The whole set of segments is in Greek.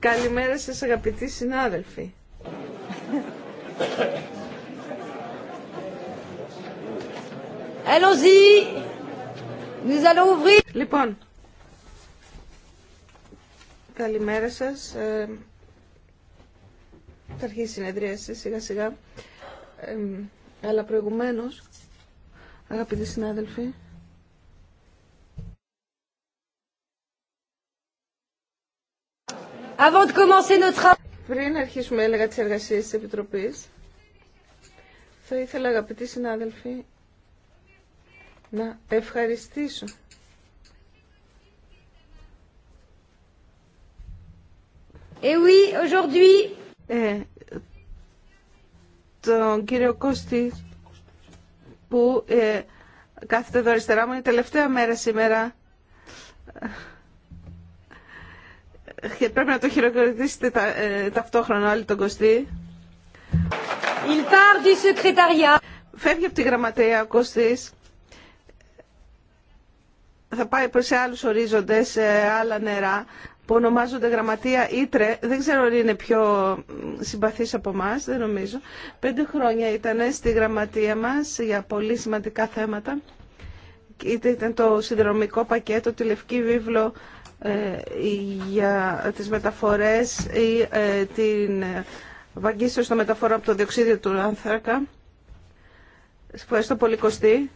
Καλημέρα σας αγαπητοί συνάδελφοι. Allons-y. Nous allons ouvrir. Λοιπόν, καλημέρα σας. Ε, θα αρχίσει η συνεδρία σας σιγά σιγά. Ε, αλλά προηγουμένως, αγαπητοί συνάδελφοι, Πριν αρχίσουμε έλεγα τις εργασίες τη Επιτροπής, θα ήθελα αγαπητοί συνάδελφοι να ευχαριστήσω eh oui, ε, τον κύριο Κώστη που ε, κάθεται εδώ αριστερά μου είναι η τελευταία μέρα σήμερα Πρέπει να το χειροκροτήσετε ε, ταυτόχρονα όλοι τον Κωστή. Φεύγει από τη γραμματεία ο Κωστής. Θα πάει προς άλλους ορίζοντες, σε άλλα νερά που ονομάζονται γραμματεία Ήτρε. Δεν ξέρω αν είναι πιο συμπαθής από εμά, δεν νομίζω. Πέντε χρόνια ήταν στη γραμματεία μας για πολύ σημαντικά θέματα. Είτε ήταν το συνδρομικό πακέτο, τη λευκή βίβλο ε, για τις μεταφορές ή ε, την βαγγίσεως των μεταφορών από το διοξίδιο του άνθρακα. Ευχαριστώ πολύ Κωστή.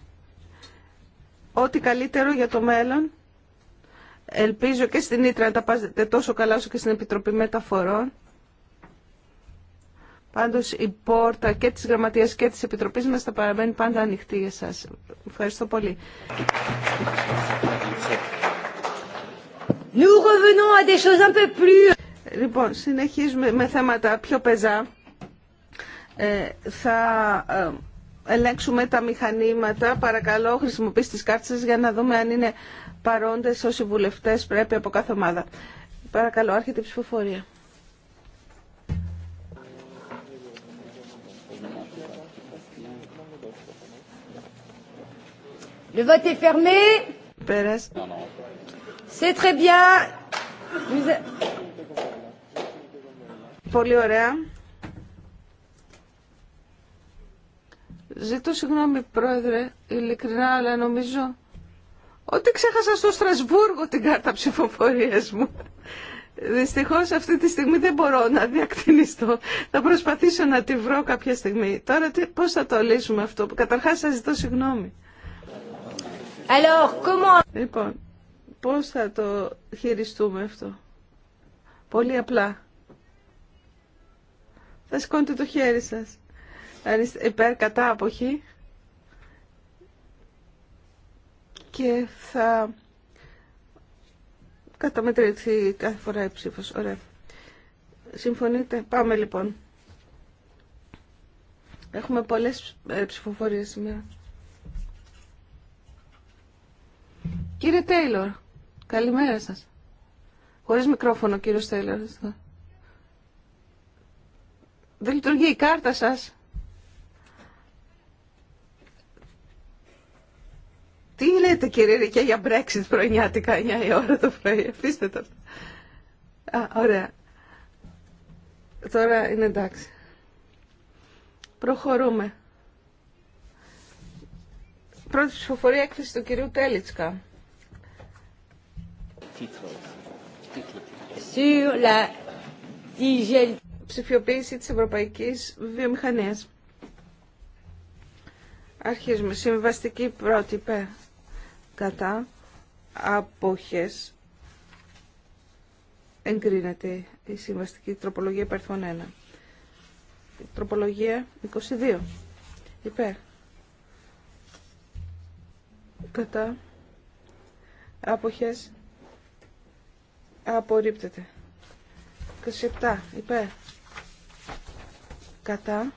Ό,τι καλύτερο για το μέλλον. Ελπίζω και στην Ήτρα να τα πάτε τόσο καλά όσο και στην Επιτροπή Μεταφορών. Πάντως η πόρτα και της Γραμματείας και της Επιτροπής μας θα παραμένει πάντα ανοιχτή για σας. Ευχαριστώ πολύ. Λοιπόν, συνεχίζουμε με θέματα πιο πεζά. Ε, θα ε, ελέγξουμε τα μηχανήματα. Παρακαλώ, χρησιμοποιήστε τις κάρτες για να δούμε αν είναι παρόντες όσοι βουλευτές πρέπει από κάθε ομάδα. Παρακαλώ, άρχεται η ψηφοφορία. Le vote est fermé. non. C'est très Πολύ ωραία. Ζητώ συγγνώμη, Πρόεδρε, ειλικρινά, αλλά νομίζω ότι ξέχασα στο Στρασβούργο την κάρτα ψηφοφορία μου. Δυστυχώ αυτή τη στιγμή δεν μπορώ να διακτηνιστώ. Θα προσπαθήσω να τη βρω κάποια στιγμή. Τώρα πώ θα το λύσουμε αυτό. Καταρχά, σα ζητώ συγγνώμη. Alors, comment... Λοιπόν, Πώς θα το χειριστούμε αυτό. Πολύ απλά. Θα σηκώνετε το χέρι σας. Υπέρ κατά αποχή. Και θα καταμετρηθεί κάθε φορά η ψήφος. Ωραία. Συμφωνείτε. Πάμε λοιπόν. Έχουμε πολλές ε, ψηφοφορίες σήμερα. Κύριε Τέιλορ. Καλημέρα σας. Χωρίς μικρόφωνο, κύριο Στέλλερ. Δεν λειτουργεί η κάρτα σας. Τι λέτε κύριε Ρίκια, για Brexit πρωινιάτικα 9 η ώρα το πρωί. Αφήστε το. ωραία. Τώρα είναι εντάξει. Προχωρούμε. Πρώτη ψηφοφορία έκθεση του κυρίου Τέλιτσκα. Ψηφιοποίηση της Ευρωπαϊκής Βιομηχανίας. Αρχίζουμε. Συμβαστική πρώτη Κατά. Απόχες. Εγκρίνεται η συμβαστική τροπολογία υπερθών 1. Τροπολογία 22. Υπέρ. Κατά. Απόχες Απορρίπτεται. 27 υπέρ. Κατά.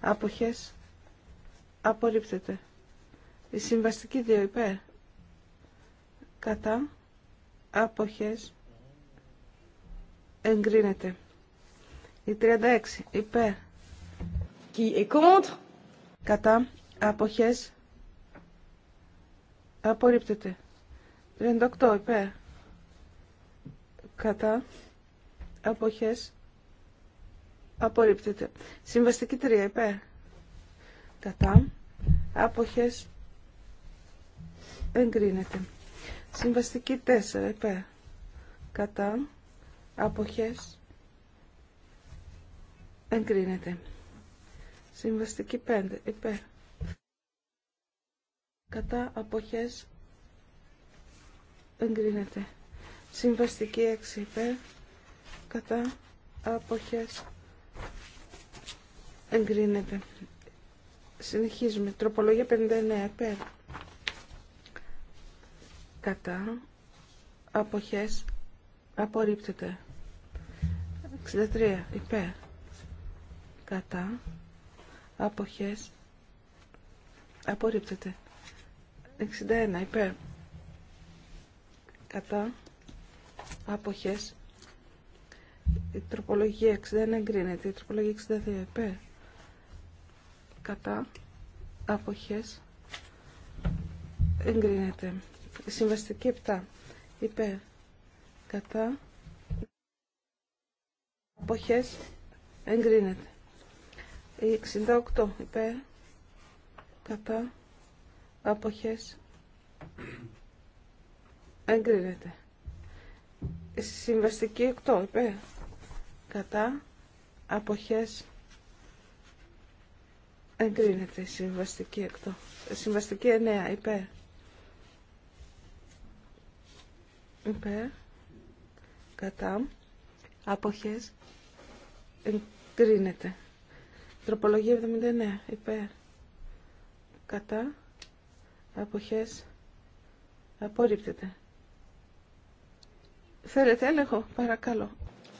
Άποχες. Απορρίπτεται. Η συμβαστική 2 υπέρ. Κατά. Άποχες. Εγκρίνεται. Η 36 υπέρ. Qui est Κατά. Άποχες. Απορρίπτεται. 38 υπέρ κατά αποχές απορρίπτεται. Συμβαστική 3 υπέρ κατά αποχές εγκρίνεται. Συμβαστική 4 υπέρ κατά αποχές εγκρίνεται. Συμβαστική 5 υπέρ κατά αποχές εγκρίνεται. Συμβαστική 6 υπέρ κατά αποχές εγκρίνεται. Συνεχίζουμε. Τροπολογία 59 υπέρ κατά αποχές απορρίπτεται. 63 υπέρ κατά αποχές απορρίπτεται. 61 υπέρ κατά αποχές η τροπολογία 6 δεν εγκρίνεται η τροπολογία 62 υπέρ κατά αποχές εγκρίνεται η συμβαστική 7 υπέρ κατά αποχές εγκρίνεται η 68 υπέρ κατά αποχές εγκρίνεται Συμβαστική 8 υπέρ. Κατά αποχές εγκρίνεται συμβαστική 8. Συμβαστική 9 υπέρ. Υπέρ. Κατά αποχές εγκρίνεται. Τροπολογία 79 υπέρ. Κατά αποχές απορρίπτεται. Θέλετε έλεγχο, παρακαλώ.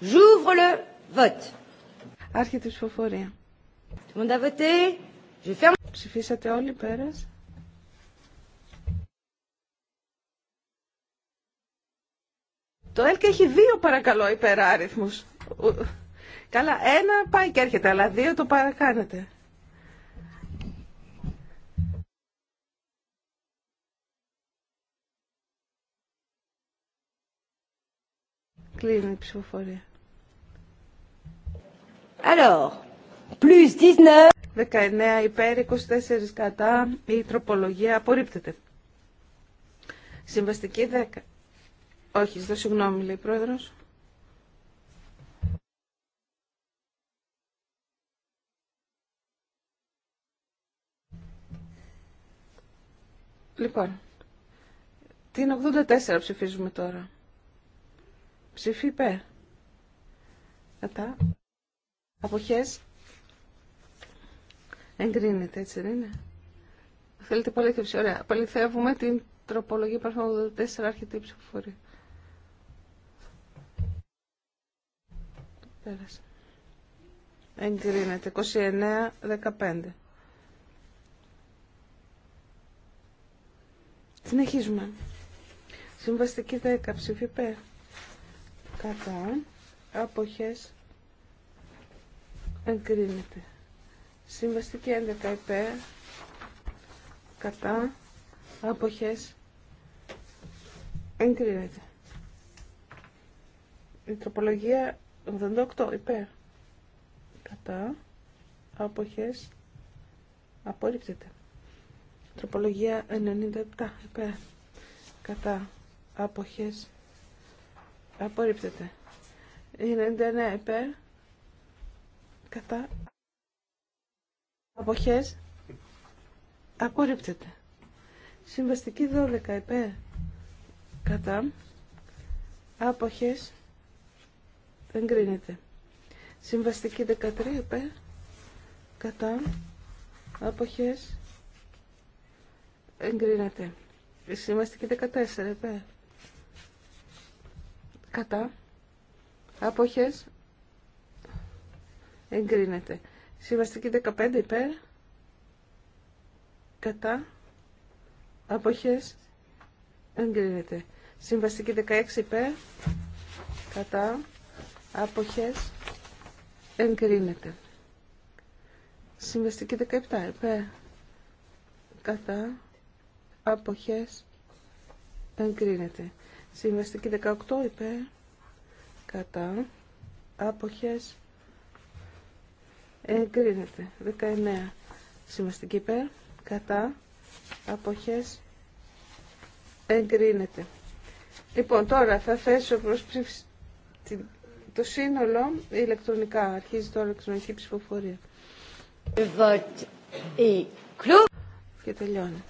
J'ouvre le vote. Άρχεται η ψηφοφορία. Ψηφίσατε όλοι πέρα. Το ΕΛΚ έχει δύο παρακαλώ υπεράριθμους. Καλά, ένα πάει και έρχεται, αλλά δύο το παρακάνετε. Κλείνει η ψηφοφορία. Alors, plus 19. 19 υπέρ, 24 κατά, η τροπολογία απορρίπτεται. Συμβαστική 10. Όχι, ζητώ συγγνώμη, λέει η πρόεδρος. Λοιπόν, την 84 ψηφίζουμε τώρα. Ψήφι υπέρ. Κατά. Αποχές. Εγκρίνεται, έτσι δεν είναι. Θέλετε πολύ Ωραία. Πολιθεύουμε την τροπολογία 4. 84 αρχιτή ψηφοφορία. Πέρασε. Εγκρίνεται. 29-15. Συνεχίζουμε. Συμβαστική 10 ψήφι πέρα κατά αποχές εγκρίνεται. Συμβαστική 11 υπέρ κατά αποχές εγκρίνεται. Η τροπολογία 88 υπέρ κατά αποχές απορρίπτεται. Τροπολογία 97 υπέρ κατά αποχές Απορρίπτεται. 99 ΕΠΕ Κατά. Αποχές. Απορρίπτεται. Συμβαστική 12 ΕΠΕ Κατά. Άποχες. Εγκρίνεται. Συμβαστική 13 ΕΠΕ Κατά. Άποχες. Εγκρίνεται. Συμβαστική 14 ΕΠΕ κατά αποχές εγκρίνεται. Συμβαστική 15 υπέρ κατά αποχές εγκρίνεται. Συμβαστική 16 υπέρ κατά αποχές εγκρίνεται. Συμβαστική 17 υπέρ κατά αποχές εγκρίνεται. Συμβαστική 18 υπέρ κατά άποχες εγκρίνεται. 19 συμβαστική υπέρ κατά άποχες εγκρίνεται. Λοιπόν, τώρα θα θέσω προς ψήφιση το σύνολο ηλεκτρονικά. Αρχίζει τώρα η ηλεκτρονική ψηφοφορία. Και τελειώνει.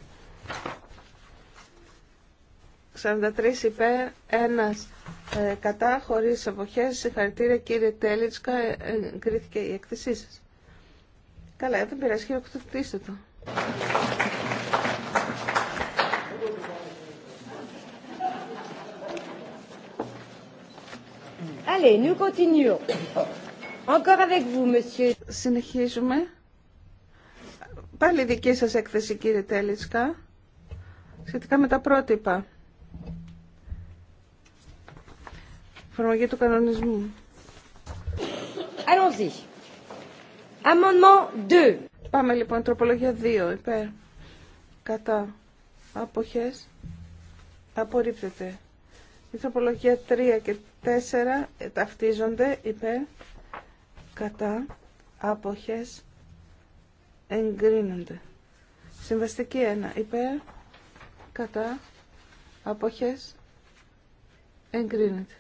43 υπέρ, ένας ε, κατά, χωρίς αποχές. Συγχαρητήρια κύριε Τέλιτσκα, ε, κρίθηκε η έκθεσή σας. Καλά, δεν πειράζει, χειροκτοτήστε το. Allez, nous continuons. Encore avec vous, monsieur. Συνεχίζουμε. Πάλι δική σας έκθεση, κύριε Τέλισκα, σχετικά με τα πρότυπα. εφαρμογή κανονισμού. Amendement 2. Πάμε λοιπόν, τροπολογία 2, υπέρ. Κατά. Αποχές. Απορρίπτεται. Η τροπολογία 3 και 4 ε, ταυτίζονται υπέρ. Κατά. Αποχές. Εγκρίνονται. Συμβαστική 1. Υπέρ. Κατά. Αποχές. Εγκρίνεται.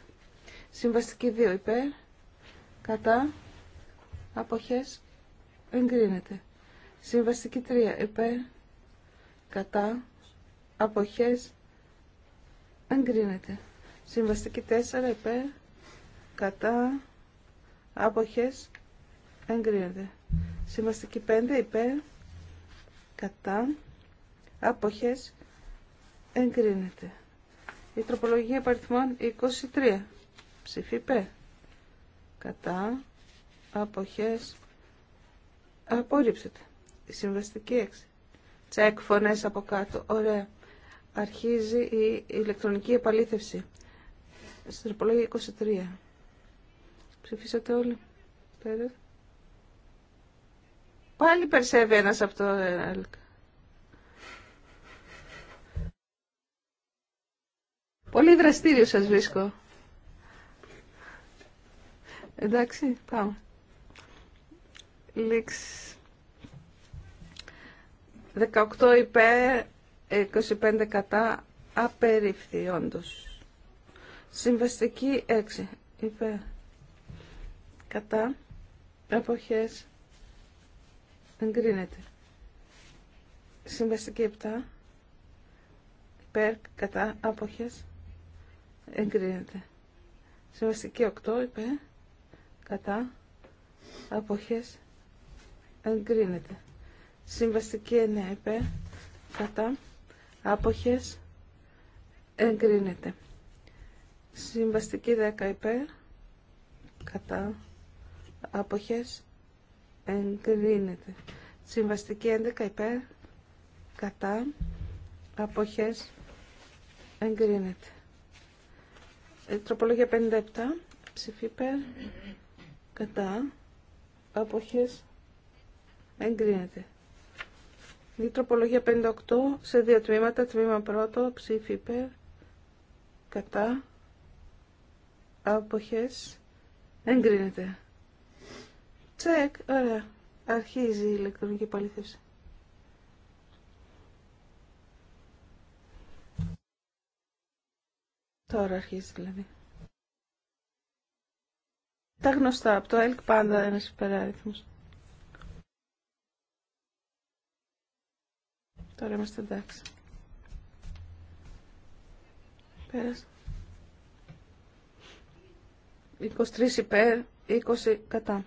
Συμβαστική 2 υπέρ, κατά, αποχές, εγκρίνεται. Συμβαστική 3 υπέρ, κατά, αποχές, εγκρίνεται. Συμβαστική 4 υπέρ, κατά, αποχές, εγκρίνεται. Συμβαστική 5 υπέρ, κατά, αποχές, εγκρίνεται. Η τροπολογία παριθμών 23 Ψηφίπε. Κατά. Αποχές. Απόρριψετε. Η συμβαστική έξι Τσεκ φωνές από κάτω. Ωραία. Αρχίζει η ηλεκτρονική επαλήθευση. Στην 23. Ψηφίσατε όλοι. Πέρα. Πάλι περσεύει ένας από το ΕΛΚ. Πολύ δραστήριο σας βρίσκω. Εντάξει, πάμε. Λήξη. 18 υπέρ, 25 κατά, απερίφθη όντως. Συμβαστική 6 υπέρ, κατά, εποχές, εγκρίνεται. Συμβαστική 7 υπέρ, κατά, εποχές, εγκρίνεται. Συμβαστική 8 υπέρ, κατά αποχές εγκρίνεται. Συμβαστική 9 υπέρ κατά αποχές εγκρίνεται. Συμβαστική 10 υπέρ κατά αποχές εγκρίνεται. Συμβαστική 11 υπέρ κατά αποχές εγκρίνεται. Ε, τροπολογία 57 ψηφίπερ κατά αποχές εγκρίνεται. Η τροπολογία 58 σε δύο τμήματα, τμήμα πρώτο, ψήφι κατά, αποχές, εγκρίνεται. Τσεκ, ωραία. Αρχίζει η ηλεκτρονική παλήθευση. Τώρα αρχίζει δηλαδή. Τα γνωστά, από το ΕΛΚ πάντα ένας υπεράριθμος. Τώρα είμαστε εντάξει. 23 υπέρ, 20 κατά.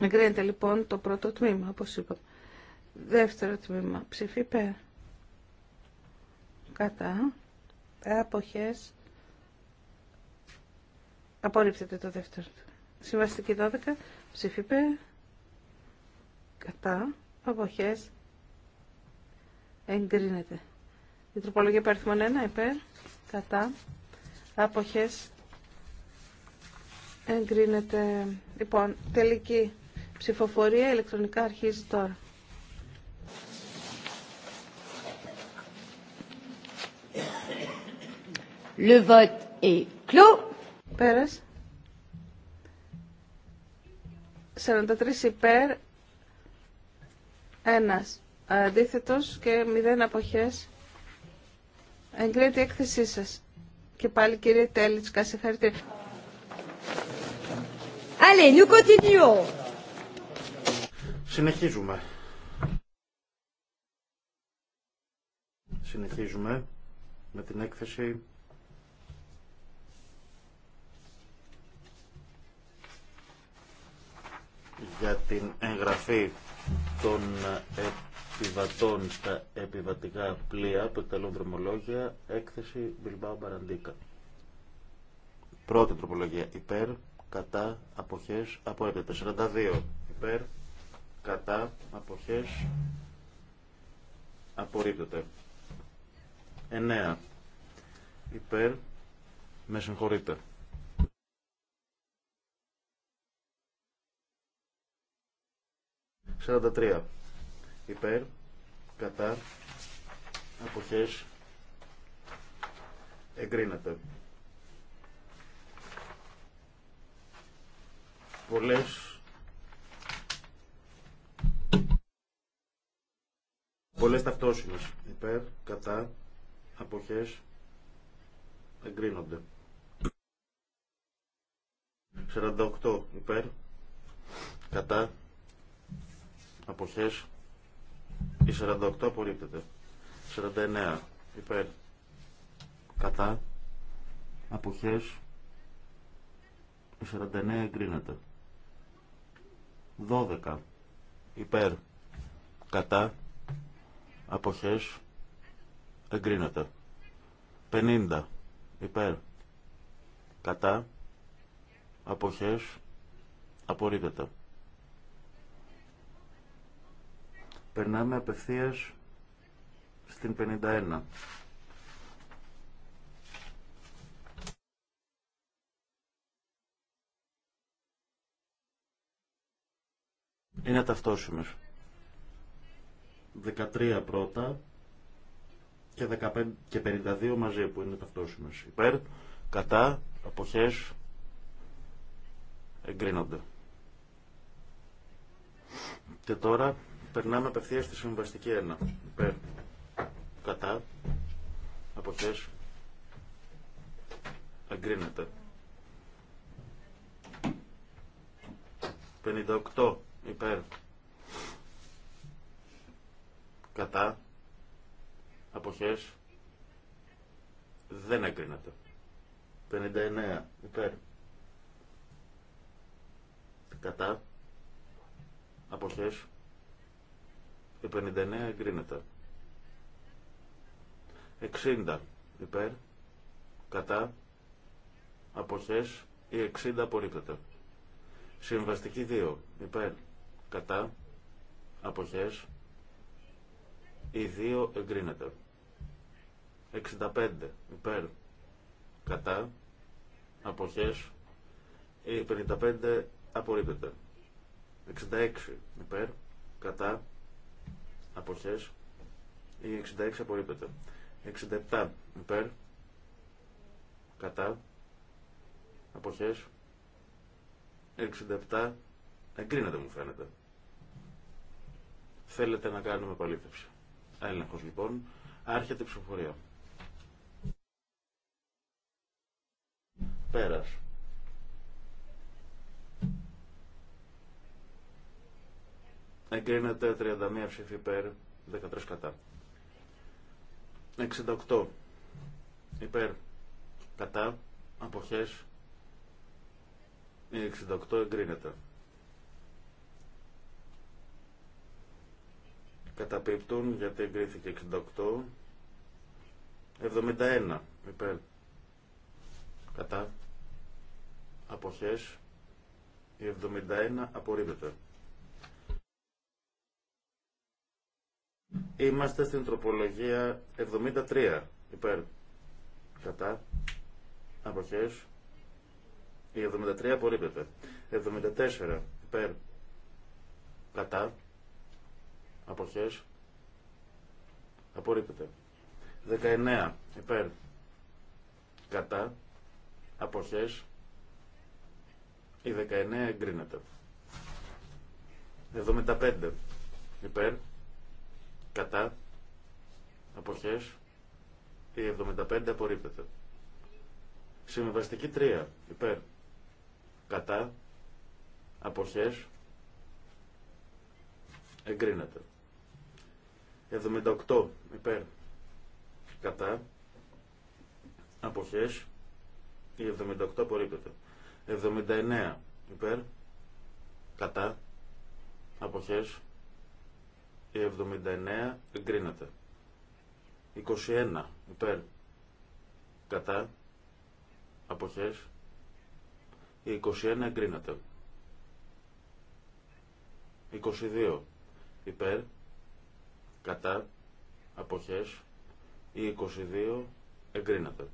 Εγκρίνεται λοιπόν το πρώτο τμήμα, όπως είπα. Δεύτερο τμήμα, ψηφί υπέρ. Κατά. Αποχές Απορρίπτεται το δεύτερο. Συμβαστική 12. Ψήφιπε. Κατά. Αποχές. Εγκρίνεται. Η τροπολογία αριθμών 1. Υπέρ. Κατά. Αποχές. Εγκρίνεται. Λοιπόν, τελική ψηφοφορία ηλεκτρονικά αρχίζει τώρα. Le vote est clos. Πέρας. 43 υπέρ, ένας αντίθετος και μηδέν αποχές. Εγκρίνεται η έκθεσή σας. Και πάλι κύριε Τέλιτσκα, σε Allez, nous continuons. Συνεχίζουμε. Συνεχίζουμε με την έκθεση για την εγγραφή των επιβατών στα επιβατικά πλοία που εκτελούν δρομολόγια, έκθεση Μπιλμπάου Μπαραντίκα. Πρώτη τροπολογία υπέρ, κατά, αποχές, απορρίπτεται. 42 υπέρ, κατά, αποχές, απορρίπτεται. 9 υπέρ, με συγχωρείτε. 43 υπέρ κατά αποχές εγκρίνεται. Πολλές πολλές ταυτόσιμες υπέρ κατά αποχές εγκρίνονται. 48 υπέρ κατά Αποχές. Η 48 απορρίπτεται. 49 υπέρ. Κατά. Αποχές. Η 49 εγκρίνεται. 12 υπέρ. Κατά. Αποχές. Εγκρίνεται. 50 υπέρ. Κατά. Αποχές. Απορρίπτεται. Περνάμε απευθείας στην 51. Είναι ταυτόσιμες. 13 πρώτα και, 15, και 52 μαζί που είναι ταυτόσιμες. Υπέρ, κατά, αποχές, εγκρίνονται. Και τώρα Περνάμε απευθείας στη συμβαστική 1. Υπέρ. Κατά. Αποχές. Αγκρίνεται. 58. Υπέρ. Κατά. Αποχές. Δεν αγκρίνεται. 59. Υπέρ. Κατά. Αποχές. 59 εγκρίνεται. 60 υπέρ, κατά, αποχές, η 60 απορρίπτεται. Συμβαστική 2 υπέρ, κατά, αποχές, η 2 εγκρίνεται. 65 υπέρ, κατά, αποχές, η 55 απορρίπτεται. 66 υπέρ, κατά, αποχές η 66 απορρίπτεται 67 υπέρ κατά αποχές 67 εγκρίνεται μου φαίνεται θέλετε να κάνουμε επαλήθευση έλεγχος λοιπόν άρχεται η ψηφοφορία πέρας Εγκρίνεται 31 ψήφοι υπέρ, 13 κατά. 68 υπέρ, κατά, αποχές. 68 εγκρίνεται. Καταπίπτουν γιατί εγκρίθηκε 68. 71 υπέρ, κατά, αποχές. Η 71 απορρίπτεται. Είμαστε στην τροπολογία 73 υπέρ κατά αποχές η 73 απορρίπτεται 74 υπέρ κατά αποχές απορρίπτεται 19 υπέρ κατά αποχές η 19 εγκρίνεται 75 υπέρ Κατά. Αποχές. Η 75 απορρίπτεται. Συμβαστική 3. Υπέρ. Κατά. Αποχές. Εγκρίνεται. 78. Υπέρ. Κατά. Αποχές. Η 78 απορρίπτεται. 79. Υπέρ. Κατά. Αποχές. Η 79 εγκρίνεται. 21 υπέρ κατά αποχές. Η 21 εγκρίνεται. 22 υπέρ κατά αποχές. Η 22 εγκρίνεται.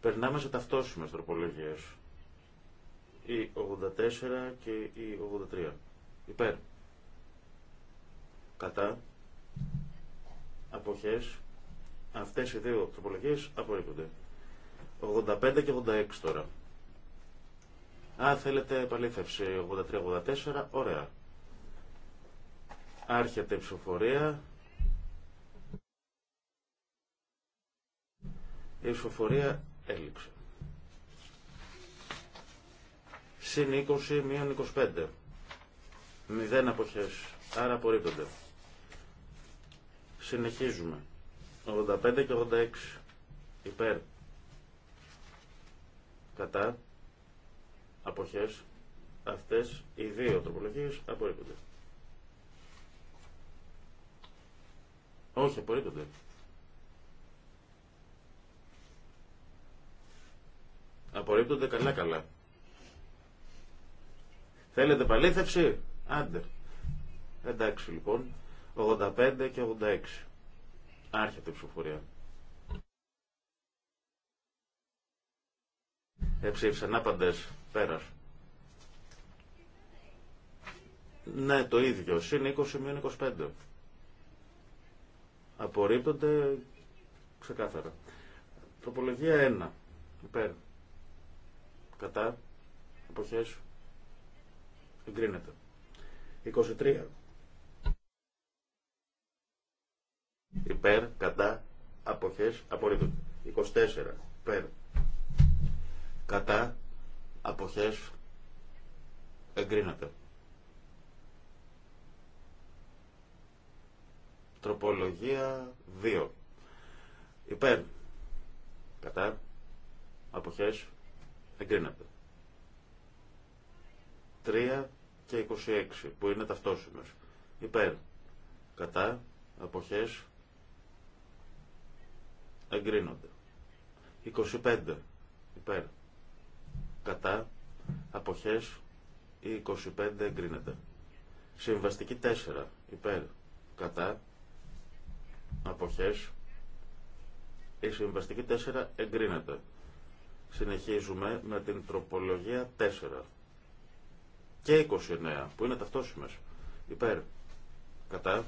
Περνάμε σε ταυτόσιμες τροπολογίες. Η 84 και η 83. Υπέρ κατά αποχές αυτές οι δύο τροπολογίες απορρίπτονται 85 και 86 τώρα Α, θέλετε επαλήθευση 83-84, ωραία Άρχεται η ψηφοφορία Η ψηφοφορία έληξε Συν 20, 25 Μηδέν αποχές, άρα απορρίπτονται Συνεχίζουμε. 85 και 86. Υπέρ. Κατά. Αποχές. Αυτές οι δύο τροπολογίες απορρίπτονται. Όχι, απορρίπτονται. Απορρίπτονται καλά καλά. Θέλετε παλήθευση. Άντε. Εντάξει λοιπόν. 85 και 86. Άρχεται η ψηφοφορία. Εψήφισαν άπαντες. Πέρας. Ναι, το ίδιο. Συν 20 μείον 25. Απορρίπτονται ξεκάθαρα. Τροπολογία 1. Υπέρ. Κατά. Εποχές. Εγκρίνεται. 23. υπέρ, κατά, αποχές, απορρίπτεται. 24, υπέρ, κατά, αποχές, εγκρίνεται. Τροπολογία 2. Υπέρ. Κατά. Αποχές. Εγκρίνεται. 3 και 26 που είναι ταυτόσιμες. Υπέρ. Κατά. Αποχές εγκρίνονται. 25 υπέρ κατά αποχές ή 25 εγκρίνεται. Συμβαστική 4 υπέρ κατά αποχές η συμβαστική 4 εγκρίνεται. Συνεχίζουμε με την τροπολογία 4 και 29 που είναι ταυτόσιμες υπέρ κατά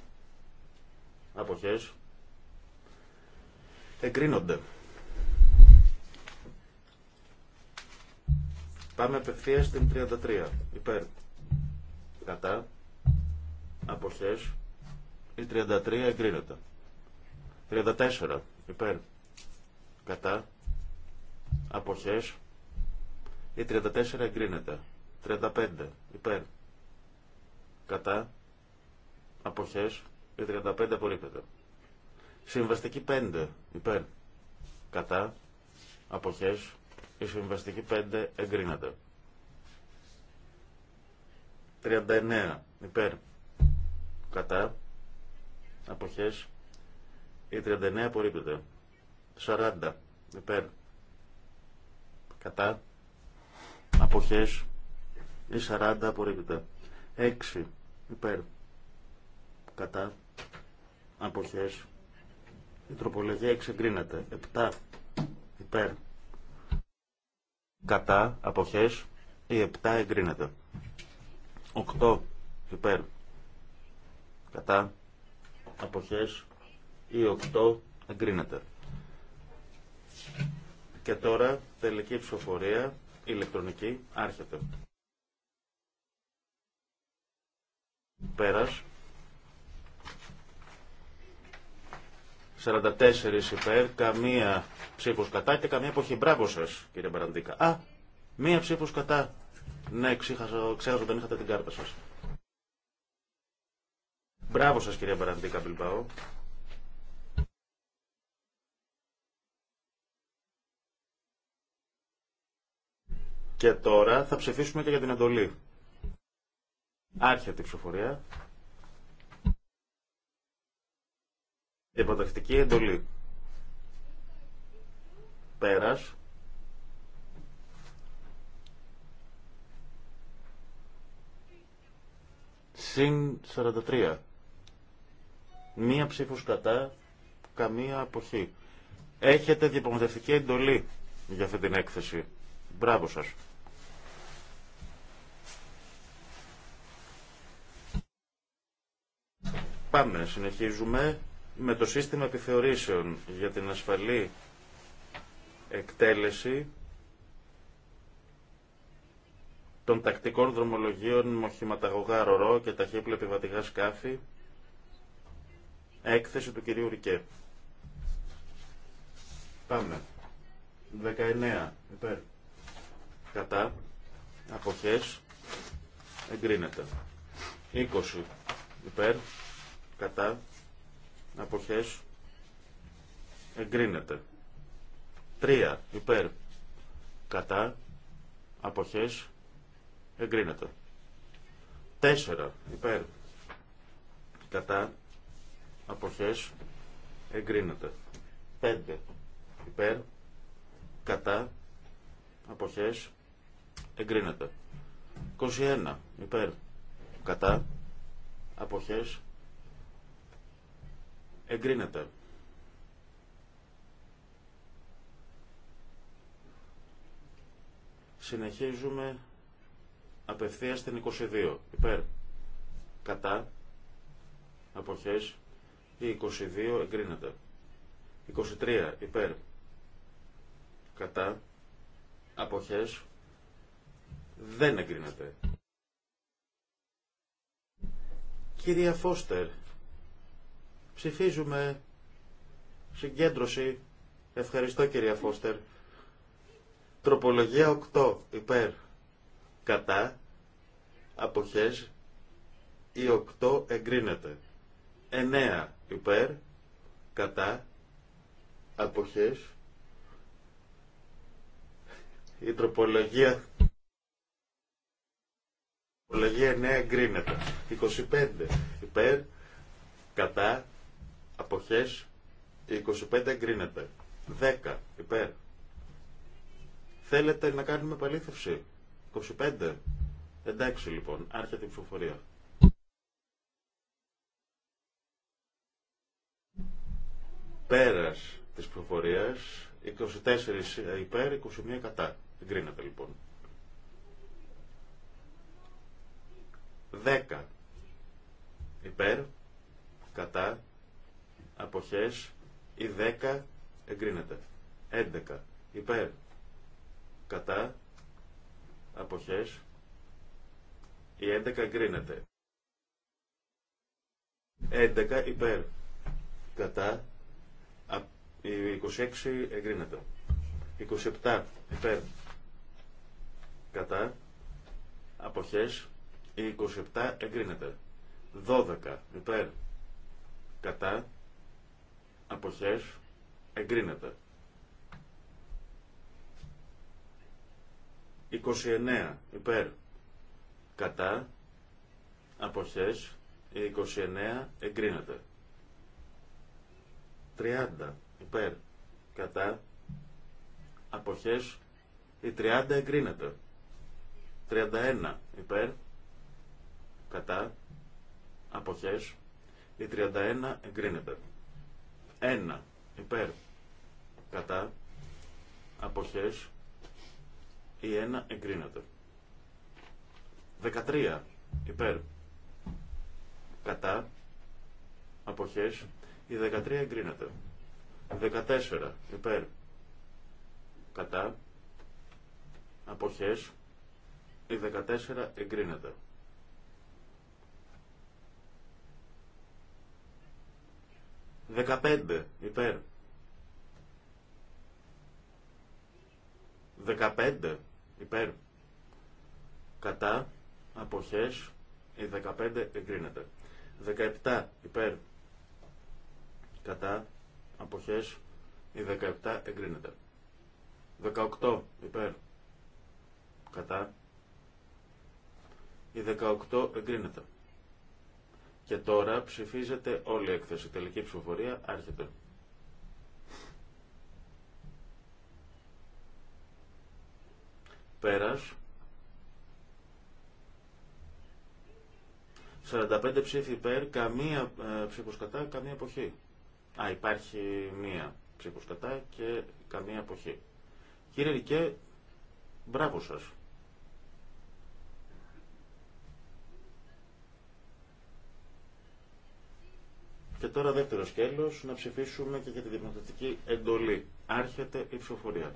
αποχές εγκρίνονται. Πάμε απευθείας στην 33. Υπέρ. Κατά. Αποχές. Η 33 εγκρίνεται. 34. Υπέρ. Κατά. Αποχές. Η 34 εγκρίνεται. 35. Υπέρ. Κατά. Αποχές. Η 35 απορρίπτεται. Συμβαστική 5 υπέρ κατά αποχές η συμβαστική 5 εγκρίνεται. 39 υπέρ κατά αποχές η 39 απορρίπτεται. 40 υπέρ κατά αποχές η 40 απορρίπτεται. 6 υπέρ κατά αποχές η τροπολογία 6 7 υπέρ. Κατά αποχές η 7 εγκρίνεται. 8 υπέρ. Κατά αποχές η 8 εγκρίνεται. Και τώρα τελική ψηφοφορία ηλεκτρονική άρχεται. Πέρας. 44 υπέρ, καμία ψήφο κατά και καμία εποχή. Μπράβο σα κύριε Μπαραντίκα. Α, μία ψήφο κατά. Ναι, ξέχασα, ξέχασα δεν είχατε την κάρτα σα. Μπράβο σα κύριε Μπαραντίκα Μπιλμπάου. Και τώρα θα ψηφίσουμε και για την εντολή. Άρχεται η ψηφοφορία. Υποτακτική εντολή. Πέρας. Συν 43. Μία ψήφος κατά, καμία αποχή. Έχετε διαπραγματευτική εντολή για αυτή την έκθεση. Μπράβο σας. Πάμε, συνεχίζουμε με το σύστημα επιθεωρήσεων για την ασφαλή εκτέλεση των τακτικών δρομολογίων μοχηματαγωγά ρορό και ταχύπλε επιβατηγά σκάφη, έκθεση του κυρίου Ρικέ. Πάμε. 19. Υπέρ. Κατά. Αποχές. Εγκρίνεται. 20. Υπέρ. Κατά αποχές εγκρίνεται. 3 υπέρ κατά αποχές εγκρίνεται. 4 υπέρ κατά αποχές εγκρίνεται. 5 υπέρ κατά αποχές εγκρίνεται. 21 υπέρ κατά αποχές Εγκρίνεται. Συνεχίζουμε απευθείας στην 22. Υπέρ. Κατά. Αποχές. Η 22 εγκρίνεται. 23. Υπέρ. Κατά. Αποχές. Δεν εγκρίνεται. Κυρία Φώστερ, Ψηφίζουμε συγκέντρωση. Ευχαριστώ κυρία Φώστερ. Τροπολογία 8 υπέρ κατά αποχές η 8 εγκρίνεται. 9 υπέρ κατά αποχές η τροπολογία η τροπολογία 9 εγκρίνεται. 25 υπέρ κατά Αποχές. 25 εγκρίνεται. 10 υπέρ. Θέλετε να κάνουμε παλήθευση. 25. Εντάξει λοιπόν. Άρχεται η ψηφοφορία. Πέρας της ψηφοφορίας. 24 ε, υπέρ, 21 κατά. Εγκρίνεται λοιπόν. 10 υπέρ, κατά, αποχές, η 10 εγκρίνεται. 11 υπέρ, κατά, αποχές, η 11 εγκρίνεται. 11 υπέρ, κατά, η 26 εγκρίνεται. 27 υπέρ, κατά, αποχές, η 27 εγκρίνεται. 12 υπέρ, κατά, αποχές εγκρίνεται. 29 υπέρ κατά αποχές η 29 εγκρίνεται. 30 υπέρ κατά αποχές η 30 εγκρίνεται. 31 υπέρ κατά αποχές η 31 εγκρίνεται. 1 υπέρ κατά αποχές η 1 εγκρίνεται. 13 υπέρ κατά αποχές η 13 εγκρίνεται. 14 υπέρ κατά αποχές η 14 εγκρίνεται. 15 υπέρ. 15 υπέρ. Κατά αποχές η 15 εγκρίνεται. 17 υπέρ. Κατά αποχές η 17 εγκρίνεται. 18 υπέρ. Κατά. Η 18 εγκρίνεται. Και τώρα ψηφίζεται όλη η έκθεση. Τελική ψηφοφορία άρχεται. Πέρας. 45 ψήφοι υπέρ, καμία ε, ψήφος κατά, καμία εποχή. Α, υπάρχει μία ψήφος κατά και καμία εποχή. Κύριε Ρικέ, μπράβο σας. Και τώρα δεύτερο σκέλος, να ψηφίσουμε και για τη δημοκρατική εντολή. Άρχεται η ψηφοφορία.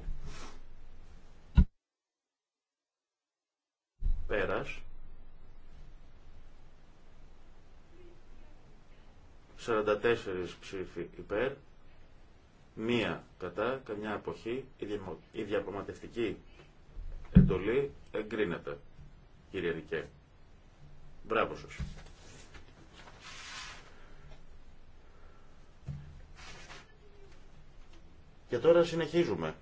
Πέρας. 44 ψήφοι υπέρ, μία κατά, καμιά αποχή, η διαπραγματευτική εντολή εγκρίνεται, κύριε Ρικέ. Μπράβο σας. Και τώρα συνεχίζουμε.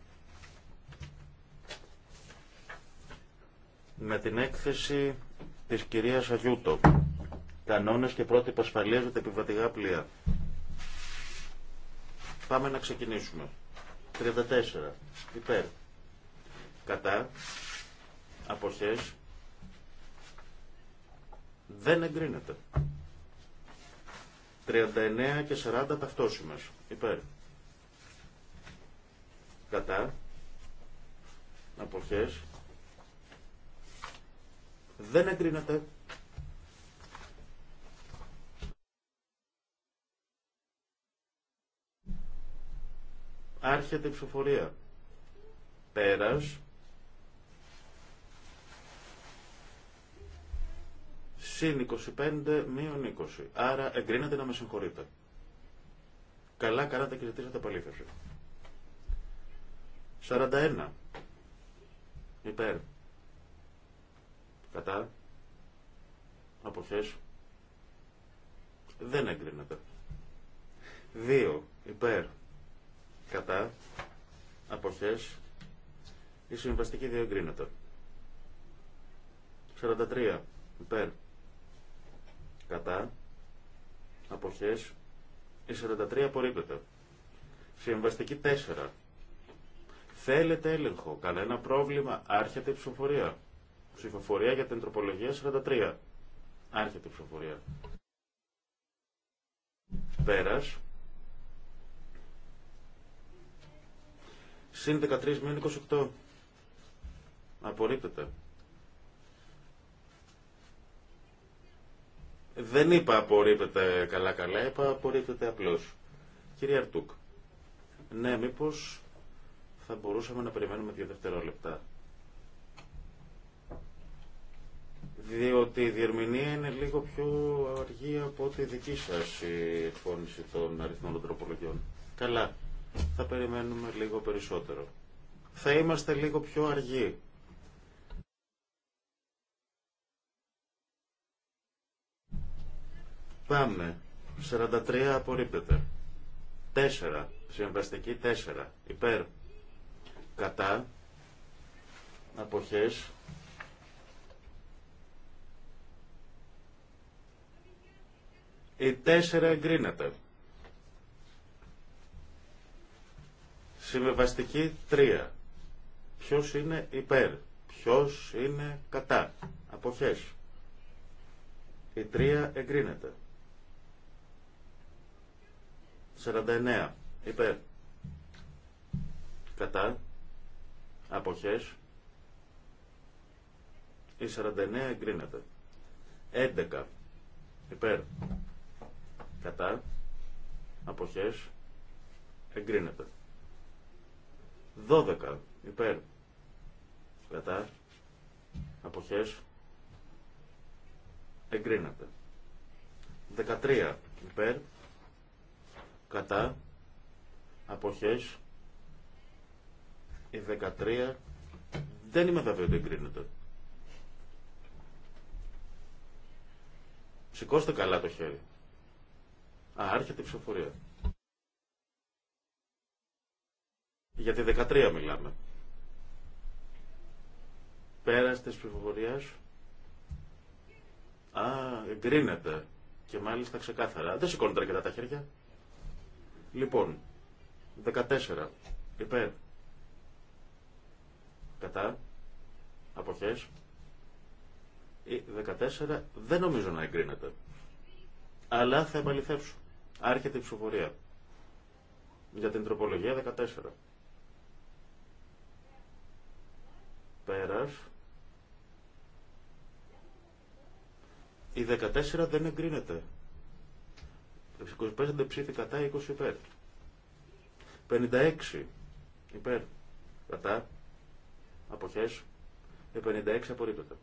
Με την έκθεση της κυρίας Αγιούτο. Κανόνες και πρότυπα ασφαλείας για τα επιβατικά πλοία. Πάμε να ξεκινήσουμε. 34. Υπέρ. Κατά. Αποχές. Δεν εγκρίνεται. 39 και 40 ταυτόσιμες. Υπέρ κατά αποχές δεν εγκρίνεται άρχεται η ψηφοφορία πέρας συν 25 μείον 20 άρα εγκρίνεται να με συγχωρείτε καλά καλά και ζητήσατε επαλήθευση 41. Υπέρ. Κατά. Αποθέσω. Δεν εγκρίνεται. 2. Υπέρ. Κατά. απόχέ. Η συμβαστική δεν εγκρίνεται. 43. Υπέρ. Κατά. Αποχές. Η 43 απορρίπτεται. Συμβαστική 4. Θέλετε έλεγχο. Κανένα πρόβλημα. Άρχεται η ψηφοφορία. Ψηφοφορία για την τροπολογία 43. Άρχεται η ψηφοφορία. Πέρας. Συν 13 με 28. Απορρίπτεται. Δεν είπα απορρίπτεται καλά καλά, είπα απορρίπτεται απλώς. Κύριε Αρτούκ, ναι μήπως θα μπορούσαμε να περιμένουμε δύο δευτερόλεπτα. Διότι η διερμηνία είναι λίγο πιο αργή από τη δική σας η εκφώνηση των αριθμών των τροπολογιών. Καλά, θα περιμένουμε λίγο περισσότερο. Θα είμαστε λίγο πιο αργοί. Πάμε. 43 απορρίπτεται. 4. Συμβαστική 4. Υπέρ κατά αποχές η 4 εγκρίνεται συμβεβαστική 3 ποιος είναι υπέρ ποιος είναι κατά αποχές η 3 εγκρίνεται 49 υπέρ κατά Αποχές. Η 49 εγκρίνεται. 11. Υπέρ. Κατά. Αποχές. Εγκρίνεται. 12. Υπέρ. Κατά. Αποχές. Εγκρίνεται. 13. Υπέρ. Κατά. Αποχές. Η 13 δεν είμαι βέβαιο ότι εγκρίνεται. Σηκώστε καλά το χέρι. Α, έρχεται η ψηφοφορία. Για τη 13 μιλάμε. Πέρας της ψηφοφορίας. Α, εγκρίνεται. Και μάλιστα ξεκάθαρα. Δεν σηκώνεται αρκετά τα χέρια. Λοιπόν, 14. Υπέρ. Κατά. Αποχές. Η 14 δεν νομίζω να εγκρίνεται. Αλλά θα επαληθεύσω. Άρχεται η ψηφοφορία. Για την τροπολογία 14. Πέρας. Η 14 δεν εγκρίνεται. 25 ψήφι κατά, 20 υπέρ. 56 υπέρ. Κατά. Αποχές. 56 ε, απορρίπτεται.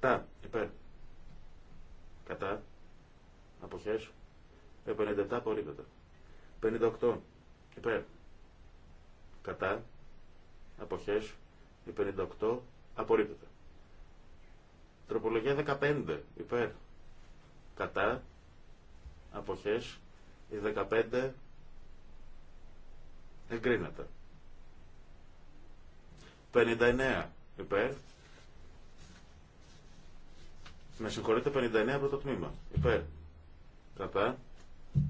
57 υπέρ. Κατά. Αποχές. 57 ε, απορρίπτεται. 58 υπέρ. Κατά. Αποχές. 58 ε, απορρίπτεται. Τροπολογία 15 υπέρ. Κατά. Αποχές. 15 εγκρίνεται. 59 υπέρ. Με συγχωρείτε, 59 πρώτο τμήμα. Υπέρ. Κατά.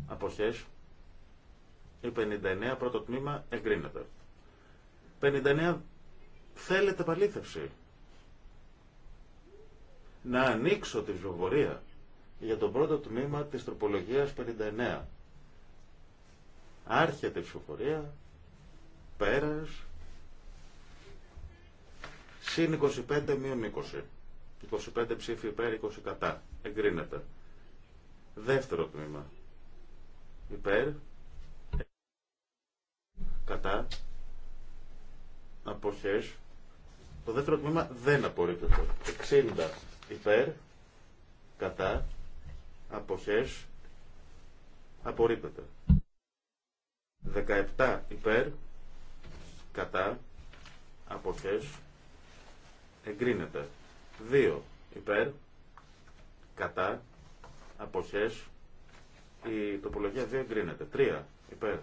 Αποχές. Η 59 πρώτο τμήμα εγκρίνεται. 59 θέλετε παλήθευση. Να ανοίξω τη ψηφοφορία για το πρώτο τμήμα της τροπολογίας 59. Άρχεται η ψηφοφορία, πέρας, Συν 25 μείον 20. 25 ψήφοι υπέρ, 20 κατά. Εγκρίνεται. Δεύτερο τμήμα. Υπέρ. Κατά. Αποχές. Το δεύτερο τμήμα δεν απορρίπτεται. 60 υπέρ. Κατά. Αποχές. Απορρίπτεται. 17 υπέρ. Κατά. Αποχές εγκρίνεται. 2 υπέρ, κατά, αποχές, η τοπολογία 2 εγκρίνεται. 3 υπέρ,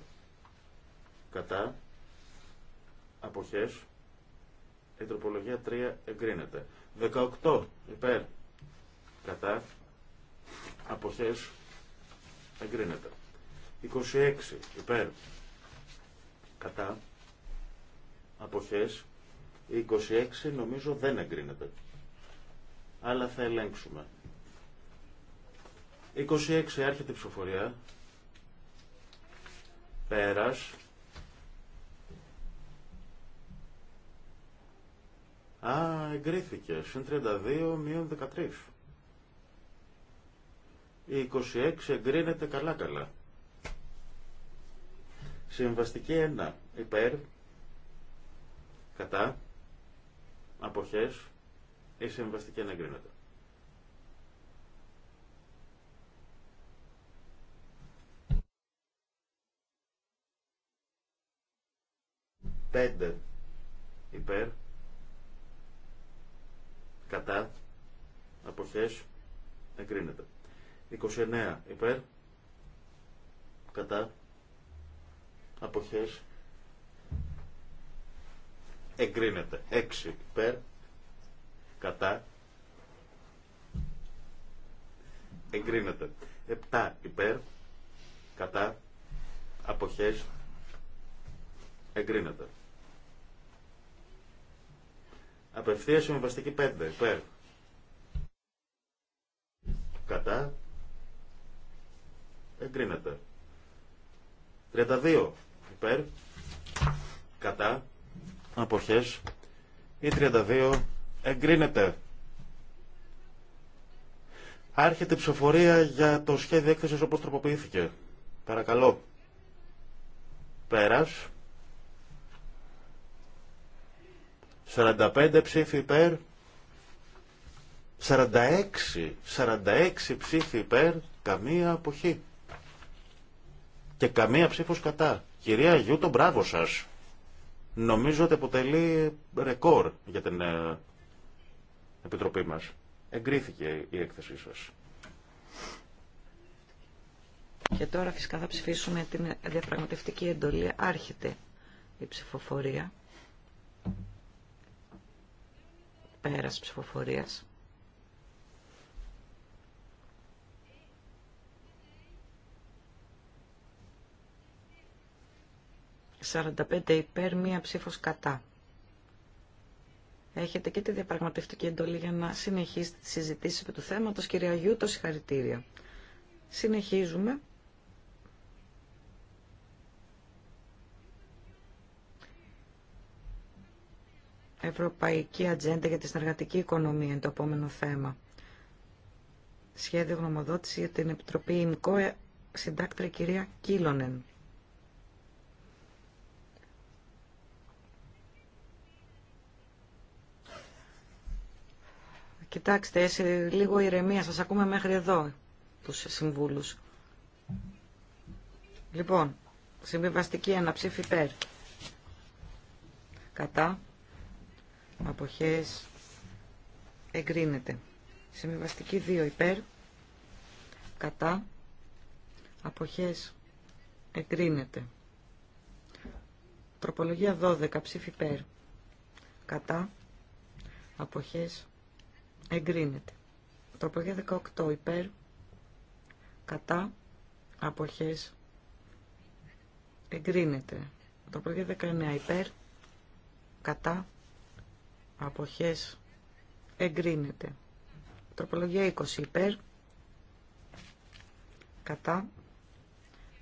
κατά, αποχές, η τροπολογία 3 εγκρίνεται. 18 υπέρ, κατά, αποχές, εγκρίνεται. 26 υπέρ, κατά, αποχές, 26 νομίζω δεν εγκρίνεται. Αλλά θα ελέγξουμε. 26 άρχεται η ψηφοφορία. Πέρας. Α, εγκρίθηκε. Συν 32, μείον 13. Η 26 εγκρίνεται καλά καλά. Συμβαστική 1. Υπέρ. Κατά αποχές η συμβαστική αναγκρίνεται. Πέντε υπέρ κατά αποχές εγκρίνεται. 29 υπέρ κατά αποχές εγκρίνεται. 6 υπέρ, κατά, εγκρίνεται. 7 υπέρ, κατά, αποχές, εγκρίνεται. Απευθεία συμβαστική 5 υπέρ, κατά, εγκρίνεται. 32 υπέρ, κατά, αποχές ή 32 εγκρίνεται. Άρχεται η ψηφοφορία για το σχέδιο έκθεσης όπως τροποποιήθηκε. Παρακαλώ. Πέρας. 45 ψήφι υπέρ. 46, 46 ψήφι υπέρ, καμία αποχή. Και καμία ψήφος κατά. Κυρία Γιούτο, μπράβο σας. Νομίζω ότι αποτελεί ρεκόρ για την ε, Επιτροπή μας. Εγκρίθηκε η έκθεσή σας. Και τώρα φυσικά θα ψηφίσουμε την διαπραγματευτική εντολή. Άρχεται η ψηφοφορία. Πέρας ψηφοφορίας. 45 υπέρ, μία ψήφος κατά. Έχετε και τη διαπραγματευτική εντολή για να συνεχίσετε τις συζητήσεις θέμα του θέματος. Κυρία Γιούτο, συγχαρητήρια. Συνεχίζουμε. Ευρωπαϊκή Ατζέντα για τη Συνεργατική Οικονομία είναι το επόμενο θέμα. Σχέδιο γνωμοδότηση για την Επιτροπή ΙΝΚΟΕ, συντάκτρια κυρία Κίλονεν. Κοιτάξτε, έσυ λίγο ηρεμία, σας ακούμε μέχρι εδώ τους συμβούλους. Λοιπόν, συμβιβαστική ψήφι υπέρ. Κατά. Αποχές. Εγκρίνεται. Συμβιβαστική 2 υπέρ. Κατά. Αποχές. Εγκρίνεται. Τροπολογία 12 ψήφι υπέρ. Κατά. Αποχές εγκρίνεται. Τροπολογία 18 υπέρ, κατά, αποχές, εγκρίνεται. Τροπολογία 19 υπέρ, κατά, αποχές, εγκρίνεται. Τροπολογία 20 υπέρ, κατά,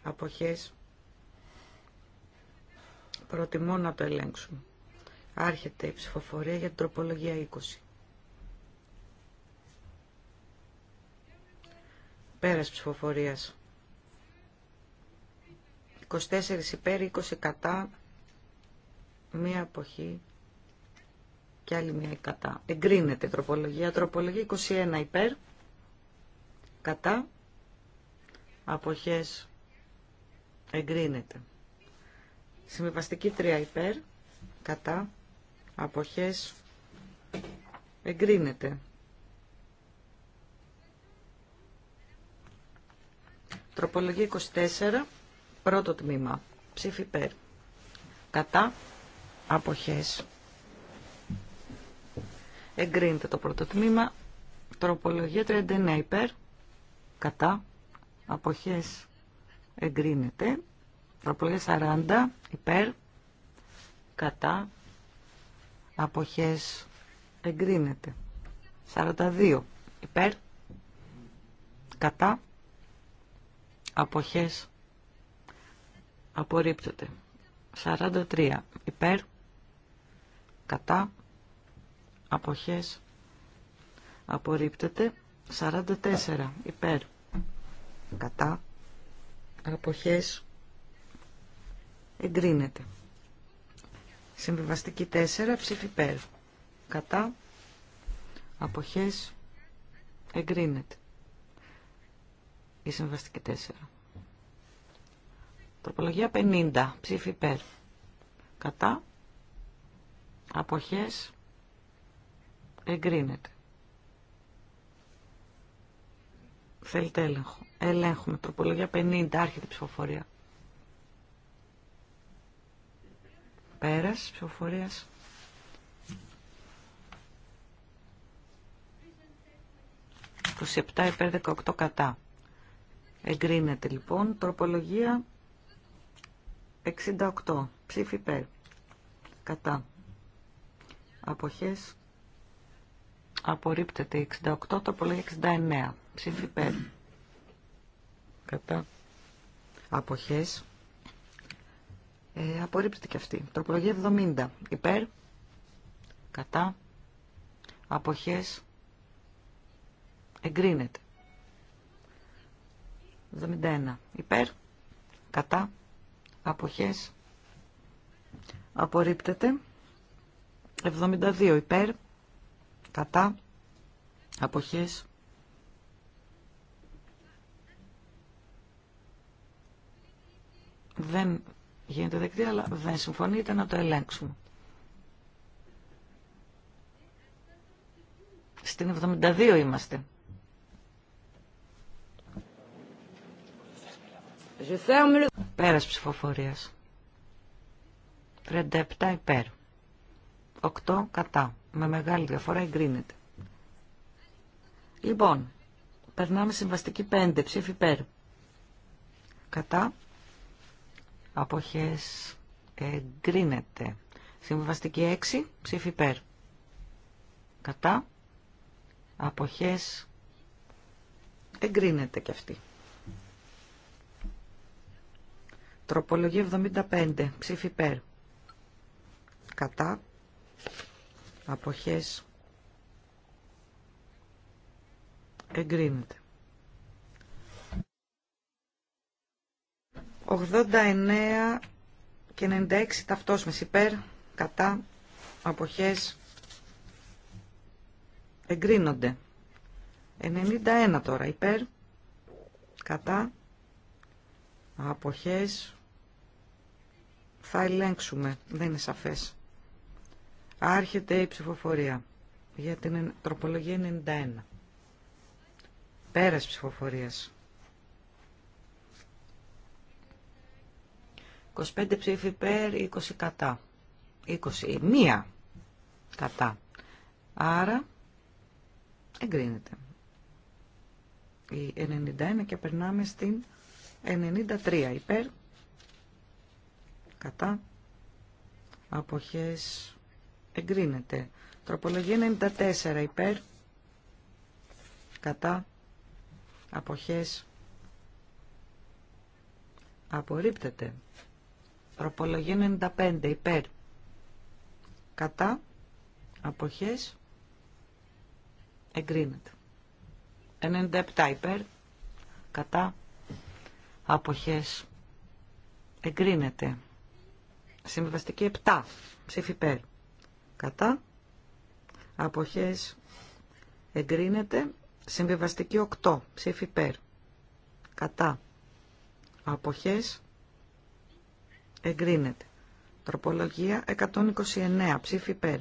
αποχές, προτιμώ να το ελέγξουμε. Άρχεται η ψηφοφορία για την τροπολογία 20. Πέρας ψηφοφορίας. 24 υπέρ, 20 κατά, μία αποχή και άλλη μία κατά. Εγκρίνεται τροπολογία. Τροπολογία 21 υπέρ, κατά, αποχές εγκρίνεται. Συμβιβαστική 3 υπέρ, κατά, αποχές εγκρίνεται. Τροπολογία 24, πρώτο τμήμα. Ψήφι υπέρ. Κατά αποχές. Εγκρίνεται το πρώτο τμήμα. Τροπολογία 39 υπέρ. Κατά αποχές. Εγκρίνεται. Τροπολογία 40 υπέρ. Κατά αποχές. Εγκρίνεται. 42 υπέρ. Κατά αποχές απορρίπτεται. 43 υπέρ, κατά, αποχές απορρίπτεται. 44 υπέρ, κατά, αποχές εγκρίνεται. Συμβιβαστική 4 ψήφι υπέρ, κατά, αποχές εγκρίνεται η συμβαστική 4. Τροπολογία 50. Ψήφι υπέρ. Κατά. Αποχές. Εγκρίνεται. Θέλετε έλεγχο. Ελέγχουμε. Τροπολογία 50. Άρχεται η ψηφοφορία. Πέρας ψηφοφορίας. 27 7 υπέρ 18 κατά. Εγκρίνεται λοιπόν. Τροπολογία 68. Ψήφι υπέρ. Κατά. Αποχές. Απορρίπτεται 68. Τροπολογία 69. Ψήφι υπέρ. Κατά. Αποχές. Ε, απορρίπτεται και αυτή. Τροπολογία 70. Υπέρ. Κατά. Αποχές. Εγκρίνεται. 71 υπέρ, κατά, αποχές, απορρίπτεται. 72 υπέρ, κατά, αποχές, δεν γίνεται δεκτή, αλλά δεν συμφωνείτε να το ελέγξουμε. Στην 72 είμαστε. Πέρας ψηφοφορίας. 37 υπέρ. 8 κατά. Με μεγάλη διαφορά εγκρίνεται. Λοιπόν, περνάμε συμβαστική 5. Ψήφι υπέρ. Κατά. Αποχές εγκρίνεται. Συμβαστική 6. Ψήφι υπέρ. Κατά. Αποχές εγκρίνεται και αυτή. Τροπολογία 75. Ψήφι υπέρ. Κατά. Αποχές. Εγκρίνεται. 89 και 96 ταυτόσμες υπέρ. Κατά. Αποχές. Εγκρίνονται. 91 τώρα υπέρ. Κατά. Αποχές θα ελέγξουμε, δεν είναι σαφές. Άρχεται η ψηφοφορία για την τροπολογία 91. Πέρας ψηφοφορίας. 25 ψηφί υπέρ, 20 κατά. 20, μία κατά. Άρα εγκρίνεται. Η 91 και περνάμε στην 93 υπέρ κατά αποχές εγκρίνεται. Τροπολογία 94 υπέρ κατά αποχές απορρίπτεται. Τροπολογία 95 υπέρ κατά αποχές εγκρίνεται. 97 υπέρ κατά αποχές εγκρίνεται. Συμβαστική 7. Ψήφι υπέρ. Κατά. Αποχές εγκρίνεται. Συμβιβαστική 8. Ψήφι υπέρ. Κατά. Αποχές εγκρίνεται. Τροπολογία 129. Ψήφι υπέρ.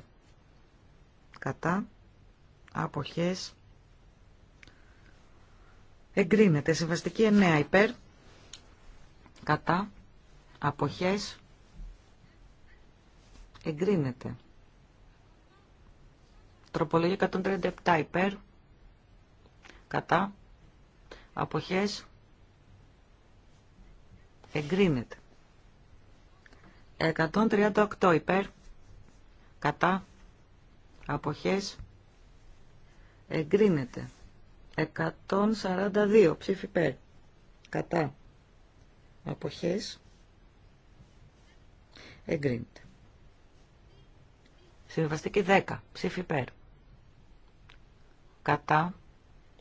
Κατά. Αποχές εγκρίνεται. Συμβαστική 9. Υπέρ. Κατά. Αποχές εγκρίνεται. Τροπολογία 137 υπέρ, κατά, αποχές, εγκρίνεται. 138 υπέρ, κατά, αποχές, εγκρίνεται. 142 ψήφι υπέρ, κατά, αποχές, εγκρίνεται. Συμβαστική 10. Ψήφι υπέρ. Κατά.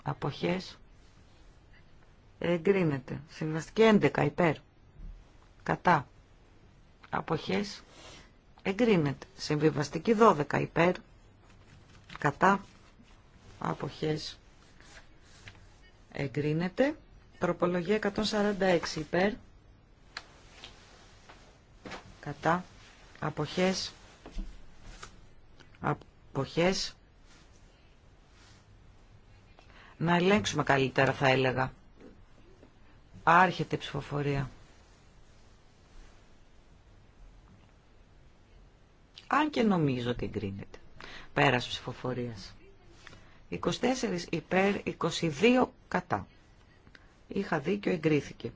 Αποχές. Εγκρίνεται. Συμβαστική 11. Υπέρ. Κατά. Αποχές. Εγκρίνεται. Συμβιβαστική 12. Υπέρ. Κατά. Αποχές. Εγκρίνεται. Τροπολογία 146. Υπέρ. Κατά. Αποχές αποχές να ελέγξουμε καλύτερα θα έλεγα. Άρχεται η ψηφοφορία. Αν και νομίζω ότι εγκρίνεται. Πέρας ψηφοφορίας. 24 υπέρ, 22 κατά. Είχα δίκιο, εγκρίθηκε.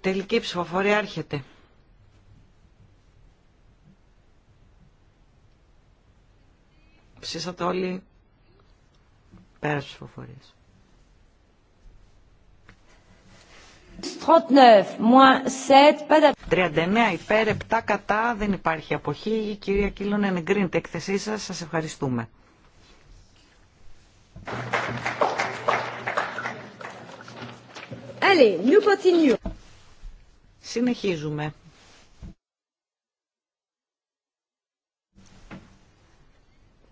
Τελική ψηφοφορία έρχεται Ψήσατε όλοι πέρα στις φοφορίες. 39 υπέρ, 7 κατά, δεν υπάρχει αποχή. Η κυρία Κίλων την εκθεσή σα. Σα ευχαριστούμε. Allez, nous Συνεχίζουμε.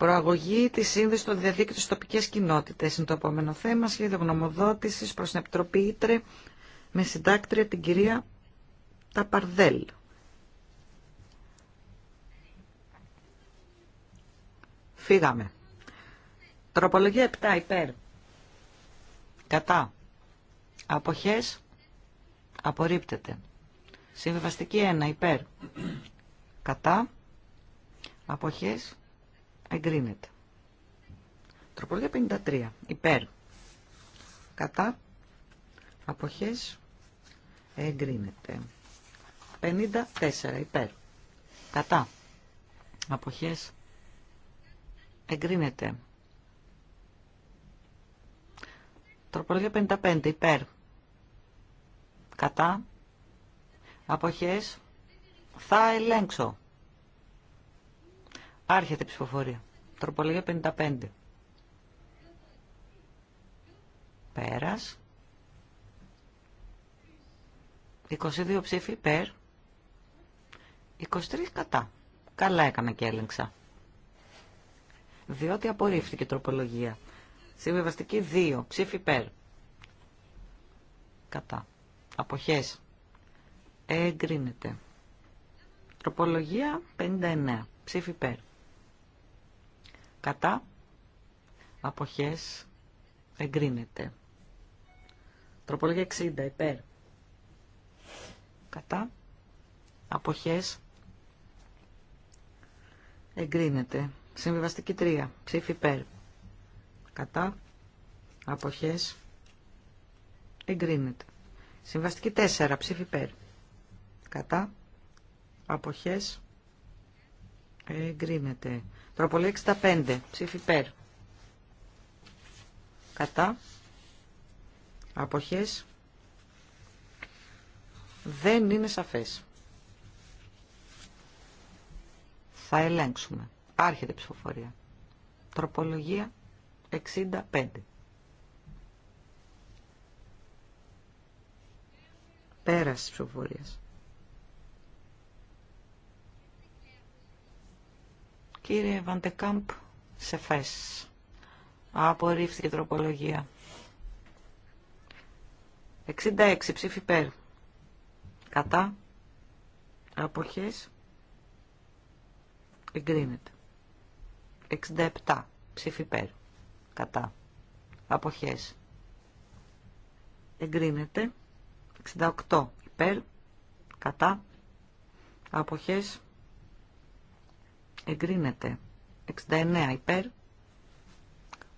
Προαγωγή τη σύνδεση των διαδίκτυων στι τοπικέ κοινότητε είναι το επόμενο θέμα. Σχέδιο γνωμοδότηση προ την Επιτροπή Ήτρε με συντάκτρια την κυρία Ταπαρδέλ. Φύγαμε. Τροπολογία 7 υπέρ. Κατά. Αποχές. Απορρίπτεται. Συμβιβαστική 1 υπέρ. Κατά. Αποχές. Εγκρίνεται. Τροπολογία 53. Υπέρ. Κατά. Αποχές. Εγκρίνεται. 54. Υπέρ. Κατά. Αποχές. Εγκρίνεται. Τροπολογία 55. Υπέρ. Κατά. Αποχές. Θα ελέγξω. Άρχεται η ψηφοφορία. Τροπολογία 55. Πέρας. 22 ψήφοι υπέρ. 23 κατά. Καλά έκανα και έλεγξα. Διότι απορρίφθηκε η τροπολογία. Συμβεβαστική 2. Ψήφι υπέρ. Κατά. Αποχές. Εγκρίνεται. Τροπολογία 59. Ψήφι πέρ. Κατά. Αποχές. Εγκρίνεται. Τροπολογία 60. Υπέρ. Κατά. Αποχές. Εγκρίνεται. Συμβιβαστική 3. Ψήφι υπέρ. Κατά. Αποχές. Εγκρίνεται. Συμβαστική 4. Ψήφι υπέρ. Κατά. Αποχές. Εγκρίνεται. Τροπολογία 65. Ψήφι υπέρ. Κατά. Αποχές. Δεν είναι σαφές. Θα ελέγξουμε. Άρχεται ψηφοφορία. Τροπολογία 65. Πέραση ψηφοφορίας. Κύριε Βαντεκάμπ, σε φες. Απορρίφθηκε η τροπολογία. 66 ψήφι ΠΕΡ Κατά. Αποχές. Εγκρίνεται. 67 ψήφι ΠΕΡ Κατά. Αποχές. Εγκρίνεται. 68 υπέρ. Κατά. Αποχές εγκρίνεται 69 υπέρ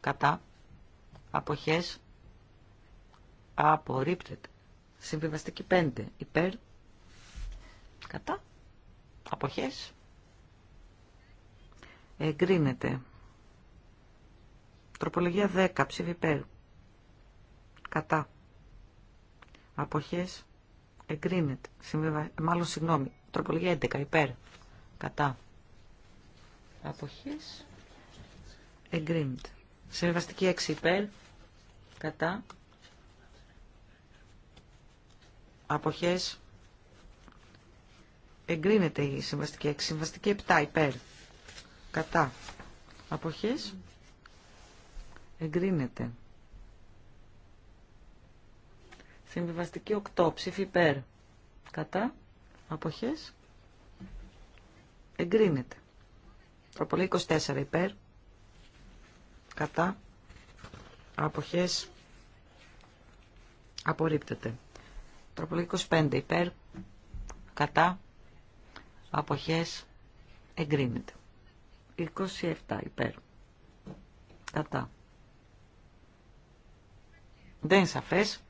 κατά αποχές απορρίπτεται συμβιβαστική 5 υπέρ κατά αποχές εγκρίνεται τροπολογία 10 ψήφι υπέρ κατά αποχές εγκρίνεται Συμβιβα... μάλλον συγγνώμη τροπολογία 11 υπέρ κατά αποχές εγκρίνεται. Συμβαστική 6 υπέρ κατά αποχές εγκρίνεται η συμβαστική 6. Συμβαστική 7 υπέρ κατά αποχές εγκρίνεται. Συμβιβαστική 8 ψήφι υπέρ κατά αποχές εγκρίνεται. Τροπολογή 24 υπέρ. Κατά. Αποχές. Απορρίπτεται. Τροπολογή 25 υπέρ. Κατά. Αποχές. Εγκρίνεται. 27 υπέρ. Κατά. Δεν είναι σαφές.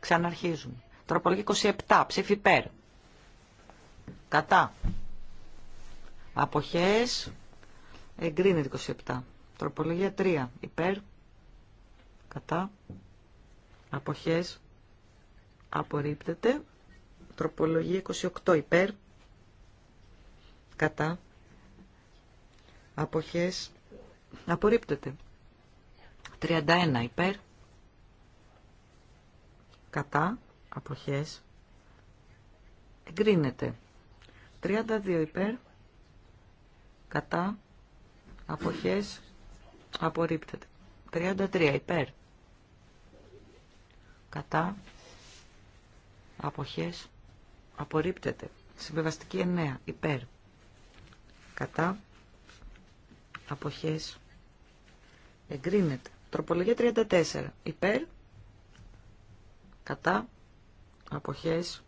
Ξαναρχίζουμε. Τροπολογή 27. Ψήφι υπέρ. Κατά. Αποχές. Εγκρίνεται 27. Τροπολογία 3. Υπέρ. Κατά. Αποχές. Απορρίπτεται. Τροπολογία 28. Υπέρ. Κατά. Αποχές. Απορρίπτεται. 31. Υπέρ. Κατά. Αποχές. Εγκρίνεται. 32 υπέρ κατά, αποχές, απορρίπτεται. 33 υπέρ, κατά, αποχές, απορρίπτεται. Συμβεβαστική 9 υπέρ, κατά, αποχές, εγκρίνεται. Τροπολογία 34 υπέρ, κατά, αποχές,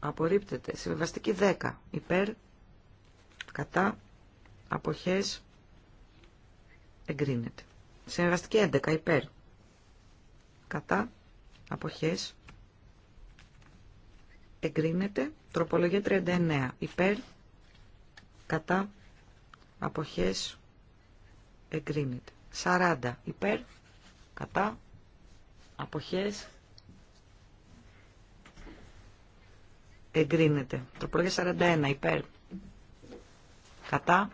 απορρίπτεται. Συμβεβαστική 10 υπέρ, κατά αποχές εγκρίνεται. Συμβαστική 11 υπέρ κατά αποχές εγκρίνεται. Τροπολογία 39 υπέρ κατά αποχές εγκρίνεται. 40 υπέρ κατά αποχές εγκρίνεται. Τροπολογία 41 υπέρ Κατά.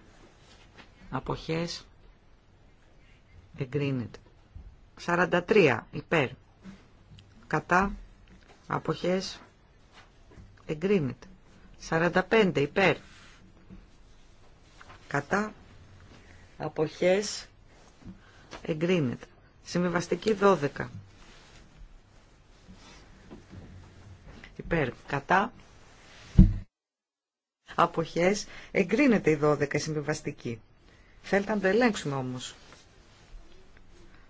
Αποχές. Εγκρίνεται. 43. Υπέρ. Κατά. Αποχές. Εγκρίνεται. 45. Υπέρ. Κατά. Αποχές. Εγκρίνεται. Συμβιβαστική 12. Υπέρ. Κατά αποχές εγκρίνεται η 12 η συμβιβαστική. Θέλετε να το ελέγξουμε όμως.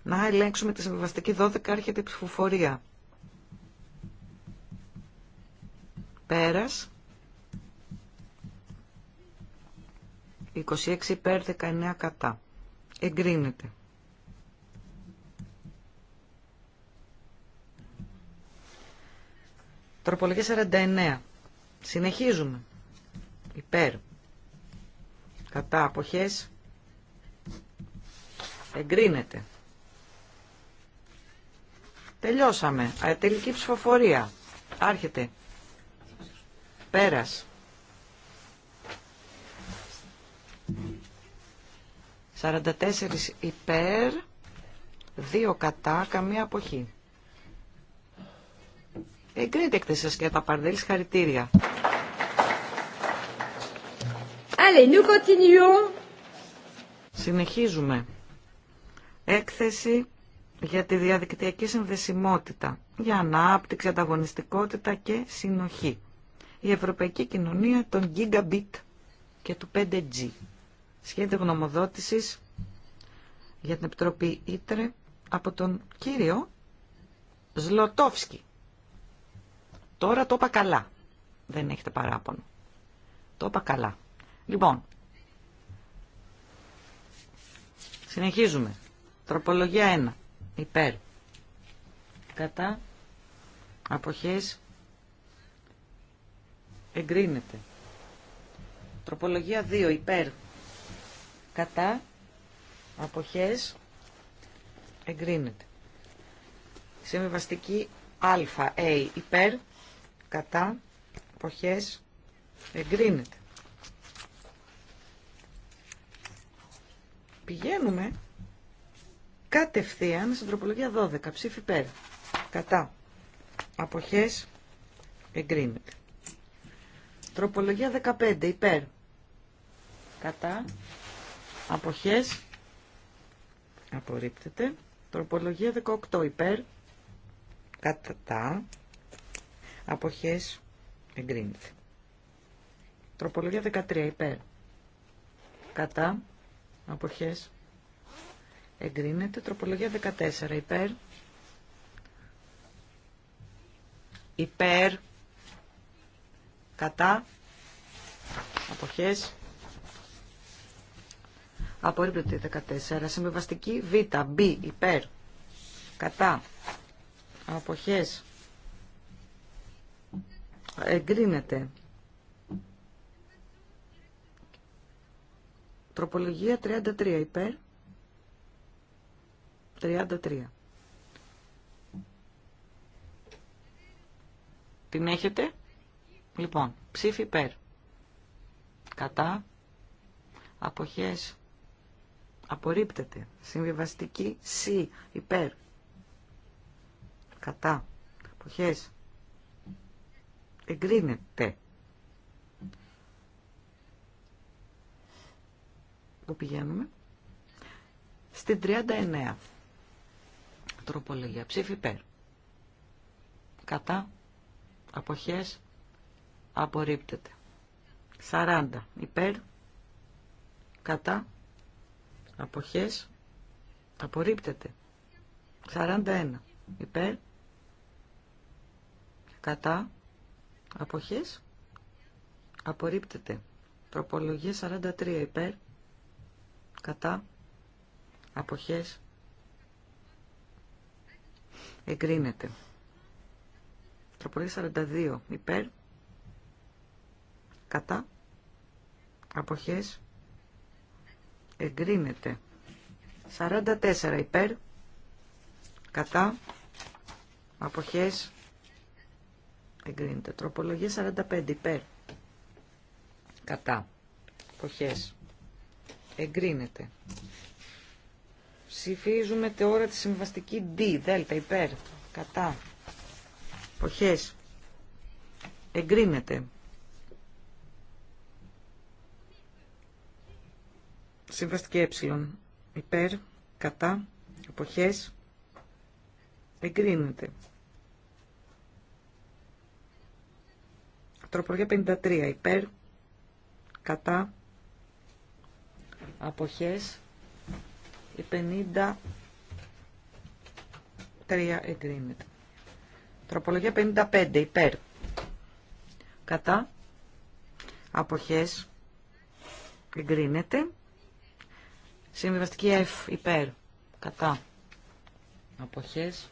Να ελέγξουμε τη συμβιβαστική 12 άρχεται η ψηφοφορία. Πέρας. 26 υπέρ 19 κατά. Εγκρίνεται. Τροπολογία 49. Συνεχίζουμε υπέρ κατά αποχές εγκρίνεται. Τελειώσαμε. τελική ψηφοφορία. Άρχεται. Πέρας. 44 υπέρ, 2 κατά, καμία αποχή. Εγκρίνεται σα και τα παρδέλης χαρητήρια. Συνεχίζουμε. Έκθεση για τη διαδικτυακή συνδεσιμότητα, για ανάπτυξη, ανταγωνιστικότητα και συνοχή. Η Ευρωπαϊκή Κοινωνία των Gigabit και του 5G. Σχέδιο γνωμοδότησης για την Επιτροπή Ήτρε από τον κύριο Ζλοτόφσκι. Τώρα το είπα καλά. Δεν έχετε παράπονο. Το είπα καλά. Λοιπόν, συνεχίζουμε. Τροπολογία 1. Υπέρ. Κατά. Αποχές. Εγκρίνεται. Τροπολογία 2. Υπέρ. Κατά. Αποχές. Εγκρίνεται. Συμβιβαστική α, α, ε, υπέρ, κατά, αποχές, εγκρίνεται. Πηγαίνουμε κατευθείαν στην τροπολογία 12, ψήφι πέρα. Κατά. Αποχές εγκρίνεται. Τροπολογία 15, υπέρ. Κατά. Αποχές απορρίπτεται. Τροπολογία 18, υπέρ. Κατά. Αποχές εγκρίνεται. Τροπολογία 13, υπέρ. Κατά αποχές εγκρίνεται. Τροπολογία 14 υπέρ. Υπέρ. Κατά. Αποχές. Απορρίπτωτη 14. Συμβιβαστική Β. Β. Υπέρ. Κατά. Αποχές. Εγκρίνεται. Τροπολογία 33 υπέρ. 33. Την έχετε. Λοιπόν, ψήφι υπέρ. Κατά. Αποχές. Απορρίπτεται. Συμβιβαστική C υπέρ. Κατά. Αποχές. Εγκρίνεται. που πηγαίνουμε, στην 39 τροπολογία. Ψήφι υπέρ. Κατά. Αποχές. Απορρίπτεται. 40 υπέρ. Κατά. Αποχές. Απορρίπτεται. 41 υπέρ. Κατά. Αποχές. Απορρίπτεται. Τροπολογία 43 υπέρ κατά αποχές εγκρίνεται. Τροπολογία 42 υπέρ κατά αποχές εγκρίνεται. 44 υπέρ κατά αποχές εγκρίνεται. Τροπολογία 45 υπέρ κατά αποχές εγκρίνεται. Ψηφίζουμε τώρα τη συμβαστική D, δέλτα, υπέρ, κατά, εποχές, εγκρίνεται. Συμβαστική ε, υπέρ, κατά, εποχές, εγκρίνεται. Τροπολογία 53, υπέρ, κατά, αποχές η 53 εγκρίνεται. Τροπολογία 55 υπέρ. Κατά αποχές εγκρίνεται. Συμβιβαστική F υπέρ. Κατά αποχές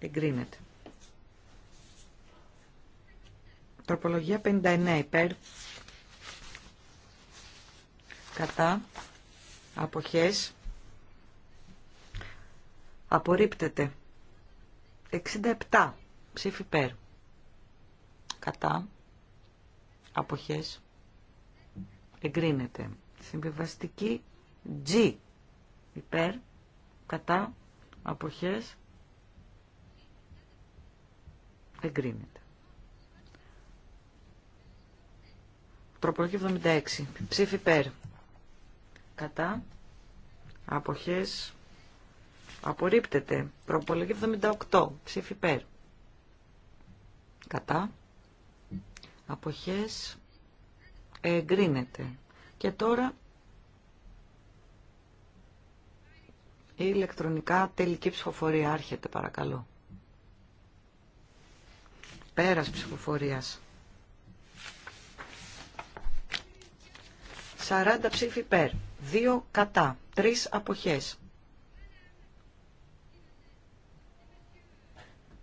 εγκρίνεται. Τροπολογία 59 υπέρ κατά αποχές απορρίπτεται 67 ψήφι περ κατά αποχές εγκρίνεται συμβιβαστική G υπέρ κατά αποχές εγκρίνεται τροπολογική 76. Ψήφι υπέρ κατά αποχές απορρίπτεται Προπολογή 78 ψήφι ΠΕΡ. κατά αποχές εγκρίνεται και τώρα η ηλεκτρονικά τελική ψηφοφορία άρχεται παρακαλώ πέρας ψηφοφορίας 40 ψήφοι υπέρ, 2 κατά, 3 αποχές.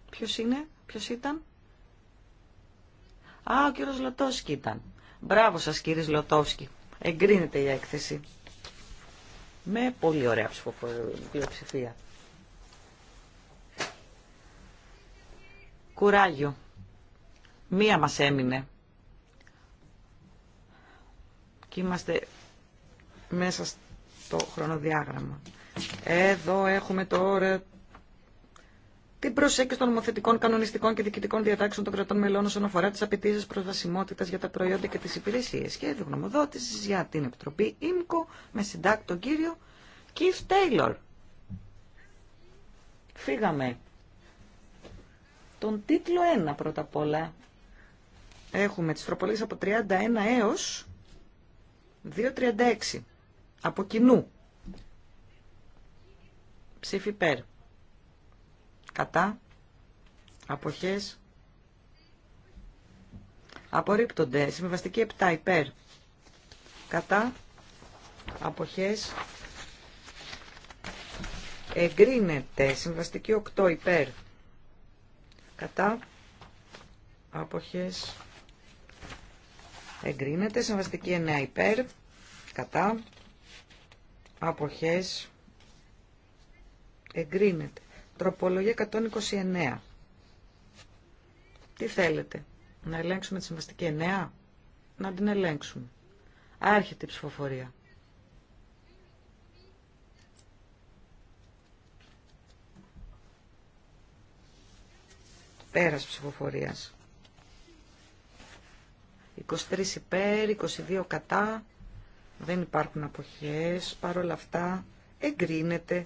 Ποιο είναι, Ποιο ήταν? Α, ο κύριο Λοτόσκι ήταν. Μπράβο σας κύριε Λοτόσκι. Εγκρίνεται η έκθεση. Με πολύ ωραία πλειοψηφία. Κουράγιο. Μία μας έμεινε και είμαστε μέσα στο χρονοδιάγραμμα. Εδώ έχουμε τώρα την προσέγγιση των νομοθετικών, κανονιστικών και διοικητικών διατάξεων των κρατών μελών όσον αφορά τι απαιτήσει προσβασιμότητα για τα προϊόντα και τι υπηρεσίε. Και γνωμοδότηση για την Επιτροπή ΙΜΚΟ με συντάκτο κύριο Κιφ Τέιλορ. Φύγαμε. Τον τίτλο 1 πρώτα απ' όλα. Έχουμε τις τροπολίες από 31 έως 2.36 από κοινού. Ψήφι υπέρ. Κατά. Αποχές. Απορρίπτονται. Συμβαστική 7 υπέρ. Κατά. Αποχές. Εγκρίνεται. Συμβαστική 8 υπέρ. Κατά. Αποχές εγκρίνεται. Συμβαστική 9 υπέρ, κατά, αποχές, εγκρίνεται. Τροπολογία 129. Τι θέλετε, να ελέγξουμε τη συμβαστική 9, να την ελέγξουμε. Άρχεται η ψηφοφορία. Πέρας ψηφοφορίας. 23 υπέρ, 22 κατά. Δεν υπάρχουν αποχές. παρόλα αυτά εγκρίνεται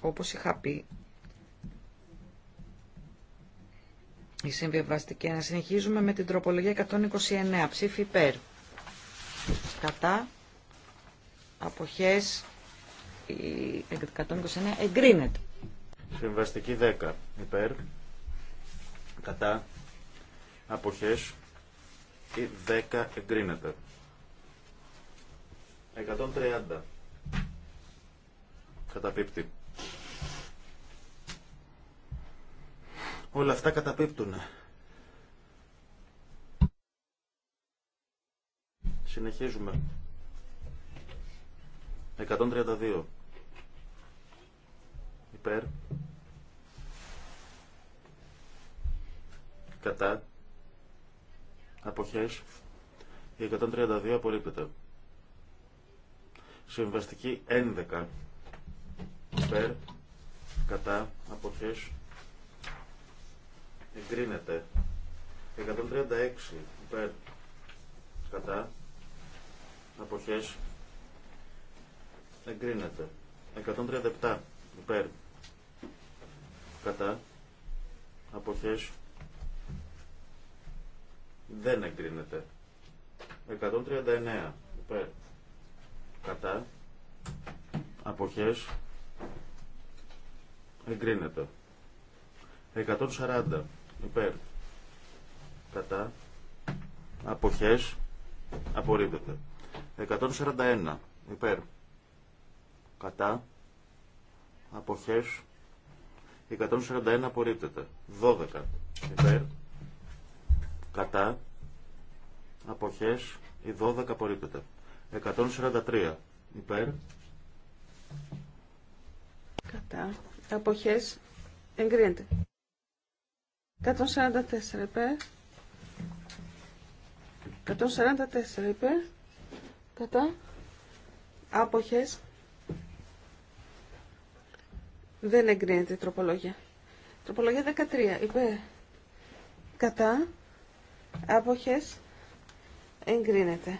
όπως είχα πει. Η συμβιβαστική να συνεχίζουμε με την τροπολογία 129. Ψήφι υπέρ. Κατά. Αποχές. Η 129 εγκρίνεται. Συμβαστική 10. Υπέρ. Κατά. Αποχές ή 10 εγκρίνεται. 130. Καταπίπτει. Όλα αυτά καταπίπτουν. Συνεχίζουμε. 132. Υπέρ. Κατά. Αποχές. Η 132 απορρίπτεται. Συμβαστική 11. Υπέρ. Κατά. Αποχές. Εγκρίνεται. 136. Υπέρ. Κατά. Αποχές. Εγκρίνεται. 137. Υπέρ. Κατά. Αποχές. Δεν εγκρίνεται. 139. Υπέρ. Κατά. Αποχές. Εγκρίνεται. 140. Υπέρ. Κατά. Αποχές. Απορρίπτεται. 141. Υπέρ. Κατά. Αποχές. 141 απορρίπτεται. 12. Υπέρ. Κατά. Αποχές. Η 12 απορρίπτεται. 143. Υπέρ. Κατά. Αποχές. Εγκρίνεται. 144 υπέρ. 144 υπέρ. Κατά. Άποχες. Δεν εγκρίνεται η τροπολογία. Τροπολογία 13 υπέρ. Κατά. Άποχες. Εγκρίνεται.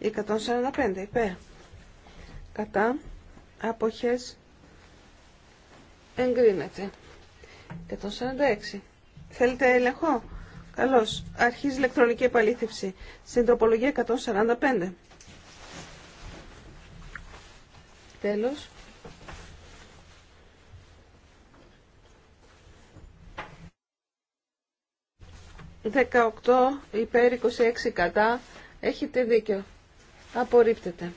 145 υπέρ. Κατά. Άποχες. Εγκρίνεται. 146. Θέλετε έλεγχο. Καλώς. Αρχίζει ηλεκτρονική επαλήθευση. Στην 145. Τέλος. 18 υπέρ 26 κατά. Έχετε δίκιο. Απορρίπτεται.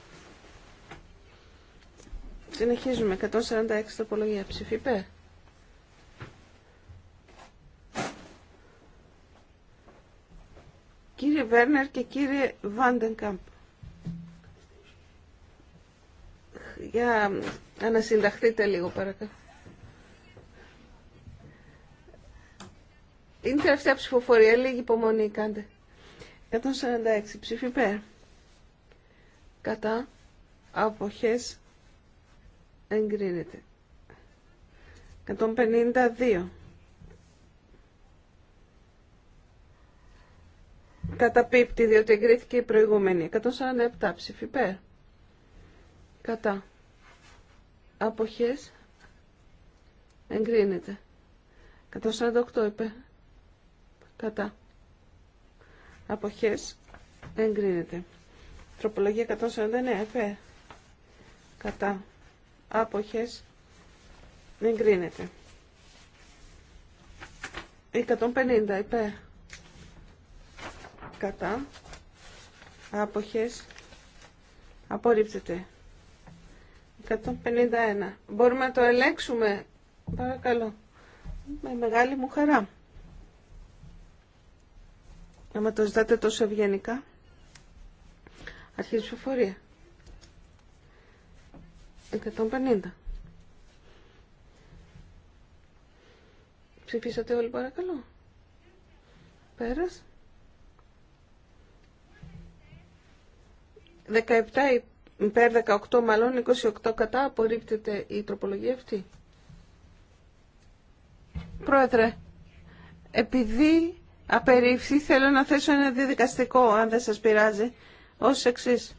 Συνεχίζουμε. 146 τοπολογία. ψηφίπε. Κύριε Βέρνερ και κύριε Βάντενκαμπ. Για να συνταχθείτε λίγο παρακαλώ. Είναι τελευταία ψηφοφορία, λίγη υπομονή κάντε. 146 ψήφι υπέρ. Κατά αποχές εγκρίνεται. 152. Καταπίπτει διότι εγκρίθηκε η προηγούμενη. 147 ψήφι υπέρ. Κατά. Αποχές εγκρίνεται. 148 είπε κατά αποχές εγκρίνεται. Τροπολογία 149 εφέ. κατά αποχές εγκρίνεται. 150 εφέ. κατά άποχες απορρίπτεται 151 μπορούμε να το ελέγξουμε παρακαλώ με μεγάλη μου χαρά Άμα το ζητάτε τόσο ευγενικά. Αρχίζει η ψηφοφορία. 150. Ψηφίσατε όλοι παρακαλώ. Πέρας. 17 υπέρ 18 μάλλον 28 κατά απορρίπτεται η τροπολογία αυτή. Πρόεδρε, επειδή απερίφθη, θέλω να θέσω ένα διδικαστικό, αν δεν σας πειράζει, ως εξή.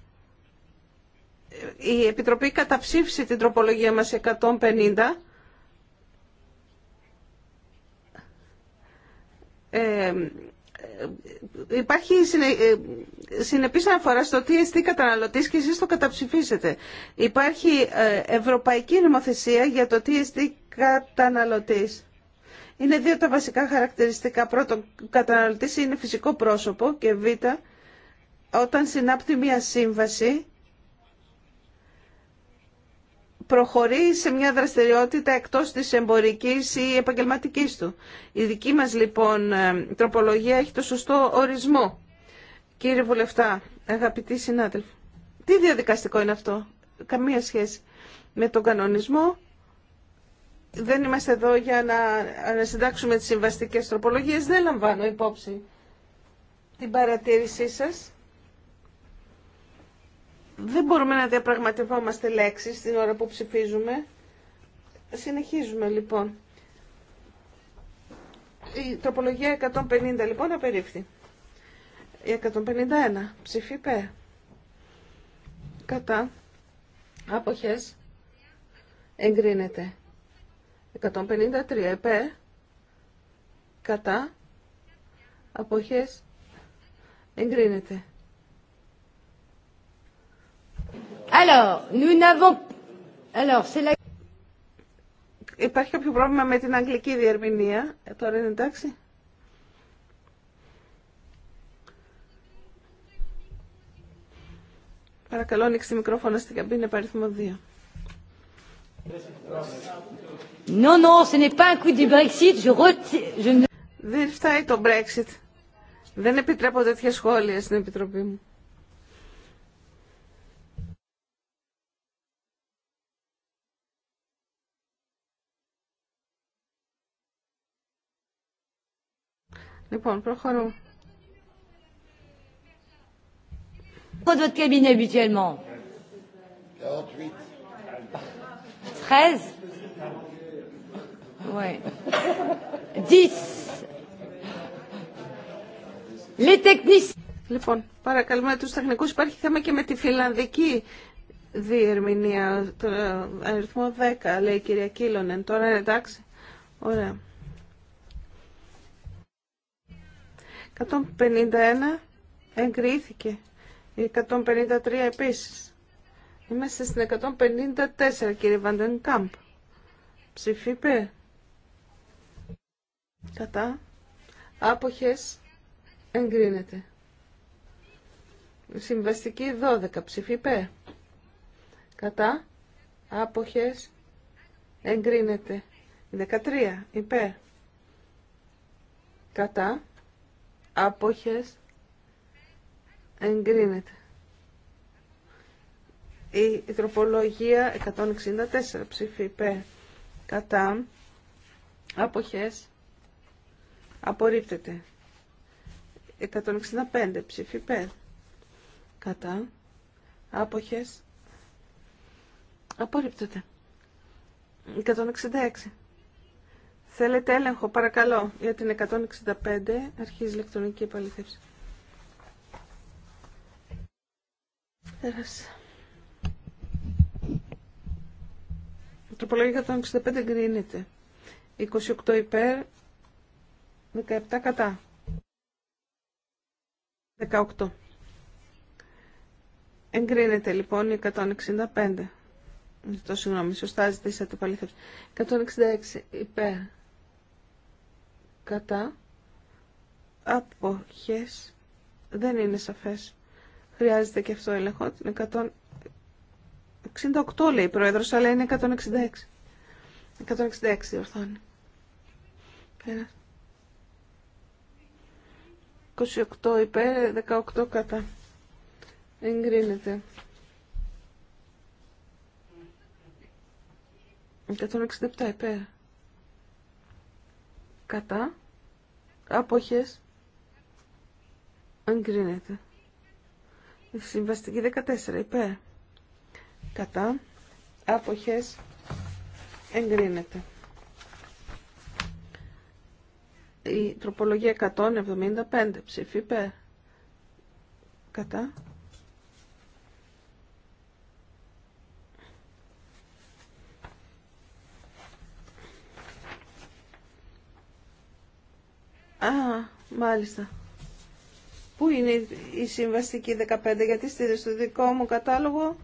Η Επιτροπή καταψήφισε την τροπολογία μας 150 Ε, υπάρχει ε, συνεπής αναφορά στο τι εστί καταναλωτής και εσείς το καταψηφίσετε. Υπάρχει ε, ευρωπαϊκή νομοθεσία για το τι εστί καταναλωτής. Είναι δύο τα βασικά χαρακτηριστικά. Πρώτον, ο είναι φυσικό πρόσωπο και β, όταν συνάπτει μία σύμβαση, προχωρεί σε μια δραστηριότητα εκτός της εμπορικής ή επαγγελματικής του. Η δική μας λοιπόν ε, τροπολογία έχει το σωστό ορισμό. Κύριε Βουλευτά, αγαπητοί συνάδελφοι, τι διαδικαστικό είναι αυτό, καμία σχέση με τον κανονισμό δεν είμαστε εδώ για να συντάξουμε τις συμβαστικές τροπολογίες. Δεν λαμβάνω υπόψη την παρατήρησή σας. Δεν μπορούμε να διαπραγματευόμαστε λέξεις την ώρα που ψηφίζουμε. Συνεχίζουμε λοιπόν. Η τροπολογία 150 λοιπόν απερίφθη. Η 151 ψηφίπε Κατά. Αποχές. Εγκρίνεται. 153 επέ, κατά αποχές εγκρίνεται. Alors, nous n'avons... Alors, c'est la... Υπάρχει κάποιο πρόβλημα με την αγγλική διερμηνία. Ε, τώρα είναι εντάξει. Παρακαλώ, ανοίξτε μικρόφωνα στην καμπίνα παριθμό 2. Non, non, ce n'est pas un coup du Brexit. Δεν φτάει το Brexit. Δεν επιτρέπω τέτοια σχόλια στην Επιτροπή μου. Λοιπόν, προχωρώ. το 13 Ouais. 10 Les techniciens. Λοιπόν, παρακαλούμε του τεχνικού. Υπάρχει θέμα και με τη φιλανδική διερμηνία. Αριθμό 10, λέει η κυρία Κίλονεν. Τώρα εντάξει. Ωραία. 151 εγκρίθηκε. 153 επίσης. Είμαστε στην 154 κύριε Βαντενκάμπ. Ψηφίπε. Κατά. Άποχες. Εγκρίνεται. Συμβαστική 12. Ψηφίπε. Κατά. Άποχες. Εγκρίνεται. 13. Υπέ. Κατά. Άποχες. Εγκρίνεται. Η τροπολογία 164 ψήφι υπέ κατά αποχές απορρίπτεται. 165 ψήφι υπέ κατά άποχες απορρίπτεται. 166. Θέλετε έλεγχο, παρακαλώ, για την 165 αρχίζει ηλεκτρονική επαλήθευση. Τροπολογία 165 εγκρίνεται. 28 υπέρ, 17 κατά. 18. Εγκρίνεται λοιπόν η 165. Το συγγνώμη, σωστά ζητήσατε παλήθευση. 166 υπέρ. Κατά. Αποχές. Δεν είναι σαφές. Χρειάζεται και αυτό έλεγχο. Την 68 λέει η πρόεδρος, αλλά είναι 166. 166 διορθώνει. Πέρα. 28 υπέρ, 18 κατά. Εγκρίνεται. 167 υπέρ. Κατά. Απόχες. Εγκρίνεται. Συμβαστική 14 υπέρ κατά άποχες εγκρίνεται. Η τροπολογία 175 ψήφι κατά Α, μάλιστα. Πού είναι η συμβαστική 15, γιατί στη στο δικό μου κατάλογο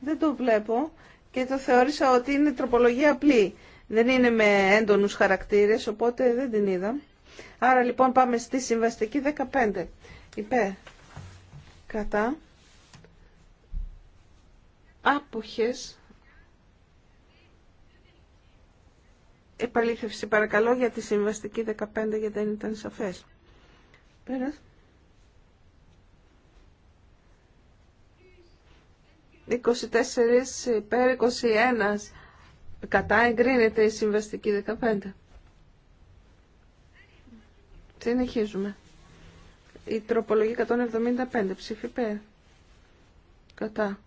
δεν το βλέπω και το θεώρησα ότι είναι τροπολογία απλή. Δεν είναι με έντονους χαρακτήρες, οπότε δεν την είδα. Άρα λοιπόν πάμε στη συμβαστική 15. Υπέ Κατά. Άποχες. Επαλήθευση παρακαλώ για τη συμβαστική 15 γιατί δεν ήταν σαφές. Πέρασε. 24 υπέρ 21 κατά εγκρίνεται η συμβαστική 15. Συνεχίζουμε. Η τροπολογία 175 ψήφι πέρα. Κατά.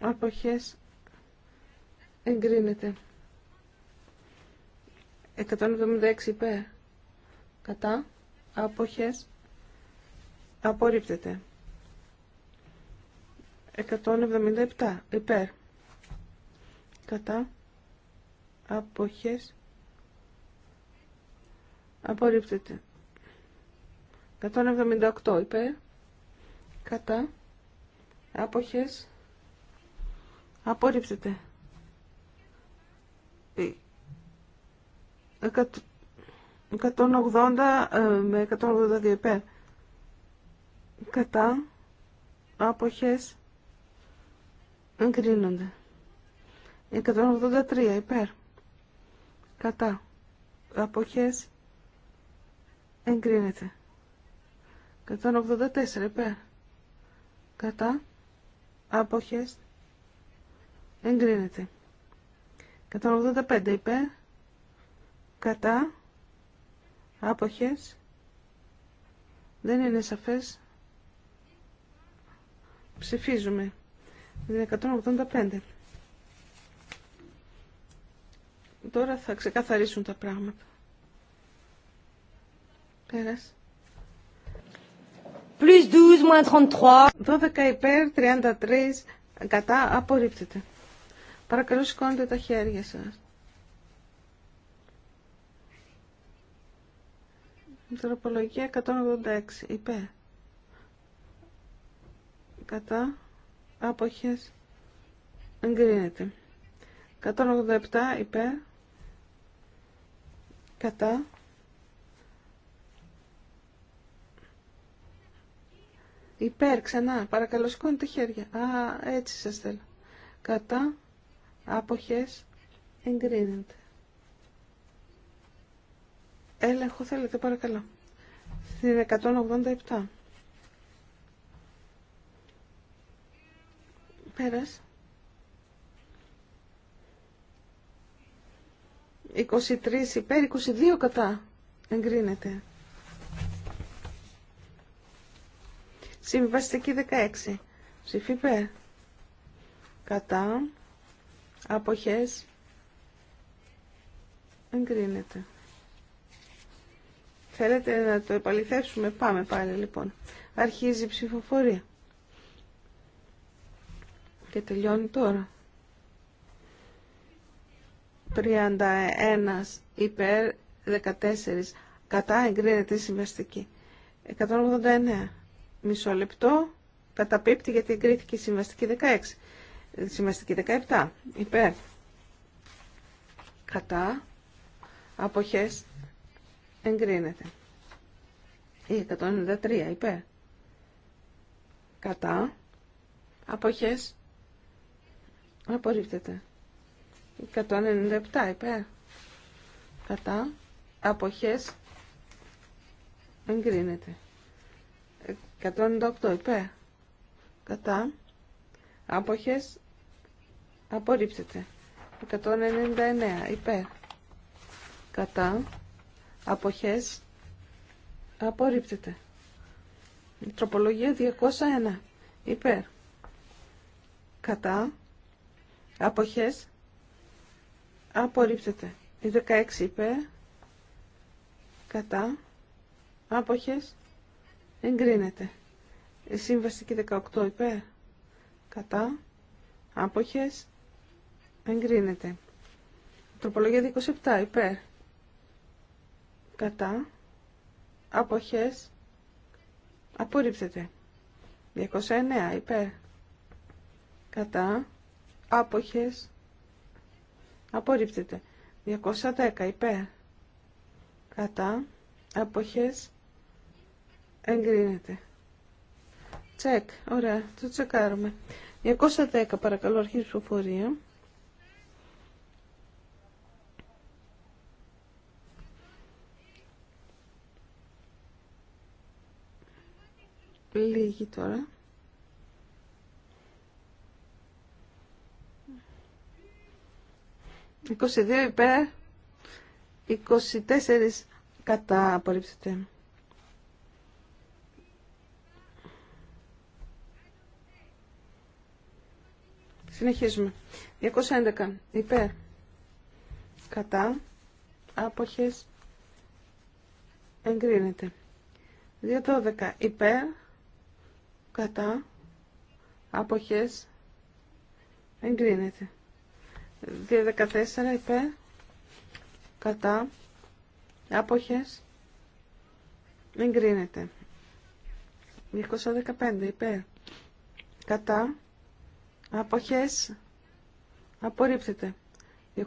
Αποχές εγκρίνεται. 176 υπέρ. Κατά. Αποχές απορρίπτεται. 177 υπέρ κατά αποχές απορρίπτεται 178 υπέρ κατά αποχές απορρίπτεται 180 ε, ε, με 182 υπέρ κατά άποχες Εγκρίνονται. 183 υπέρ. Κατά. Αποχές. Εγκρίνεται. 184 υπέρ. Κατά. Αποχές. Εγκρίνεται. 185 υπέρ. Κατά. Άποχες. Δεν είναι σαφές. Ψηφίζουμε. Είναι 185. Τώρα θα ξεκαθαρίσουν τα πράγματα. Πέρας. Plus 12, moins 33. 12 υπέρ, 33 κατά, απορρίπτεται. Παρακαλώ σηκώνετε τα χέρια σας. Τροπολογία 186 υπέρ. Κατά αποχές εγκρίνεται 187 υπέρ κατά υπέρ ξανά παρακαλώ σηκώνετε χέρια α έτσι σας θέλω κατά αποχές εγκρίνεται έλεγχο θέλετε παρακαλώ στην 187 23 υπέρ, 22 κατά. Εγκρίνεται. Συμβαστική 16. Ψηφί Κατά. Αποχές. Εγκρίνεται. Θέλετε να το επαληθεύσουμε. Πάμε πάλι λοιπόν. Αρχίζει η ψηφοφορία και τελειώνει τώρα. 31 υπέρ 14 κατά εγκρίνεται η συμβαστική. 189 μισό λεπτό καταπίπτει γιατί εγκρίθηκε η συμβαστική 16. Συμβαστική 17 υπέρ κατά αποχές εγκρίνεται. Η 193 υπέρ κατά αποχές Απορρίπτεται. 197 υπέρ. Κατά. Αποχές. Εγκρίνεται. 198 υπέρ. Κατά. Αποχές. Απορρίπτεται. 199 υπέρ. Κατά. Αποχές. Απορρίπτεται. Τροπολογία 201 υπέρ. Κατά. Αποχές. Απορρίπτεται. Η 16 υπέρ. Κατά. Άποχες. Εγκρίνεται. Η συμβαστική 18 υπέρ. Κατά. Άποχες. Εγκρίνεται. τροπολογία 27 υπέρ. Κατά. Άποχες. Απορρίπτεται. 209 υπέρ. Κατά άποχες απορρίπτεται 210 υπέρ κατά άποχες εγκρίνεται τσεκ ωραία το τσεκάρουμε 210 παρακαλώ αρχή ψηφοφορία λίγη τώρα 22 υπέρ, 24 κατά απορρίψετε. Συνεχίζουμε. 211 υπέρ, κατά, άποχες, εγκρίνεται. 212 υπέρ, κατά, άποχες, εγκρίνεται. 2.14 είπε, κατά άποχες εγκρίνεται 215 είπε, κατά άποχες απορρίπτεται 216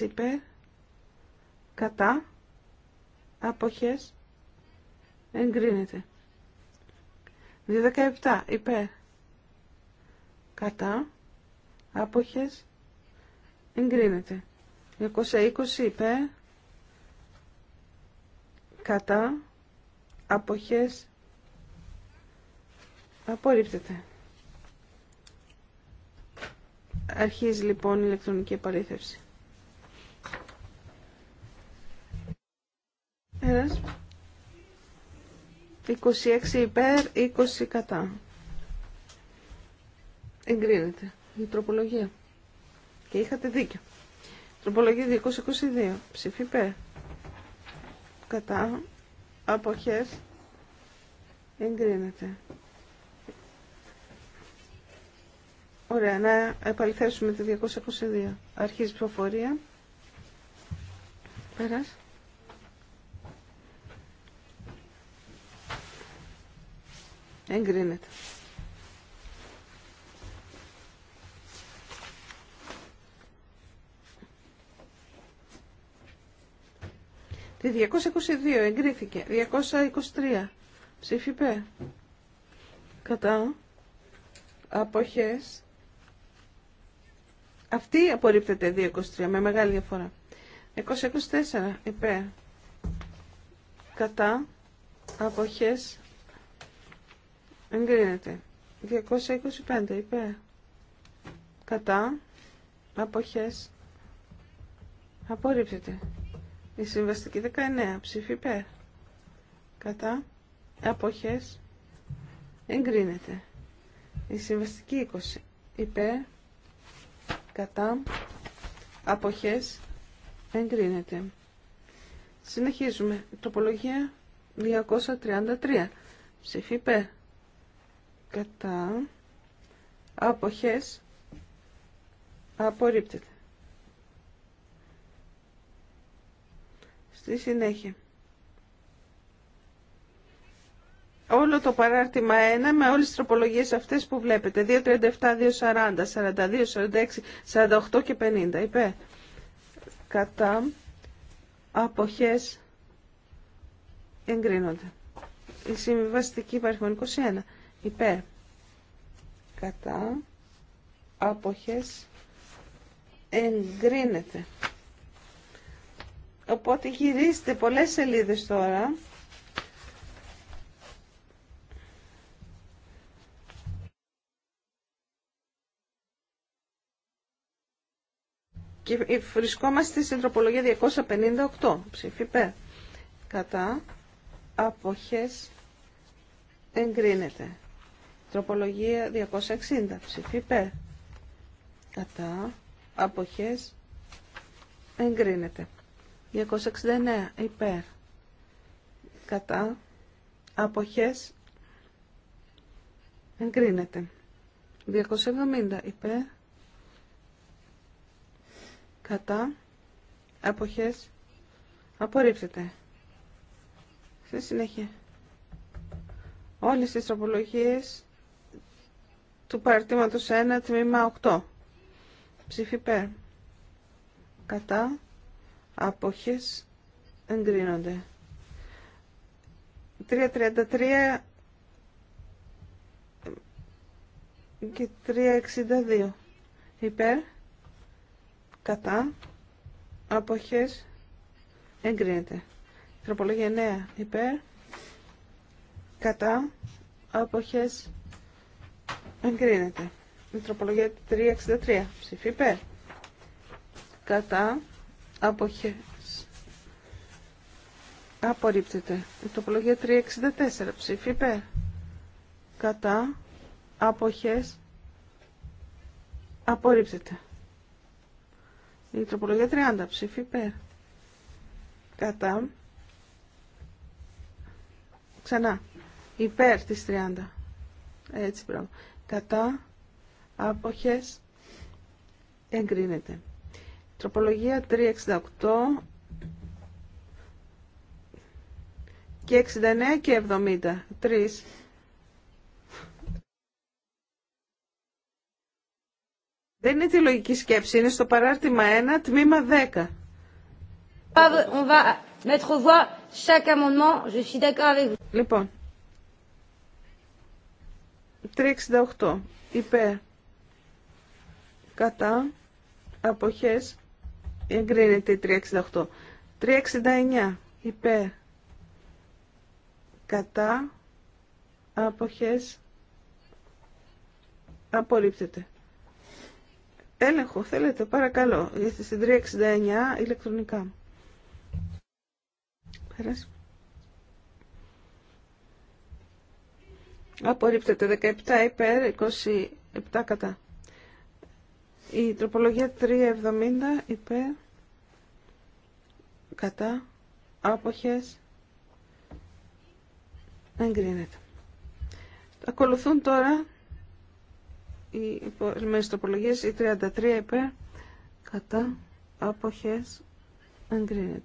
είπε, κατά άποχες εγκρίνεται 217 είπε. κατά άποχες εγκρίνεται. 220 υπέρ κατά αποχές απορρίπτεται. Αρχίζει λοιπόν η ηλεκτρονική επαλήθευση. Ένας. 26 υπέρ, 20 κατά. Εγκρίνεται η τροπολογία. Και είχατε δίκιο. Τροπολογία 222. Ψήφι Κατά. Αποχές. Εγκρίνεται. Ωραία, να επαληθέσουμε τη 222. Αρχίζει η ψηφοφορία. Πέρας. Εγκρίνεται. Τη 222 εγκρίθηκε. 223. Ψήφι πέ Κατά. Αποχές. Αυτή απορρίπτεται 223 με μεγάλη διαφορά. 224 υπέ Κατά. Αποχές. Εγκρίνεται. 225 υπέ Κατά. Αποχές. Απορρίπτεται. Η συμβαστική 19. Ψήφι υπέρ. Κατά. Αποχές. Εγκρίνεται. Η συμβαστική 20. Υπέρ. Κατά. Αποχές. Εγκρίνεται. Συνεχίζουμε. Τροπολογία 233. Ψήφι υπέρ. Κατά. Αποχές. Απορρίπτεται. στη συνέχεια. Όλο το παράρτημα 1 με όλες τις τροπολογίες αυτές που βλέπετε. 2.37, 2.40, 42, 46, 48 και 50. Υπέ. Κατά αποχές εγκρίνονται. Η συμβιβαστική μόνο 21. Υπέρ. Κατά αποχές εγκρίνεται. Οπότε γυρίστε πολλές σελίδες τώρα. Και ε, βρισκόμαστε στην τροπολογία 258. Ψήφι Κατά. Αποχές. Εγκρίνεται. Τροπολογία 260. Ψήφι Κατά. Αποχές. Εγκρίνεται. 269 υπέρ κατά αποχές εγκρίνεται 270 υπέρ κατά αποχές απορρίπτεται στη συνέχεια όλες τις τροπολογίες του παρτήματος 1 τμήμα 8 ψήφι υπέρ κατά αποχές εγκρίνονται. 3.33 και 3.62 υπέρ κατά αποχές εγκρίνεται. Τροπολογία 9 υπέρ κατά αποχές εγκρίνεται. Η τροπολογία 3.63 ψηφί υπέρ κατά Αποχές. Απορρίπτεται. Η τοπολογία 364. Ψήφι υπέρ. Κατά. Αποχές. Απορρίπτεται. Η τοπολογία 30. Ψήφι υπέρ. Κατά. Ξανά. Υπέρ της 30. Έτσι πράγμα. Κατά. Αποχές. Εγκρίνεται. Τροπολογία 368 και 69 και 70. 3. Δεν είναι τη λογική σκέψη, είναι στο παράρτημα 1, τμήμα 10. Λοιπόν, 368, υπέρ, κατά, αποχές, εγκρίνεται η 368. 369 υπέρ κατά αποχές απορρίπτεται. Έλεγχο θέλετε παρακαλώ. Είστε στην 369 ηλεκτρονικά. Πέρασε. Απορρίπτεται 17 υπέρ 27 κατά. Η τροπολογία 370 υπέρ κατά άποχες εγκρίνεται. Ακολουθούν τώρα οι υπόλοιπες τροπολογίες, η 33 είπε κατά άποχες εγκρίνεται.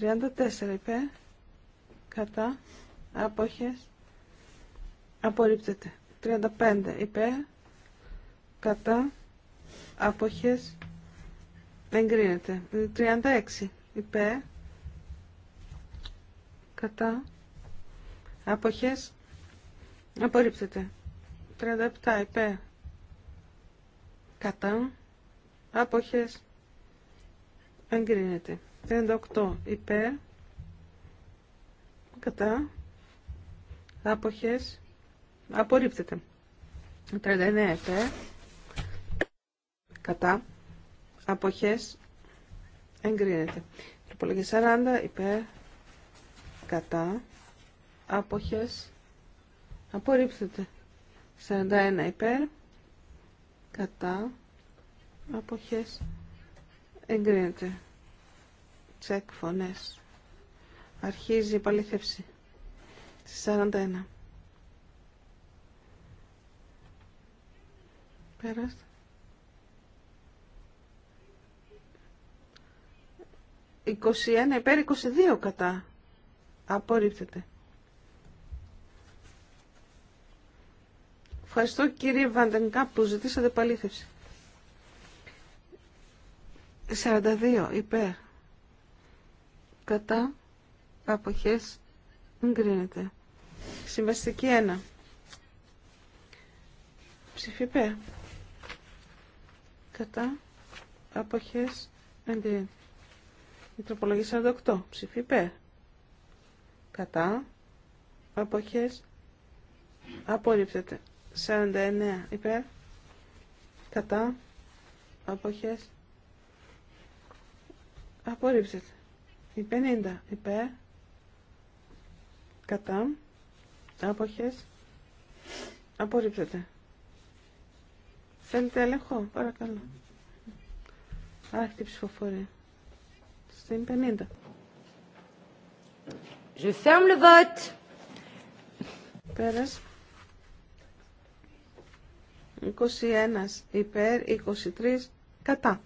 34 είπε κατά άποχες απορρίπτεται. 35 είπε κατά αποχές εγκρίνεται 36 υπέ κατά αποχές απορρίπτεται 37 υπέ κατά αποχές εγκρίνεται 38 υπέ κατά αποχές απορρίπτεται 39 υπέ κατά αποχές εγκρίνεται. Τροπολογία 40 υπέρ κατά αποχές απορρίπτεται. 41 υπέρ κατά αποχές εγκρίνεται. Τσεκ φωνές. Αρχίζει η παλήθευση. 41. Πέρασε. 21 υπέρ 22 κατά. Απορρίπτεται. Ευχαριστώ κύριε Βαντενικά που ζητήσατε παλήθευση. 42 υπέρ κατά αποχές εγκρίνεται. Συμβαστική 1. Ψηφί κατά αποχές εγκρίνεται. Η 48. Ψήφι υπέρ. Κατά. Αποχές. Απορρίπτεται. 49 υπέρ. Κατά. Αποχές. Απορρίπτεται. 50 υπέρ. Κατά. Αποχές. Απορρίπτεται. Θέλετε έλεγχο, παρακαλώ. Άρχιτε ψηφοφορία στην 50. Je ferme le Πέρας. 21 υπέρ, 23 κατά.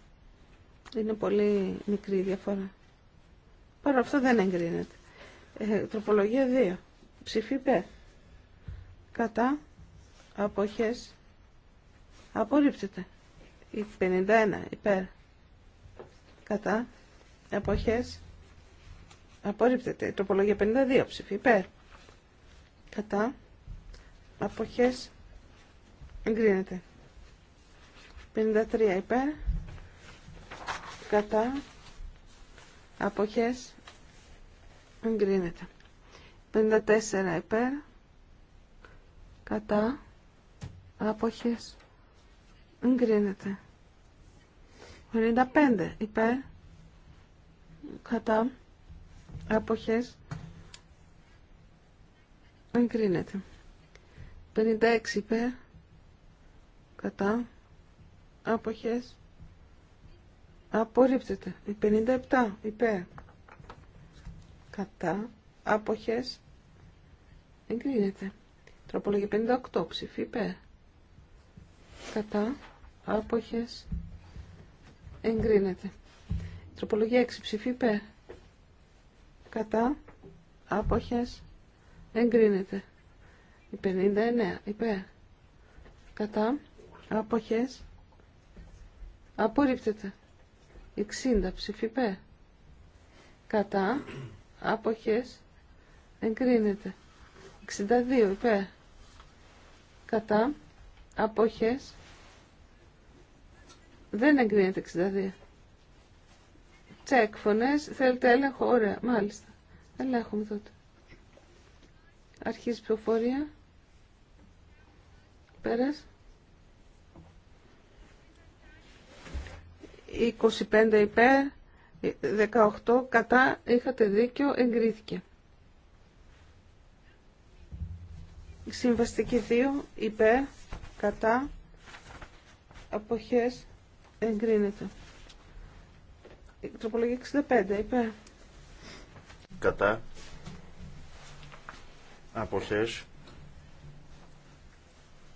Είναι πολύ μικρή η διαφορά. Παρ' αυτό δεν εγκρίνεται. Ε, τροπολογία 2. Ψήφι υπέρ. Κατά. Αποχές. Απορρίπτεται. 51 υπέρ. Κατά. Αποχές. Απορρίπτεται. Τροπολογία 52 ψήφι. Υπέρ. Κατά. Αποχές. Εγκρίνεται. 53 υπέρ. Κατά. Αποχές. Εγκρίνεται. 54 υπέρ. Κατά. Αποχές. Εγκρίνεται. 55 υπέρ κατά αποχές εγκρίνεται 56 είπε, κατά αποχές απορρίπτεται 57 είπε, κατά αποχές εγκρίνεται τροπολογία 58 ψηφί υπέρ κατά αποχές εγκρίνεται Τροπολογία 6 ψηφί Κατά. Άποχες. Εγκρίνεται. Η 59 Υπέ. Κατά. Άποχες. Απορρίπτεται. 60 ψηφί Κατά. Άποχες. Εγκρίνεται. 62 Υπέ. Κατά. Απόχες. Δεν εγκρίνεται 62. Τσεκ, φωνές, θέλετε έλεγχο, ωραία, μάλιστα. Ελέγχουμε τότε. Αρχίζει η πληροφορία. Πέρας. 25 υπέρ, 18 κατά, είχατε δίκιο, εγκρίθηκε. Συμβαστική 2 υπέρ, κατά, αποχές, εγκρίνεται. Τροπολογία 65 Κατά. Αποχές.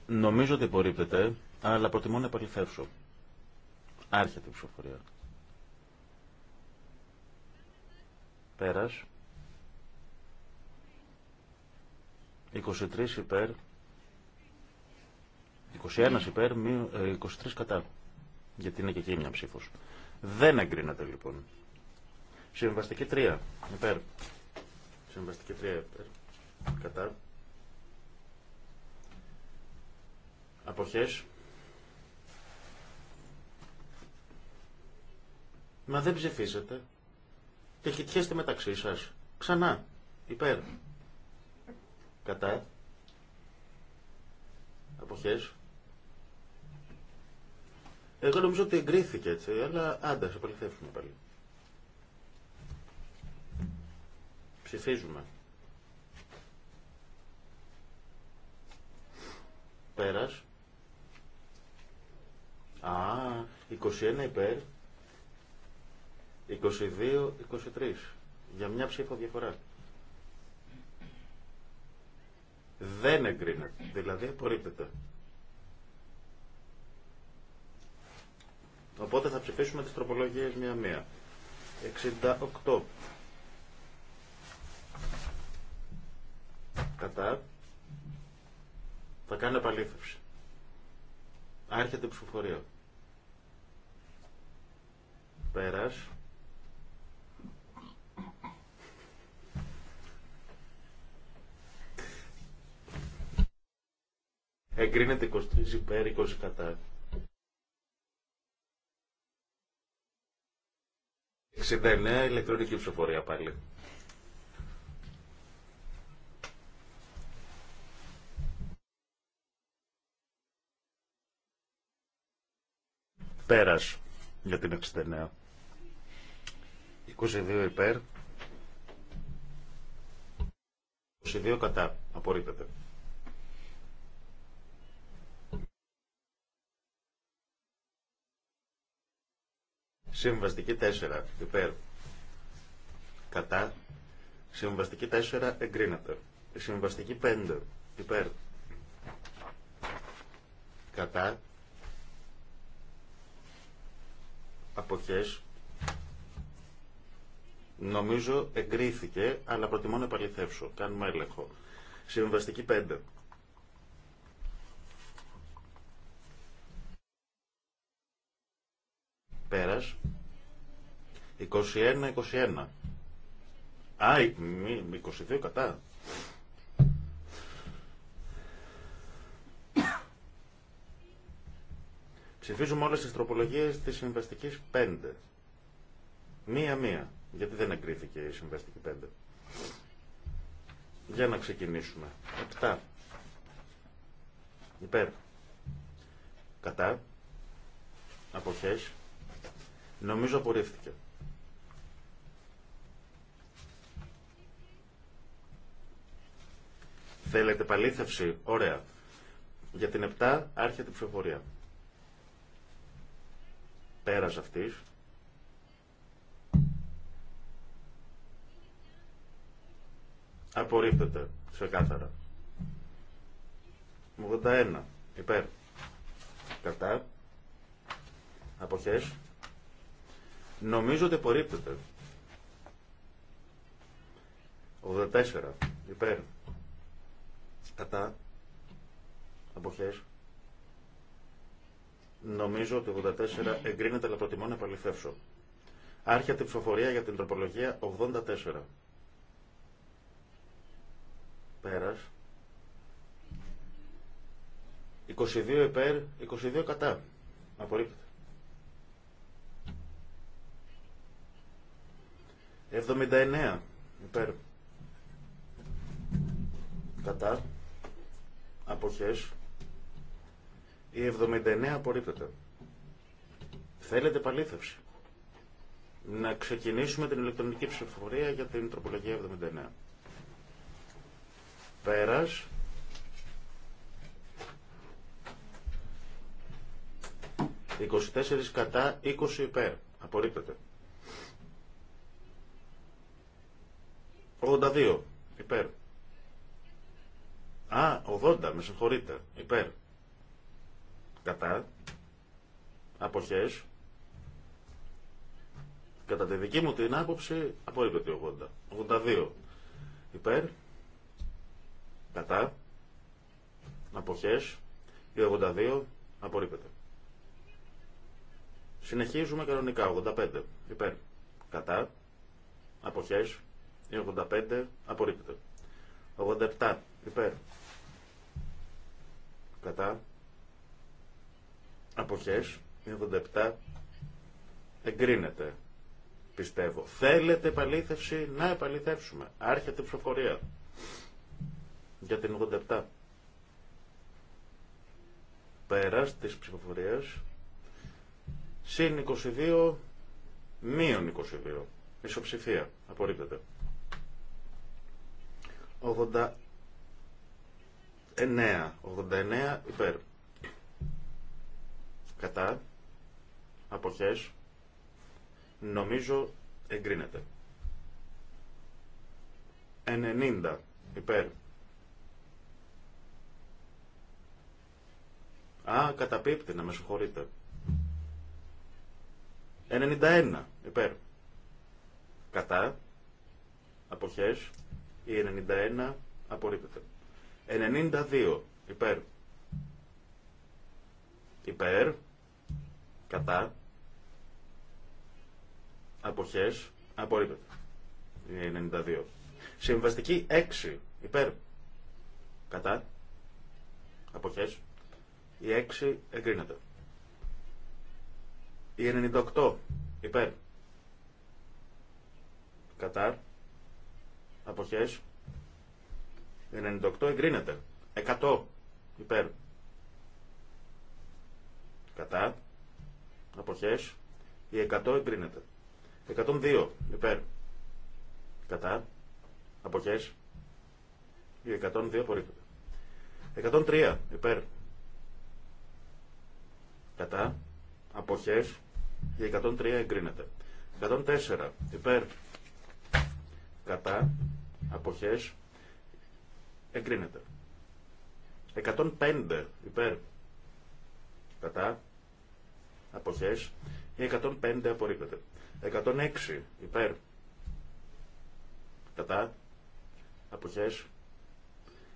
Νομίζω ότι υπορρίπτεται αλλά προτιμώ να επαληθεύσω. Άρχεται η ψηφοφορία. Πέρας. 23 υπέρ. 21 υπέρ, 23 ε, κατά. Γιατί είναι και εκεί μια ψήφος. Δεν εγκρίνεται λοιπόν. Συμβαστική 3. Υπέρ. Συμβαστική 3. Υπέρ. Κατά. Αποχές. Μα δεν ψηφίσετε. χιτιέστε μεταξύ σας. Ξανά. Υπέρ. Κατά. Αποχές. Εγώ νομίζω ότι εγκρίθηκε έτσι, αλλά άντε, σε επαληθεύσουμε πάλι. Ψηφίζουμε. Πέρας. Α, 21 υπέρ. 22, 23. Για μια ψήφο διαφορά. Δεν εγκρίνεται, δηλαδή απορρίπτεται. Οπότε θα ψηφίσουμε τις τροπολογίες μία-μία. 68. Κατά. Θα κάνω επαλήθευση. Άρχεται η ψηφοφορία. Πέρας. Εγκρίνεται 23 υπέρ 20 κατά. 69 ε, ηλεκτρονική ψηφοφορία πάλι. Πέρας για την 69. 22 υπέρ. 22 κατά. Απορρίπτεται. Συμβαστική 4 υπέρ κατά. Συμβαστική 4 εγκρίνεται. Συμβαστική 5 υπέρ κατά. Αποχές. Νομίζω εγκρίθηκε, αλλά προτιμώ να επαληθεύσω. Κάνουμε έλεγχο. Συμβαστική 5. Πέρας. 21-21. Α, 22 κατά. Ψηφίζουμε όλες τις τροπολογίες της συμβαστικής 5. Μία-μία. Γιατί δεν εγκρίθηκε η συμβαστική 5. Για να ξεκινήσουμε. 7. Υπέρ. Κατά. Αποχές. Νομίζω απορρίφθηκε. Θέλετε παλήθευση. Ωραία. Για την 7 άρχεται η ψηφοφορία. Πέρας αυτής. Απορρίπτεται. Ξεκάθαρα. 81. Υπέρ. Κατά. Αποχές. Νομίζω ότι απορρίπτεται. 84. Υπέρ. Κατά. Αποχές. Νομίζω ότι 84 εγκρίνεται, αλλά προτιμώ να επαληθεύσω. Άρχια την ψηφοφορία για την τροπολογία 84. Πέρας. 22 υπέρ, 22 κατά. Απορρίπτεται. 79 υπέρ κατά αποχές η 79 απορρίπτεται. Θέλετε παλήθευση. Να ξεκινήσουμε την ηλεκτρονική ψηφοφορία για την τροπολογία 79. Πέρας. «24 κατά, 20 υπέρ». Απορρίπτεται. 82. Υπέρ. Α, 80. Με συγχωρείτε. Υπέρ. Κατά. Αποχές. Κατά τη δική μου την άποψη απορρίπτεται 80. 82. Υπέρ. Κατά. Αποχές. Η 82 απορρίπτεται. Συνεχίζουμε κανονικά. 85. Υπέρ. Κατά. Αποχές. Η 85 απορρίπτεται. 87 υπέρ. Κατά. Αποχές. Η 87 εγκρίνεται. Πιστεύω. Θέλετε επαλήθευση να επαληθεύσουμε. Άρχεται η ψηφοφορία. Για την 87. Πέρας της ψηφοφορίας. Συν 22. Μείον 22. Ισοψηφία. Απορρίπτεται. 89. 89 υπέρ. Κατά. Αποχές. Νομίζω εγκρίνεται. 90 υπέρ. Α, καταπίπτει, να με συγχωρείτε. 91 υπέρ. Κατά. Αποχές. Η 91 απορρίπτεται. 92 υπέρ. Υπέρ. Κατά. Αποχές. Απορρίπτεται. Η 92. Συμβαστική 6 υπέρ. Κατά. Αποχές. Η 6 εγκρίνεται. Η 98 υπέρ. Κατά. Αποχές. 98 εγκρίνεται. 100 υπέρ. Κατά. Αποχές. Η 100 εγκρίνεται. 102 υπέρ. Κατά. Αποχές. Η 102 απορρίπτεται. 103 υπέρ. Κατά. Αποχές. Η 103 εγκρίνεται. 104 υπέρ κατά, αποχές, εγκρίνεται. 105 υπέρ, κατά, αποχές, ή 105 απορρίπτεται. 106 υπέρ, κατά, αποχές,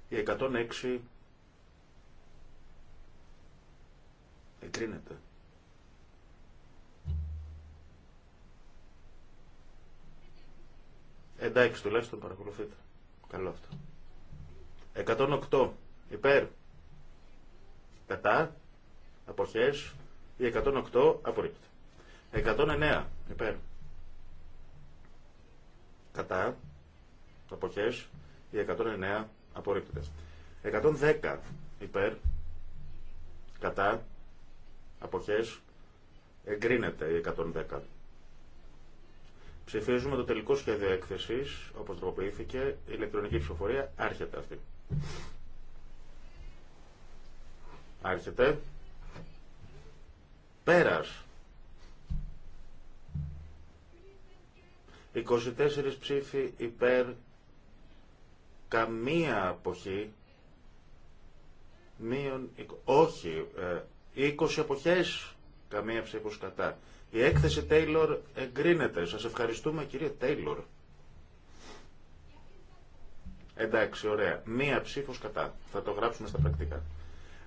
ή 106 εγκρίνεται. Εντάξει, τουλάχιστον παρακολουθείτε. Καλό αυτό. 108 υπέρ. Κατά. Αποχές. Η 108 Απορρίπτει. 109 υπέρ. Κατά. Αποχές. Η 109 απορρίπτεται. 110 υπέρ. Κατά. Αποχές. Εγκρίνεται η 110. Ψηφίζουμε το τελικό σχέδιο έκθεση όπως τροποποιήθηκε, ηλεκτρονική ψηφοφορία, άρχεται αυτή. Άρχεται. Πέρας. 24 ψήφοι υπέρ καμία αποχή μείον, όχι, 20 ε, εποχές καμία ψήφους κατά. Η έκθεση Τέιλορ εγκρίνεται. Σας ευχαριστούμε κύριε Τέιλορ. Εντάξει, ωραία. Μία ψήφος κατά. Θα το γράψουμε στα πρακτικά.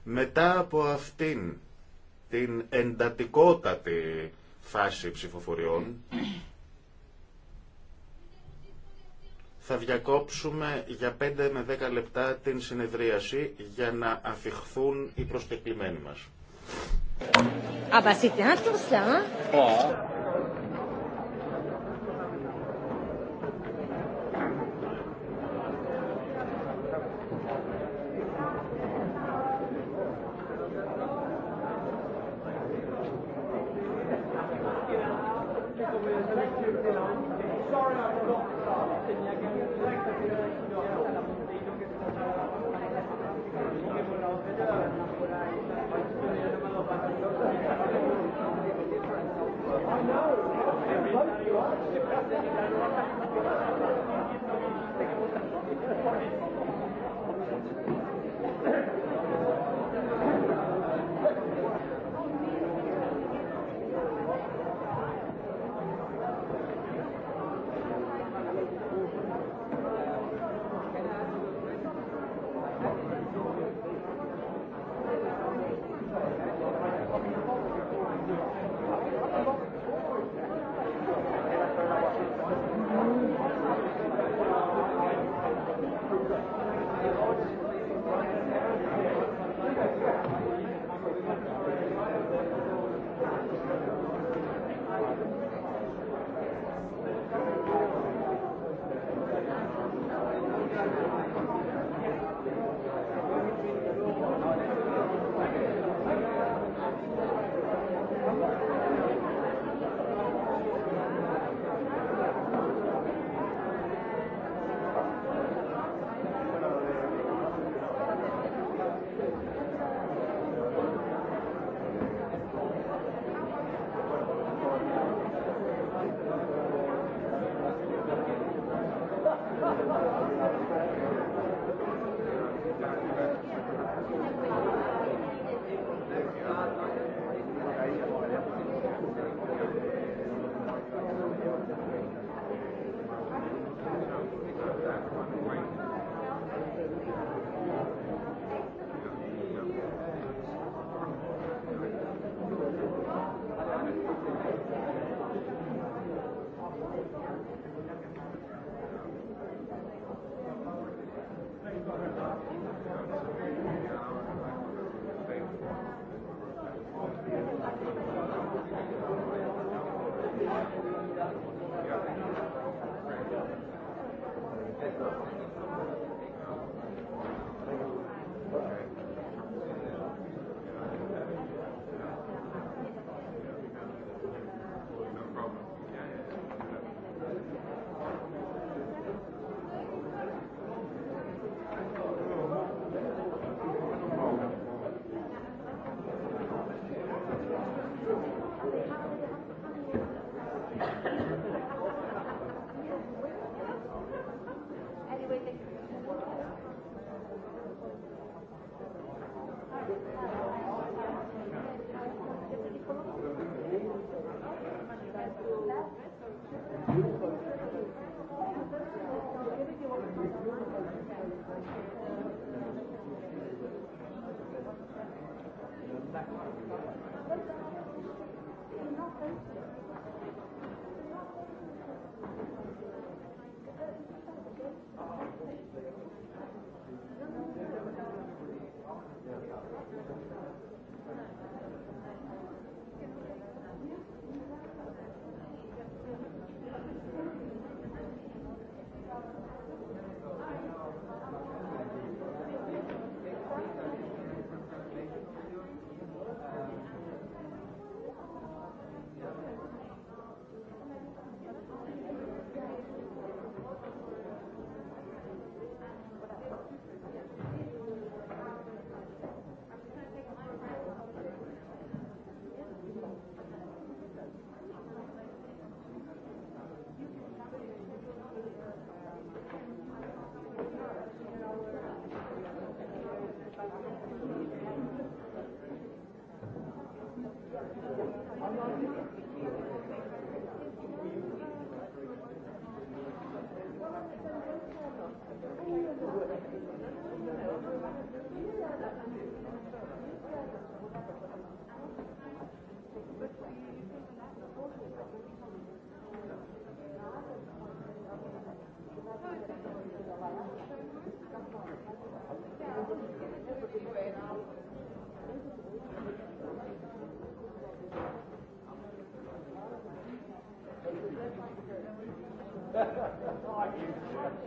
Μετά από αυτήν την εντατικότατη φάση ψηφοφοριών, θα διακόψουμε για 5 με 10 λεπτά την συνεδρίαση για να αφιχθούν οι προσκεκλημένοι μας. Α, βα, ήταν σαν. Thank you.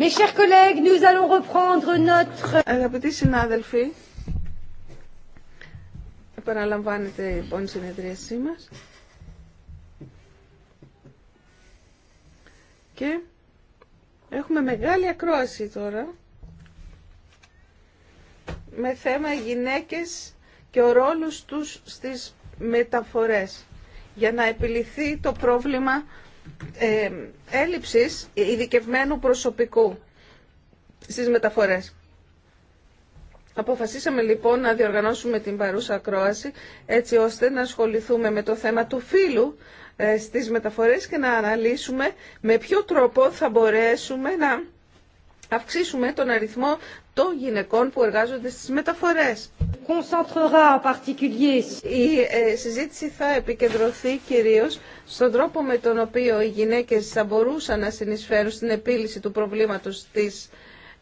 Mes chers collègues, nous allons reprendre notre... Αγαπητοί συνάδελφοι, επαναλαμβάνεται η συνεδρίασή μα. Και έχουμε μεγάλη ακρόαση τώρα με θέμα γυναίκες και ο ρόλος τους στις μεταφορές για να επιληθεί το πρόβλημα ε, έλλειψης ειδικευμένου προσωπικού στις μεταφορές. Αποφασίσαμε λοιπόν να διοργανώσουμε την παρούσα ακρόαση έτσι ώστε να ασχοληθούμε με το θέμα του φύλου ε, στις μεταφορές και να αναλύσουμε με ποιο τρόπο θα μπορέσουμε να αυξήσουμε τον αριθμό γυναικών που εργάζονται στις μεταφορές. Η ε, συζήτηση θα επικεντρωθεί κυρίως στον τρόπο με τον οποίο οι γυναίκες θα μπορούσαν να συνεισφέρουν στην επίλυση του προβλήματος της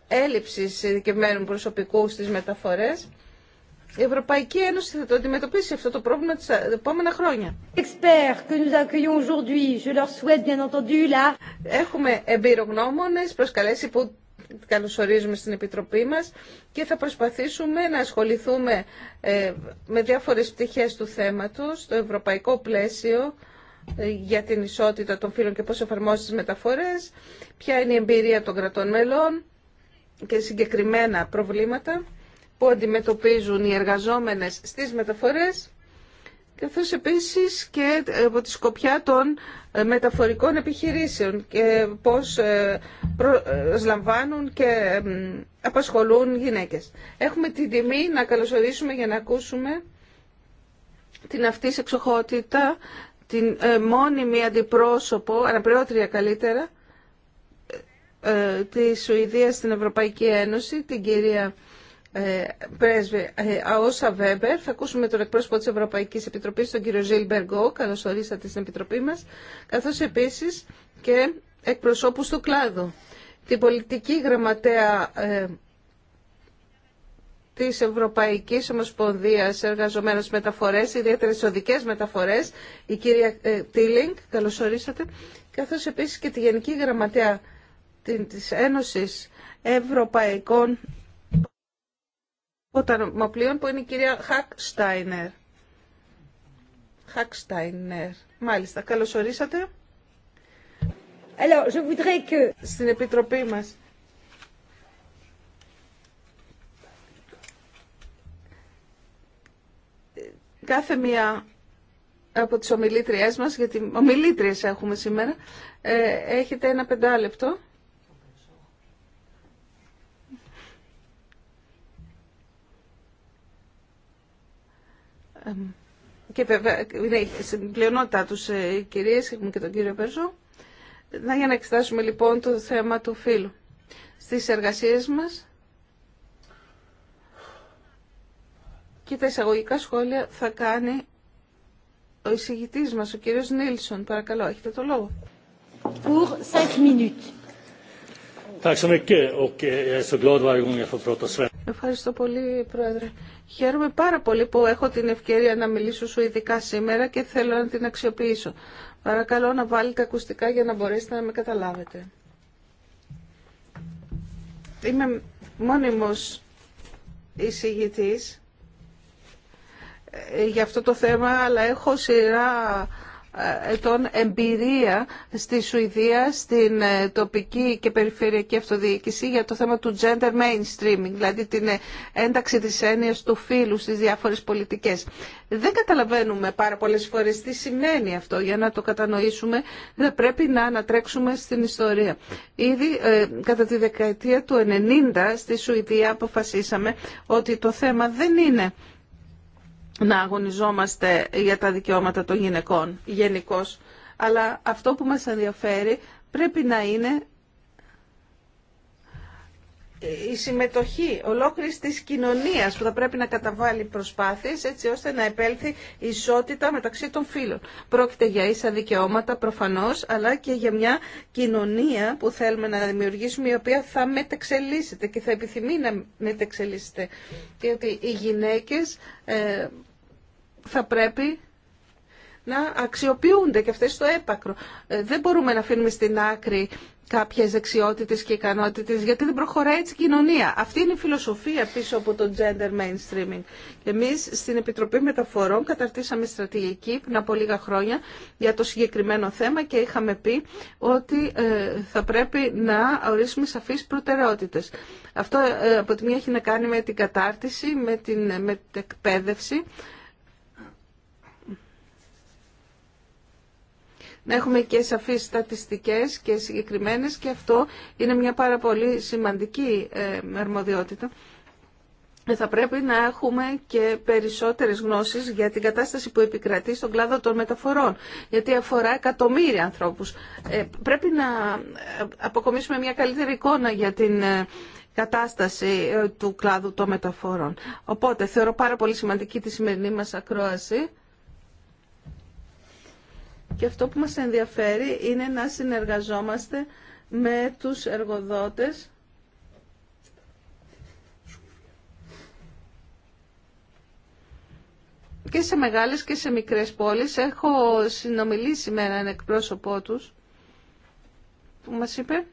έλλειψης ειδικευμένου προσωπικού στις μεταφορές. Η Ευρωπαϊκή Ένωση θα το αντιμετωπίσει αυτό το πρόβλημα ε, τα επόμενα χρόνια. Έχουμε εμπειρογνώμονες προσκαλέσει που καλωσορίζουμε στην Επιτροπή μας και θα προσπαθήσουμε να ασχοληθούμε ε, με διάφορες πτυχές του θέματος, το ευρωπαϊκό πλαίσιο ε, για την ισότητα των φύλων και πώς εφαρμόζει τις μεταφορές, ποια είναι η εμπειρία των κρατών μελών και συγκεκριμένα προβλήματα που αντιμετωπίζουν οι εργαζόμενες στις μεταφορές καθώς επίσης και ε, από τη σκοπιά των ε, μεταφορικών επιχειρήσεων και πώς ε, προσλαμβάνουν και απασχολούν γυναίκες. Έχουμε την τιμή να καλωσορίσουμε για να ακούσουμε την αυτή εξοχότητα, την μόνιμη αντιπρόσωπο, αναπληρώτρια καλύτερα, της Σουηδίας στην Ευρωπαϊκή Ένωση, την κυρία ε, πρέσβη ε, Αόσα Βέμπερ. Θα ακούσουμε τον εκπρόσωπο της Ευρωπαϊκής Επιτροπής, τον κύριο Ζιλ Μπεργκό. Καλώς ορίσατε στην Επιτροπή μας. Καθώς επίσης και εκπροσώπους του κλάδου. Την πολιτική γραμματέα ε, της Ευρωπαϊκής Ομοσπονδίας Εργαζομένων Μεταφορές, ιδιαίτερα στις οδικές μεταφορές, η κυρία Τίλινγκ, καλώς ορίσατε, καθώς επίσης και τη Γενική Γραμματέα της Ένωσης Ευρωπαϊκών που είναι η κυρία Χακστάινερ. Χακστάινερ. Μάλιστα. Καλώς ορίσατε. Alors, je voudrais que... Στην Επιτροπή μας. Κάθε μία από τις ομιλήτριές μας, γιατί ομιλήτριες έχουμε σήμερα, ε, έχετε ένα πεντάλεπτο και βέβαια στην πλειονότητα τους ε, οι κυρίες, έχουμε και τον κύριο Περζό, να, για να εξετάσουμε λοιπόν το θέμα του φύλου. Στις εργασίες μας και τα εισαγωγικά σχόλια θα κάνει ο εισηγητής μας, ο κύριος Νίλσον. Παρακαλώ, έχετε το λόγο. Pour 5 minutes. Ευχαριστώ πολύ, Πρόεδρε. Χαίρομαι πάρα πολύ που έχω την ευκαιρία να μιλήσω σου ειδικά σήμερα και θέλω να την αξιοποιήσω. Παρακαλώ να βάλετε ακουστικά για να μπορέσετε να με καταλάβετε. Είμαι μόνιμος εισηγητής ε, για αυτό το θέμα, αλλά έχω σειρά ετών εμπειρία στη Σουηδία, στην ε, τοπική και περιφερειακή αυτοδιοίκηση για το θέμα του gender mainstreaming, δηλαδή την ε, ένταξη της έννοιας του φύλου στις διάφορες πολιτικές. Δεν καταλαβαίνουμε πάρα πολλές φορές τι σημαίνει αυτό. Για να το κατανοήσουμε δεν πρέπει να ανατρέξουμε στην ιστορία. Ήδη ε, κατά τη δεκαετία του 90 στη Σουηδία αποφασίσαμε ότι το θέμα δεν είναι να αγωνιζόμαστε για τα δικαιώματα των γυναικών γενικώ. Αλλά αυτό που μας ενδιαφέρει πρέπει να είναι η συμμετοχή ολόκληρης της κοινωνίας που θα πρέπει να καταβάλει προσπάθειες έτσι ώστε να επέλθει ισότητα μεταξύ των φίλων. Πρόκειται για ίσα δικαιώματα προφανώς αλλά και για μια κοινωνία που θέλουμε να δημιουργήσουμε η οποία θα μετεξελίσσεται και θα επιθυμεί να μετεξελίσσεται. Διότι οι γυναίκες ε, θα πρέπει να αξιοποιούνται και αυτές στο έπακρο. Ε, δεν μπορούμε να αφήνουμε στην άκρη κάποιες δεξιότητες και ικανότητες γιατί δεν προχωράει έτσι η κοινωνία. Αυτή είναι η φιλοσοφία πίσω από το gender mainstreaming. Εμείς στην Επιτροπή Μεταφορών καταρτήσαμε στρατηγική πριν από λίγα χρόνια για το συγκεκριμένο θέμα και είχαμε πει ότι ε, θα πρέπει να ορίσουμε σαφείς προτεραιότητες. Αυτό ε, από τη μία έχει να κάνει με την κατάρτιση, με την, με την εκπαίδευση να έχουμε και σαφείς στατιστικές και συγκεκριμένες και αυτό είναι μια πάρα πολύ σημαντική ε, αρμοδιότητα. Ε, θα πρέπει να έχουμε και περισσότερες γνώσεις για την κατάσταση που επικρατεί στον κλάδο των μεταφορών, γιατί αφορά εκατομμύρια ανθρώπους. Ε, πρέπει να αποκομίσουμε μια καλύτερη εικόνα για την κατάσταση του κλάδου των μεταφορών. Οπότε θεωρώ πάρα πολύ σημαντική τη σημερινή μας ακρόαση. Και αυτό που μας ενδιαφέρει είναι να συνεργαζόμαστε με τους εργοδότες και σε μεγάλες και σε μικρές πόλεις. Έχω συνομιλήσει με έναν εκπρόσωπό τους που μας είπε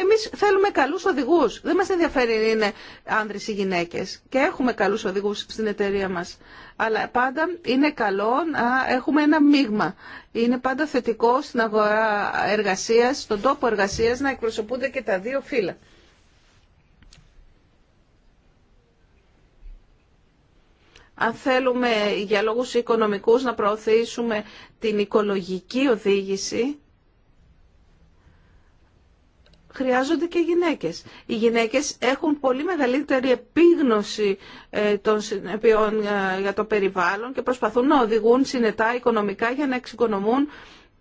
εμείς θέλουμε καλούς οδηγούς. Δεν μας ενδιαφέρει είναι άνδρες ή γυναίκες. Και έχουμε καλούς οδηγούς στην εταιρεία μας. Αλλά πάντα είναι καλό να έχουμε ένα μείγμα. Είναι πάντα θετικό στην αγορά εργασίας, στον τόπο εργασίας να εκπροσωπούνται και τα δύο φύλλα. αν θέλουμε για λόγους οικονομικούς να προωθήσουμε την οικολογική οδήγηση, χρειάζονται και γυναίκες. Οι γυναίκες έχουν πολύ μεγαλύτερη επίγνωση ε, των συνεπειών ε, για το περιβάλλον και προσπαθούν να οδηγούν συνετά οικονομικά για να εξοικονομούν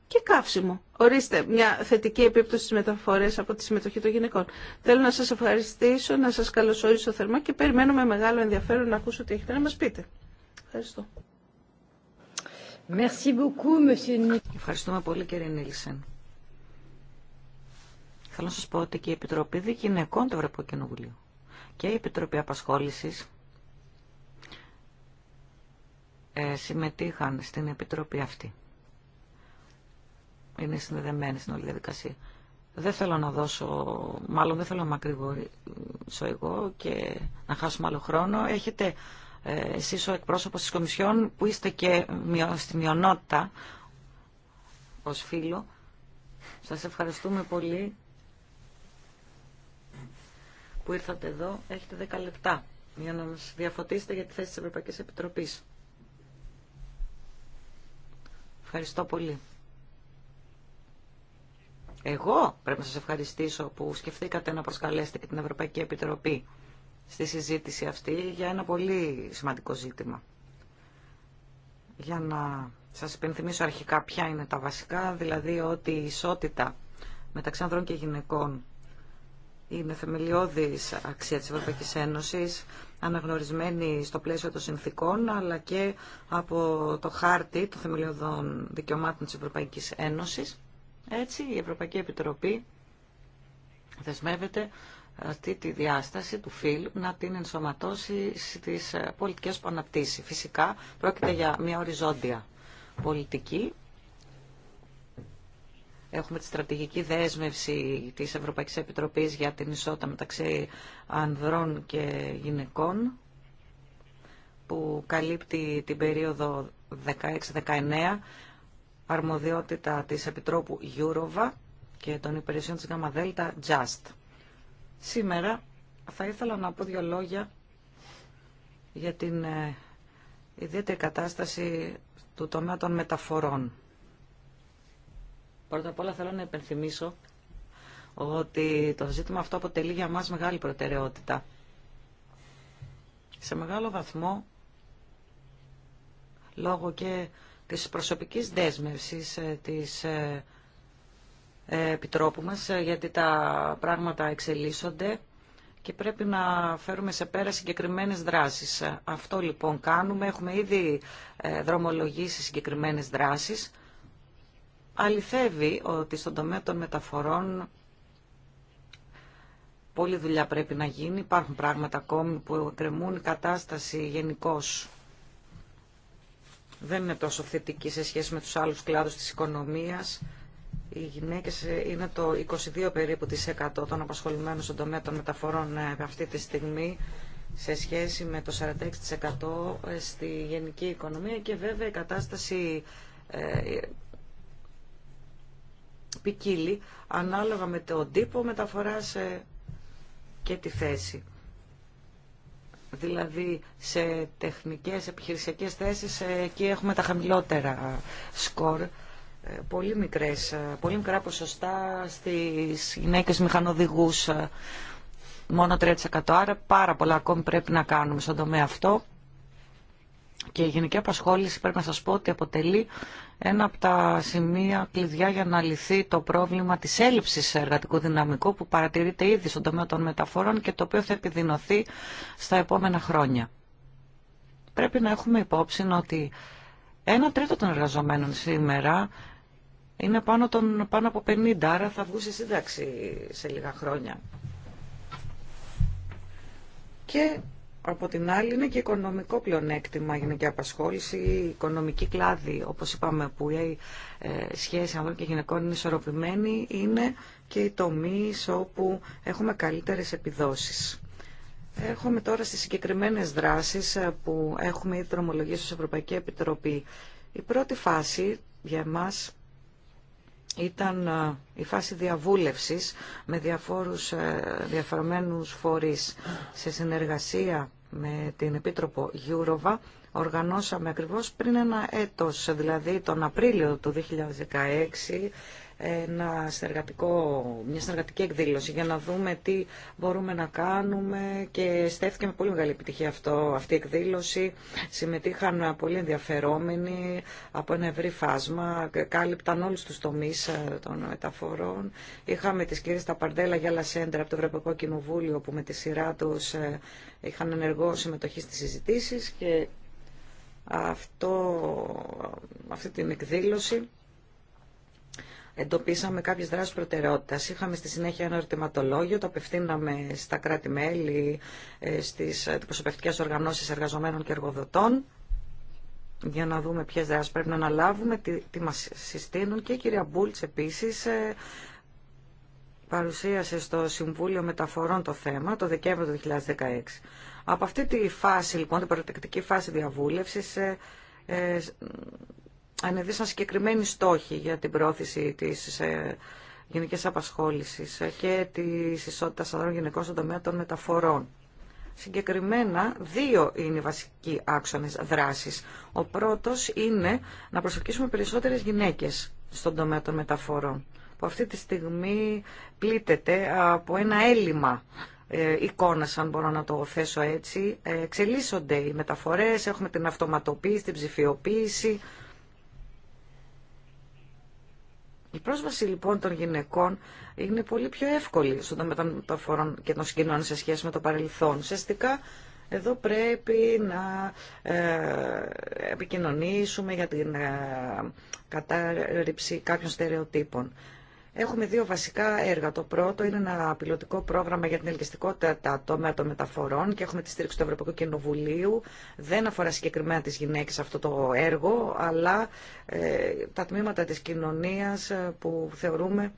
και καύσιμο. Ορίστε μια θετική επίπτωση στις μεταφορές από τη συμμετοχή των γυναικών. Θέλω να σας ευχαριστήσω, να σας καλωσορίσω θερμά και περιμένω με μεγάλο ενδιαφέρον να ακούσω τι έχετε να μας πείτε. Ευχαριστώ. Merci beaucoup, Ευχαριστούμε πολύ κύριε Νίλσεν. Θέλω να σας πω ότι και η Επιτροπή Γυναικών του Ευρωπαϊκού Κοινοβουλίου και η Επιτροπή Απασχόλησης ε, συμμετείχαν στην Επιτροπή αυτή. Είναι συνδεδεμένη στην όλη διαδικασία. Δεν θέλω να δώσω, μάλλον δεν θέλω να μακρηγορήσω εγώ και να χάσουμε άλλο χρόνο. Έχετε ε, εσείς ο εκπρόσωπος της Κομισιόν που είστε και στη μειονότητα ως φίλο. Σας ευχαριστούμε πολύ που ήρθατε εδώ. Έχετε 10 λεπτά για να μας διαφωτίσετε για τη θέση της Ευρωπαϊκής Επιτροπής. Ευχαριστώ πολύ. Εγώ πρέπει να σας ευχαριστήσω που σκεφτήκατε να προσκαλέσετε και την Ευρωπαϊκή Επιτροπή στη συζήτηση αυτή για ένα πολύ σημαντικό ζήτημα. Για να σας υπενθυμίσω αρχικά ποια είναι τα βασικά, δηλαδή ότι η ισότητα μεταξύ ανδρών και γυναικών είναι θεμελιώδης αξία της Ευρωπαϊκής Ένωσης, αναγνωρισμένη στο πλαίσιο των συνθήκων, αλλά και από το χάρτη των θεμελιωδών δικαιωμάτων της Ευρωπαϊκής Ένωσης. Έτσι, η Ευρωπαϊκή Επιτροπή δεσμεύεται αυτή τη διάσταση του φύλου να την ενσωματώσει στις πολιτικές που αναπτύσσει. Φυσικά, πρόκειται για μια οριζόντια πολιτική Έχουμε τη στρατηγική δέσμευση της Ευρωπαϊκής Επιτροπής για την ισότητα μεταξύ ανδρών και γυναικών που καλύπτει την περίοδο 16-19 αρμοδιότητα της Επιτρόπου Γιούροβα και των υπηρεσιών της Δέλτα Just. Σήμερα θα ήθελα να πω δύο λόγια για την ε, ιδιαίτερη κατάσταση του τομέα των μεταφορών. Πρώτα απ' όλα θέλω να υπενθυμίσω ότι το ζήτημα αυτό αποτελεί για μας μεγάλη προτεραιότητα. Σε μεγάλο βαθμό, λόγω και της προσωπικής δέσμευσης ε, της ε, ε, Επιτρόπου μας, γιατί τα πράγματα εξελίσσονται και πρέπει να φέρουμε σε πέρα συγκεκριμένες δράσεις. Αυτό λοιπόν κάνουμε. Έχουμε ήδη δρομολογήσει συγκεκριμένες δράσεις αληθεύει ότι στον τομέα των μεταφορών πολλή δουλειά πρέπει να γίνει. Υπάρχουν πράγματα ακόμη που εκκρεμούν η κατάσταση γενικώ. Δεν είναι τόσο θετική σε σχέση με τους άλλους κλάδους της οικονομίας. Οι γυναίκες είναι το 22 περίπου της 100 των απασχολημένων στον τομέα των μεταφορών ε, αυτή τη στιγμή σε σχέση με το 46% ε, στη γενική οικονομία και βέβαια η κατάσταση ε, ανάλογα με τον τύπο μεταφοράς ε, και τη θέση. Δηλαδή σε τεχνικές επιχειρησιακές θέσεις ε, εκεί έχουμε τα χαμηλότερα σκορ ε, πολύ, μικρές, πολύ μικρά ποσοστά στις γυναίκες μηχανοδηγούς μόνο 3% άρα πάρα πολλά ακόμη πρέπει να κάνουμε στον τομέα αυτό και η γενική απασχόληση πρέπει να σας πω ότι αποτελεί ένα από τα σημεία κλειδιά για να λυθεί το πρόβλημα της έλλειψης εργατικού δυναμικού που παρατηρείται ήδη στον τομέα των μεταφορών και το οποίο θα επιδεινωθεί στα επόμενα χρόνια. Πρέπει να έχουμε υπόψη ότι ένα τρίτο των εργαζομένων σήμερα είναι πάνω, των, πάνω από 50, άρα θα βγουν σε σύνταξη σε λίγα χρόνια. Και από την άλλη είναι και οικονομικό πλεονέκτημα, γυναική απασχόληση, η οικονομική κλάδη, όπως είπαμε, που η ε, σχέση ανδρών και γυναικών είναι ισορροπημένη, είναι και οι τομείς όπου έχουμε καλύτερες επιδόσεις. Έχουμε τώρα στις συγκεκριμένες δράσεις ε, που έχουμε ήδη δρομολογήσει ως Ευρωπαϊκή Επιτροπή. Η πρώτη φάση για εμάς ήταν ε, η φάση διαβούλευσης με διαφόρους διαφορεμένους φορείς σε συνεργασία με την Επίτροπο Γιούροβα οργανώσαμε ακριβώς πριν ένα έτος, δηλαδή τον Απρίλιο του 2016, ένα συνεργατικό, μια συνεργατική εκδήλωση για να δούμε τι μπορούμε να κάνουμε και στέφθηκε με πολύ μεγάλη επιτυχία αυτό, αυτή η εκδήλωση. Συμμετείχαν πολύ ενδιαφερόμενοι από ένα ευρύ φάσμα, κάλυπταν όλους τους τομείς ε, των μεταφορών. Είχαμε τις κυρίες Ταπαρντέλα για σέντρα από το Ευρωπαϊκό Κοινοβούλιο που με τη σειρά τους ε, είχαν ενεργό συμμετοχή στις συζητήσεις και αυτό, αυτή την εκδήλωση εντοπίσαμε κάποιες δράσεις προτεραιότητα. Είχαμε στη συνέχεια ένα ερωτηματολόγιο, το απευθύναμε στα κράτη-μέλη, ε, στις αντιπροσωπευτικέ οργανώσεις εργαζομένων και εργοδοτών, για να δούμε ποιε δράσει πρέπει να αναλάβουμε, τι, τι μας συστήνουν και η κυρία Μπούλτ επίσης ε, παρουσίασε στο Συμβούλιο Μεταφορών το θέμα το Δεκέμβριο του 2016. Από αυτή τη φάση λοιπόν, την προτεκτική φάση διαβούλευση. Ε, ανεδίσαν συγκεκριμένοι στόχοι για την πρόθεση της ε, γενικής απασχόλησης και τη ισότητας ανδρών γυναικών στον τομέα των μεταφορών. Συγκεκριμένα δύο είναι οι βασικοί άξονες δράσης. Ο πρώτος είναι να προσελκύσουμε περισσότερες γυναίκες στον τομέα των μεταφορών, που αυτή τη στιγμή πλήττεται από ένα έλλειμμα ε, εικόνα, αν μπορώ να το θέσω έτσι. Ε, εξελίσσονται οι μεταφορές, έχουμε την αυτοματοποίηση, την ψηφιοποίηση, Η πρόσβαση λοιπόν των γυναικών είναι πολύ πιο εύκολη στον τομέα των μεταφορών και των σκηνών σε σχέση με το παρελθόν. Ουσιαστικά εδώ πρέπει να ε, επικοινωνήσουμε για την ε, κατάρρυψη κάποιων στερεοτύπων. Έχουμε δύο βασικά έργα. Το πρώτο είναι ένα πιλωτικό πρόγραμμα για την ελκυστικότητα τα των μεταφορών και έχουμε τη στήριξη του Ευρωπαϊκού Κοινοβουλίου. Δεν αφορά συγκεκριμένα τις γυναίκες αυτό το έργο, αλλά ε, τα τμήματα της κοινωνίας ε, που θεωρούμε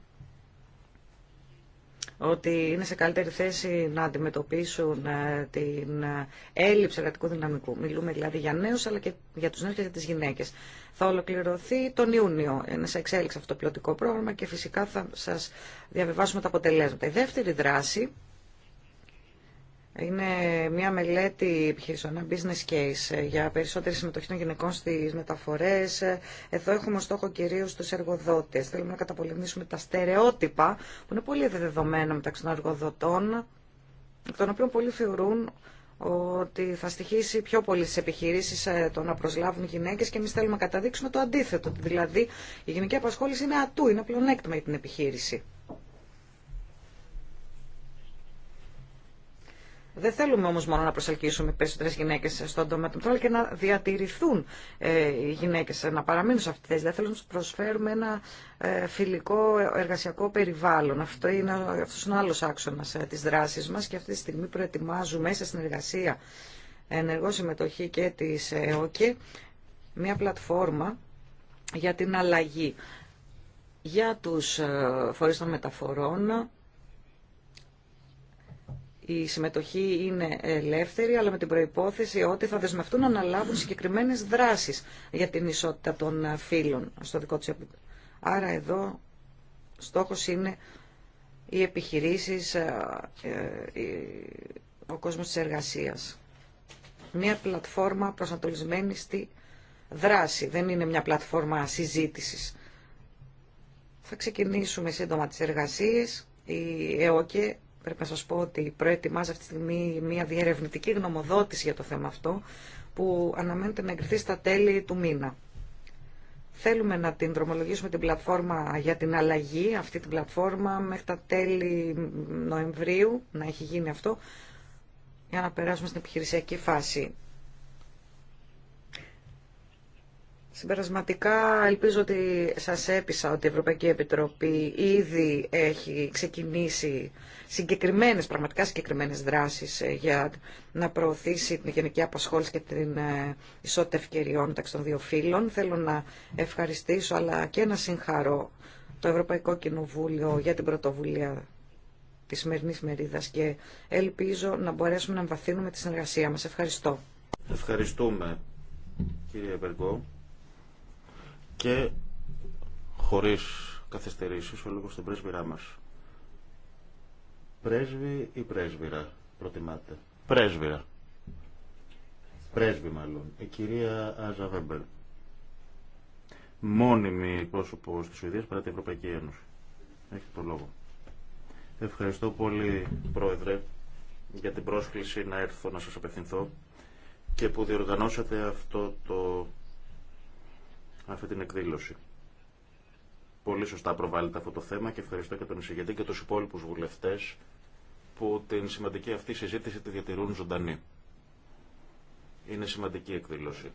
ότι είναι σε καλύτερη θέση να αντιμετωπίσουν ε, την ε, έλλειψη εργατικού δυναμικού. Μιλούμε δηλαδή για νέους αλλά και για τους νέους και για τις γυναίκες. Θα ολοκληρωθεί τον Ιούνιο. Είναι σε εξέλιξη αυτό το πιλωτικό πρόγραμμα και φυσικά θα σας διαβιβάσουμε τα αποτελέσματα. Η δεύτερη δράση είναι μια μελέτη επιχειρήσεων, ένα business case για περισσότερη συμμετοχή των γυναικών στις μεταφορές. Εδώ έχουμε στόχο κυρίως τους εργοδότες. Θέλουμε να καταπολεμήσουμε τα στερεότυπα που είναι πολύ δεδομένα μεταξύ των εργοδοτών, των οποίων πολλοί θεωρούν ότι θα στοιχήσει πιο πολύ στι επιχειρήσει ε, το να προσλάβουν γυναίκε και εμεί θέλουμε να καταδείξουμε το αντίθετο. Δηλαδή, η γυναική απασχόληση είναι ατού, είναι πλεονέκτημα για την επιχείρηση. Δεν θέλουμε όμως μόνο να προσελκύσουμε περισσότερες γυναίκες στον τομέα του αλλά και να διατηρηθούν ε, οι γυναίκες, να παραμείνουν σε αυτή τη θέση. Δεν θέλουμε να προσφέρουμε ένα ε, φιλικό εργασιακό περιβάλλον. Αυτό είναι, αυτός είναι ο άλλος άξονας ε, της δράσης μας και αυτή τη στιγμή προετοιμάζουμε σε συνεργασία ενεργό συμμετοχή και της ΕΟΚΕ μια πλατφόρμα για την αλλαγή για τους φορείς των μεταφορών η συμμετοχή είναι ελεύθερη, αλλά με την προϋπόθεση ότι θα δεσμευτούν να αναλάβουν συγκεκριμένες δράσεις για την ισότητα των φύλων στο δικό τους επίπεδο. Άρα εδώ στόχος είναι οι επιχειρήσεις, ε, ε, ο κόσμος της εργασίας. Μια πλατφόρμα προσανατολισμένη στη δράση, δεν είναι μια πλατφόρμα συζήτησης. Θα ξεκινήσουμε σύντομα τις εργασίες. Η ΕΟΚΕ Πρέπει να σας πω ότι προετοιμάζει αυτή τη στιγμή μια διερευνητική γνωμοδότηση για το θέμα αυτό που αναμένεται να εγκριθεί στα τέλη του μήνα. Θέλουμε να την δρομολογήσουμε την πλατφόρμα για την αλλαγή, αυτή την πλατφόρμα μέχρι τα τέλη Νοεμβρίου, να έχει γίνει αυτό, για να περάσουμε στην επιχειρησιακή φάση. Συμπερασματικά ελπίζω ότι σας έπεισα ότι η Ευρωπαϊκή Επιτροπή ήδη έχει ξεκινήσει συγκεκριμένες, πραγματικά συγκεκριμένες δράσεις ε, για να προωθήσει την γενική απασχόληση και την ε, ισότητα ευκαιριών μεταξύ των δύο φύλων. Θέλω να ευχαριστήσω αλλά και να συγχαρώ το Ευρωπαϊκό Κοινοβούλιο για την πρωτοβουλία τη σημερινή μερίδα και ελπίζω να μπορέσουμε να βαθύνουμε τη συνεργασία μας. Ευχαριστώ. Ευχαριστούμε, κύριε Βεργό και χωρίς καθυστερήσεις ο λόγος στην πρέσβειρά μας. Πρέσβη ή πρέσβυρα προτιμάτε. Πρέσβυρα. Πρέσβη μάλλον. Η κυρία Άζα Βέμπερ. Μόνιμη πρόσωπο της Σουηδίας παρά την Ευρωπαϊκή Ένωση. Έχει το λόγο. Ευχαριστώ πολύ πρόεδρε για την πρόσκληση να έρθω να σας απευθυνθώ και που διοργανώσατε αυτό το αυτή την εκδήλωση. Πολύ σωστά προβάλλεται αυτό το θέμα και ευχαριστώ και τον εισηγητή και τους υπόλοιπους βουλευτές που την σημαντική αυτή συζήτηση τη διατηρούν ζωντανή. Είναι σημαντική εκδήλωση.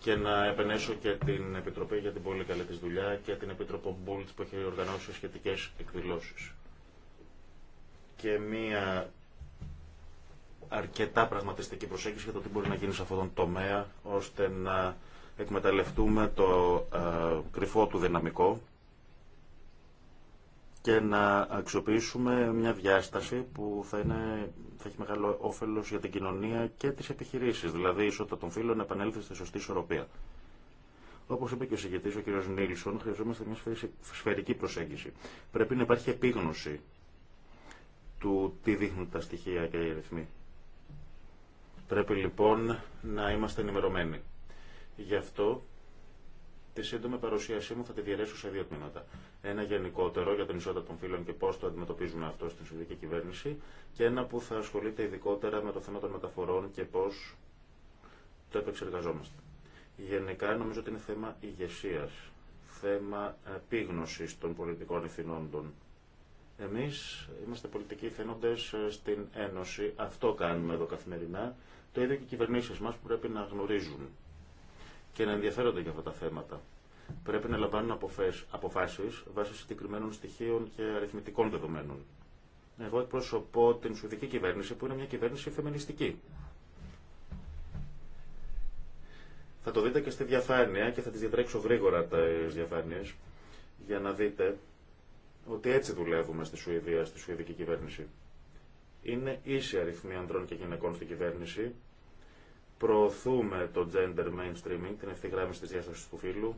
Και να επενέσω και την Επιτροπή για την πολύ καλή της δουλειά και την Επίτροπο Μπούλτ που έχει οργανώσει σχετικές εκδηλώσεις. Και μία αρκετά πραγματιστική προσέγγιση για το τι μπορεί να γίνει σε αυτόν τον τομέα ώστε να εκμεταλλευτούμε το ε, κρυφό του δυναμικό και να αξιοποιήσουμε μια διάσταση που θα, είναι, θα έχει μεγάλο όφελος για την κοινωνία και τις επιχειρήσεις, δηλαδή η ισότητα των φύλων επανέλθει στη σωστή ισορροπία. Όπω είπε και ο συγκεκριτή ο κ. Νίλσον, χρειαζόμαστε μια σφαιρική προσέγγιση. Πρέπει να υπάρχει επίγνωση του τι δείχνουν τα στοιχεία και οι αριθμοί. Πρέπει λοιπόν να είμαστε ενημερωμένοι. Γι' αυτό τη σύντομη παρουσίασή μου θα τη διαιρέσω σε δύο τμήματα. Ένα γενικότερο για την ισότητα των φύλων και πώ το αντιμετωπίζουν αυτό στην Σουηδική κυβέρνηση και ένα που θα ασχολείται ειδικότερα με το θέμα των μεταφορών και πώ το επεξεργαζόμαστε. Γενικά νομίζω ότι είναι θέμα ηγεσία, θέμα επίγνωση των πολιτικών ηθινόντων. Εμεί είμαστε πολιτικοί ηθινόντε ε, στην Ένωση. Αυτό κάνουμε εδώ καθημερινά. Το ίδιο και οι κυβερνήσει μα που πρέπει να γνωρίζουν και να ενδιαφέρονται για αυτά τα θέματα. Πρέπει να λαμβάνουν αποφάσεις βάσει συγκεκριμένων στοιχείων και αριθμητικών δεδομένων. Εγώ εκπροσωπώ την Σουηδική κυβέρνηση που είναι μια κυβέρνηση φεμινιστική. Θα το δείτε και στη διαφάνεια και θα τις διατρέξω γρήγορα τις διαφάνειες για να δείτε ότι έτσι δουλεύουμε στη Σουηδία, στη Σουηδική κυβέρνηση. Είναι ίση αριθμή ανδρών και γυναικών στην κυβέρνηση Προωθούμε το gender mainstreaming, την ευθυγράμμιση της διάστασης του φύλου,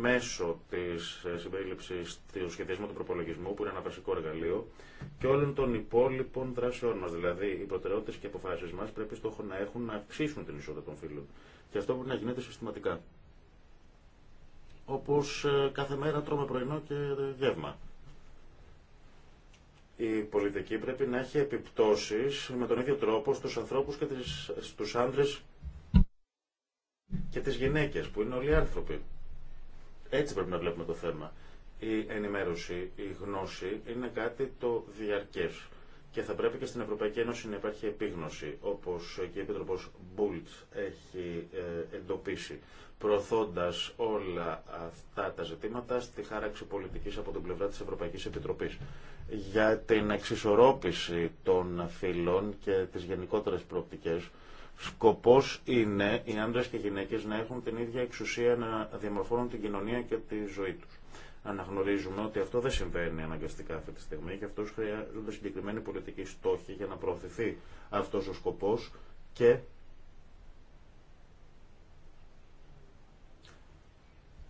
μέσω της ε, συμπερίληψης του σχεδιασμού του προπολογισμού, που είναι ένα βασικό εργαλείο, και όλων των υπόλοιπων δράσεών μας. Δηλαδή, οι προτεραιότητες και οι αποφάσεις μας πρέπει στόχο να έχουν να αυξήσουν την ισότητα των φύλων. Και αυτό μπορεί να γίνεται συστηματικά. Όπως ε, κάθε μέρα τρώμε πρωινό και γεύμα η πολιτική πρέπει να έχει επιπτώσεις με τον ίδιο τρόπο στους ανθρώπους και τις, στους άντρες και τις γυναίκες που είναι όλοι άνθρωποι. Έτσι πρέπει να βλέπουμε το θέμα. Η ενημέρωση, η γνώση είναι κάτι το διαρκές και θα πρέπει και στην Ευρωπαϊκή Ένωση να υπάρχει επίγνωση, όπως και η Επίτροπος Μπούλτ έχει ε, εντοπίσει, προωθώντας όλα αυτά τα ζητήματα στη χάραξη πολιτικής από την πλευρά της Ευρωπαϊκής Επιτροπής για την εξισορρόπηση των φύλων και τις γενικότερες προοπτικές. Σκοπός είναι οι άντρες και οι γυναίκες να έχουν την ίδια εξουσία να διαμορφώνουν την κοινωνία και τη ζωή τους. Αναγνωρίζουμε ότι αυτό δεν συμβαίνει αναγκαστικά αυτή τη στιγμή και αυτός χρειάζονται συγκεκριμένοι πολιτικοί στόχοι για να προωθηθεί αυτός ο σκοπός και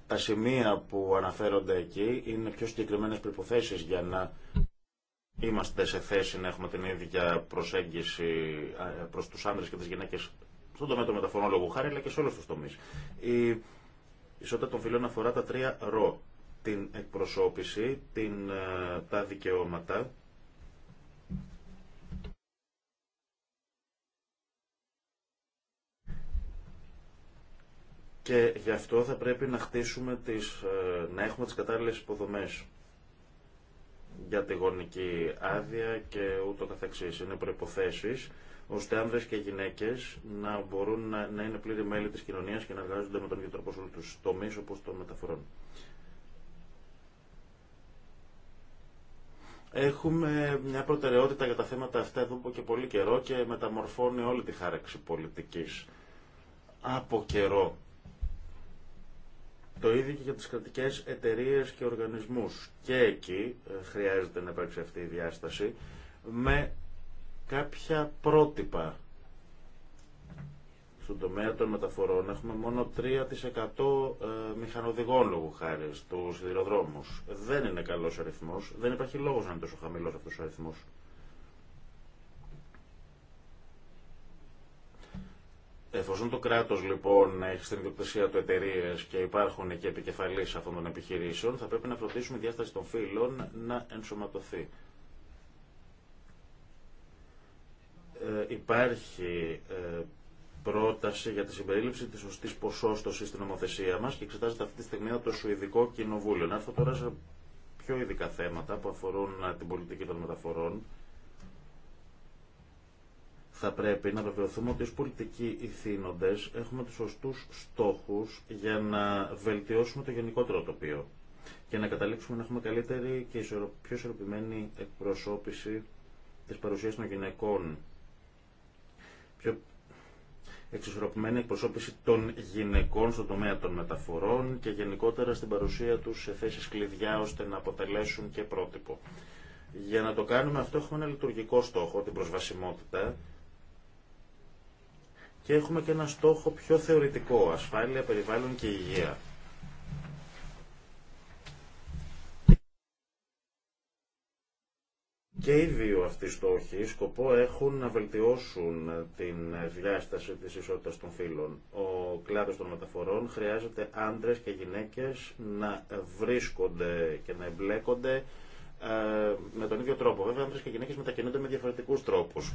τα σημεία που αναφέρονται εκεί είναι πιο συγκεκριμένες προϋποθέσεις για να είμαστε σε θέση να έχουμε την ίδια προσέγγιση προς τους άνδρες και τις γυναίκες στον τομέα των μεταφορών λόγου χάρη, αλλά και σε όλους τους τομείς. Η ισότητα των φιλών αφορά τα τρία ρο. Την εκπροσώπηση, την, ε, τα δικαιώματα και γι' αυτό θα πρέπει να χτίσουμε τις, ε, να έχουμε τις κατάλληλες υποδομές για τη γονική άδεια και ούτω καθεξής. Είναι προϋποθέσεις ώστε άνδρες και γυναίκες να μπορούν να, να είναι πλήρη μέλη της κοινωνίας και να εργάζονται με τον ίδιο τρόπο σε όλους τους τομείς όπως των μεταφορών. Έχουμε μια προτεραιότητα για τα θέματα αυτά εδώ και πολύ καιρό και μεταμορφώνει όλη τη χάραξη πολιτικής. Από καιρό το ίδιο και για τις κρατικές εταιρείες και οργανισμούς. Και εκεί ε, χρειάζεται να υπάρξει αυτή η διάσταση με κάποια πρότυπα. Στον τομέα των μεταφορών έχουμε μόνο 3% ε, μηχανοδηγών λόγου χάρη στους σιδηροδρόμους. Δεν είναι καλός αριθμός, δεν υπάρχει λόγος να είναι τόσο χαμηλός αυτός ο αριθμός. Εφόσον το κράτο λοιπόν έχει στην ιδιοκτησία του εταιρείε και υπάρχουν και επικεφαλεί αυτών των επιχειρήσεων, θα πρέπει να φροντίσουμε η διάσταση των φύλων να ενσωματωθεί. Ε, υπάρχει ε, πρόταση για τη συμπερίληψη τη σωστή ποσόστοση στην νομοθεσία μα και εξετάζεται αυτή τη στιγμή από το Σουηδικό Κοινοβούλιο. Να έρθω τώρα σε πιο ειδικά θέματα που αφορούν ε, την πολιτική των μεταφορών θα πρέπει να βεβαιωθούμε ότι ως πολιτικοί ηθήνοντες έχουμε τους σωστούς στόχους για να βελτιώσουμε το γενικότερο τοπίο και να καταλήξουμε να έχουμε καλύτερη και πιο ισορροπημένη εκπροσώπηση της παρουσίας των γυναικών, πιο εξισορροπημένη εκπροσώπηση των γυναικών στον τομέα των μεταφορών και γενικότερα στην παρουσία τους σε θέσεις κλειδιά ώστε να αποτελέσουν και πρότυπο. Για να το κάνουμε αυτό έχουμε ένα λειτουργικό στόχο, την προσβασιμότητα, και έχουμε και ένα στόχο πιο θεωρητικό, ασφάλεια, περιβάλλον και υγεία. Και οι δύο αυτοί στόχοι σκοπό έχουν να βελτιώσουν την διάσταση της ισότητας των φύλων. Ο κλάδος των μεταφορών χρειάζεται άντρες και γυναίκες να βρίσκονται και να εμπλέκονται ε, με τον ίδιο τρόπο. Βέβαια, άντρες και γυναίκες μετακινούνται με διαφορετικούς τρόπους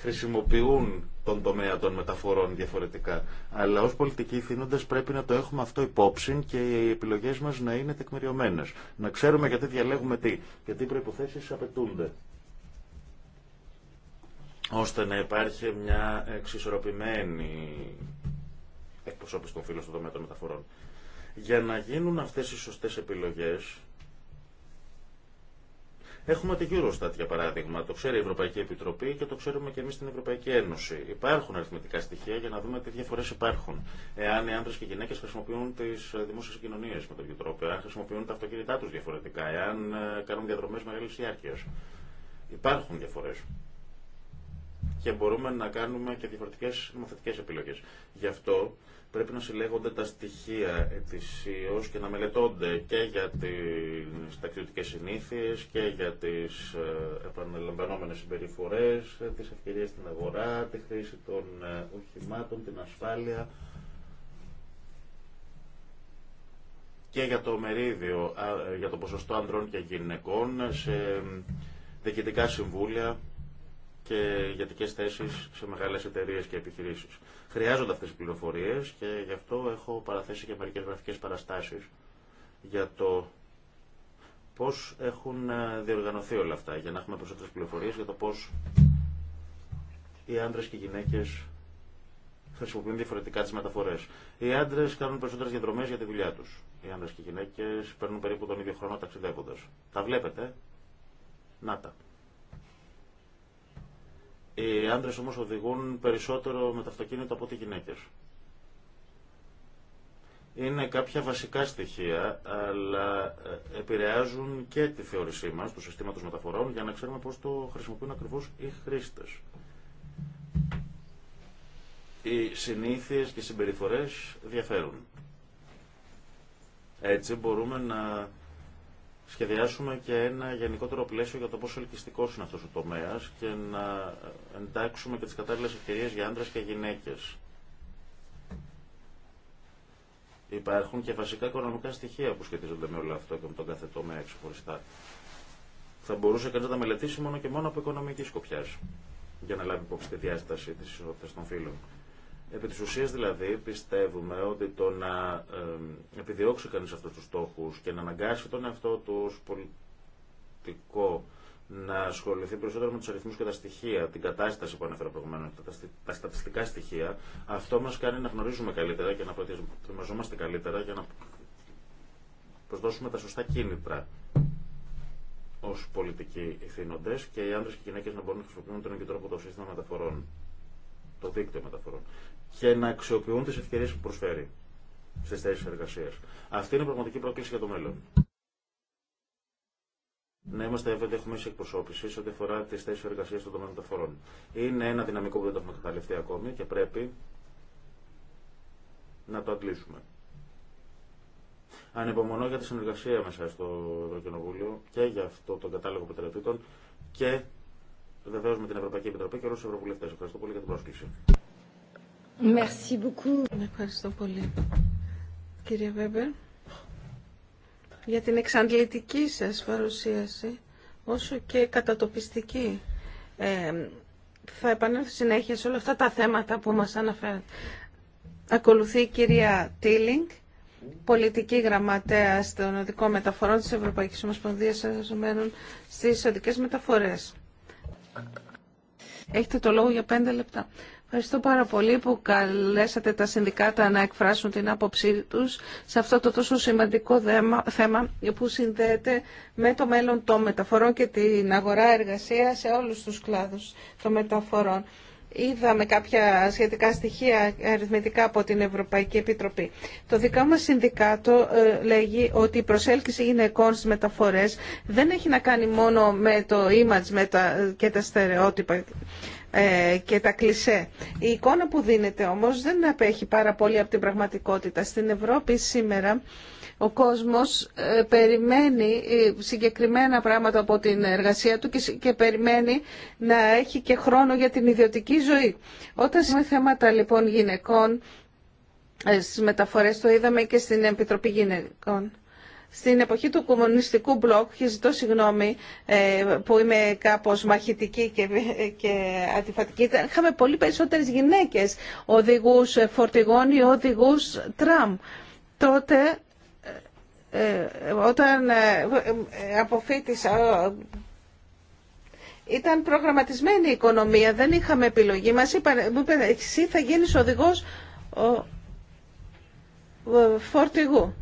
χρησιμοποιούν τον τομέα των μεταφορών διαφορετικά. Αλλά ως πολιτικοί θυνούντες πρέπει να το έχουμε αυτό υπόψη και οι επιλογές μας να είναι τεκμηριωμένες. Να ξέρουμε γιατί διαλέγουμε τι και τι προϋποθέσεις απαιτούνται. Ώστε να υπάρχει μια εξισορροπημένη εκπροσώπηση των φίλων στον τομέα των μεταφορών. Για να γίνουν αυτές οι σωστές επιλογές... Έχουμε την Eurostat για παράδειγμα. Το ξέρει η Ευρωπαϊκή Επιτροπή και το ξέρουμε και εμεί στην Ευρωπαϊκή Ένωση. Υπάρχουν αριθμητικά στοιχεία για να δούμε τι διαφορέ υπάρχουν. Εάν οι άντρε και οι γυναίκε χρησιμοποιούν τι ε, δημόσιε κοινωνίε με τον ίδιο τρόπο, εάν χρησιμοποιούν τα αυτοκίνητά του διαφορετικά, εάν ε, κάνουν διαδρομέ μεγάλη διάρκεια. Υπάρχουν διαφορέ και μπορούμε να κάνουμε και διαφορετικέ νομοθετικέ επιλογέ. Γι' αυτό Πρέπει να συλλέγονται τα στοιχεία ετησίω και να μελετώνται και για τι ταξιδιωτικέ συνήθειε και για τι ε, επαναλαμβανόμενε συμπεριφορέ, ε, τι ευκαιρίε στην αγορά, τη χρήση των ε, οχημάτων, την ασφάλεια. και για το μερίδιο, για το ποσοστό ανδρών και γυναικών σε διοικητικά συμβούλια και γιατικές θέσεις σε μεγάλες εταιρείες και επιχειρήσεις. Χρειάζονται αυτές οι πληροφορίες και γι' αυτό έχω παραθέσει και μερικές γραφικές παραστάσεις για το πώς έχουν ε, διοργανωθεί όλα αυτά, για να έχουμε περισσότερες πληροφορίες για το πώς οι άντρες και οι γυναίκες χρησιμοποιούν διαφορετικά τις μεταφορές. Οι άντρες κάνουν περισσότερες διαδρομές για τη δουλειά τους. Οι άντρες και οι γυναίκες παίρνουν περίπου τον ίδιο χρόνο ταξιδεύοντας. Τα βλέπετε. Να τα. Οι άντρες όμως οδηγούν περισσότερο με τα αυτοκίνητα από ότι οι γυναίκες. Είναι κάποια βασικά στοιχεία, αλλά ε, επηρεάζουν και τη θεώρησή μας του συστήματος μεταφορών για να ξέρουμε πώς το χρησιμοποιούν ακριβώς οι χρήστες. Οι συνήθειες και οι συμπεριφορές διαφέρουν. Έτσι μπορούμε να σχεδιάσουμε και ένα γενικότερο πλαίσιο για το πόσο ελκυστικό είναι αυτό ο τομέα και να εντάξουμε και τι κατάλληλε ευκαιρίε για άντρε και γυναίκε. Υπάρχουν και βασικά οικονομικά στοιχεία που σχετίζονται με όλο αυτό και με τον κάθε τομέα ξεχωριστά. Θα μπορούσε κανεί να τα μελετήσει μόνο και μόνο από οικονομική σκοπιά για να λάβει υπόψη τη διάσταση τη ισότητα των φύλων. Επί της ουσίας δηλαδή πιστεύουμε ότι το να επιδιώξει κανείς αυτούς τους στόχους και να αναγκάσει τον εαυτό του πολιτικό να ασχοληθεί περισσότερο με τους αριθμού και τα στοιχεία, την κατάσταση που ανέφερα προηγουμένω, τα, στατιστικά στοιχεία, αυτό μας κάνει να γνωρίζουμε καλύτερα και να προετοιμαζόμαστε καλύτερα για να προσδώσουμε τα σωστά κίνητρα ω πολιτικοί ευθύνοντες και οι άντρε και οι γυναίκε να μπορούν να χρησιμοποιούν τον ίδιο τρόπο το σύστημα μεταφορών, το δίκτυο μεταφορών και να αξιοποιούν τι ευκαιρίε που προσφέρει στι θέσει εργασία. Αυτή είναι η πραγματική πρόκληση για το μέλλον. Να είμαστε έβδομοι έχουμε ίση εκπροσώπηση σε ό,τι αφορά τι θέσει εργασία των τομέα μεταφορών. Είναι ένα δυναμικό που δεν το έχουμε καταληφθεί ακόμη και πρέπει να το αντλήσουμε. Ανυπομονώ για τη συνεργασία μέσα στο Ευρωκοινοβούλιο και για αυτό τον κατάλογο επιτρεπτήτων και βεβαίω με την Ευρωπαϊκή Επιτροπή και όλου του Ευρωβουλευτέ. Ευχαριστώ πολύ για την πρόσκληση. Ευχαριστώ πολύ. Κύριε Βέμπερ, για την εξαντλητική σας παρουσίαση, όσο και κατατοπιστική, ε, θα επανέλθω συνέχεια σε όλα αυτά τα θέματα που μας αναφέρατε. Ακολουθεί η κυρία Τίλινγκ, πολιτική γραμματέα των οδικών μεταφορών της Ευρωπαϊκής Ομοσπονδίας Εργαζομένων στις οδικές μεταφορές. Έχετε το λόγο για πέντε λεπτά. Ευχαριστώ πάρα πολύ που καλέσατε τα συνδικάτα να εκφράσουν την άποψή τους σε αυτό το τόσο σημαντικό θέμα που συνδέεται με το μέλλον των μεταφορών και την αγορά εργασία σε όλους τους κλάδους των μεταφορών. Είδαμε κάποια σχετικά στοιχεία αριθμητικά από την Ευρωπαϊκή Επιτροπή. Το δικά μας συνδικάτο ε, λέγει ότι η προσέλκυση γυναικών στις μεταφορές δεν έχει να κάνει μόνο με το image και τα στερεότυπα ε, και τα κλισέ. Η εικόνα που δίνεται όμως δεν απέχει πάρα πολύ από την πραγματικότητα. Στην Ευρώπη σήμερα ο κόσμος ε, περιμένει ε, συγκεκριμένα πράγματα από την εργασία του και περιμένει να έχει και χρόνο για την ιδιωτική ζωή. Όταν είναι θέματα λοιπόν γυναικών στις μεταφορές, το είδαμε και στην Επιτροπή Γυναικών στην εποχή του κομμουνιστικού μπλοκ, και ζητώ συγγνώμη ε, που είμαι κάπως μαχητική και, και αντιφατική, είχαμε πολύ περισσότερες γυναίκες οδηγούς ε, φορτηγών ή οδηγούς τραμ. Τότε, ε, όταν αποφύτησα ήταν προγραμματισμένη η οικονομία, δεν είχαμε επιλογή. Μας είπαν, μου εσύ θα γίνεις οδηγός φορτηγού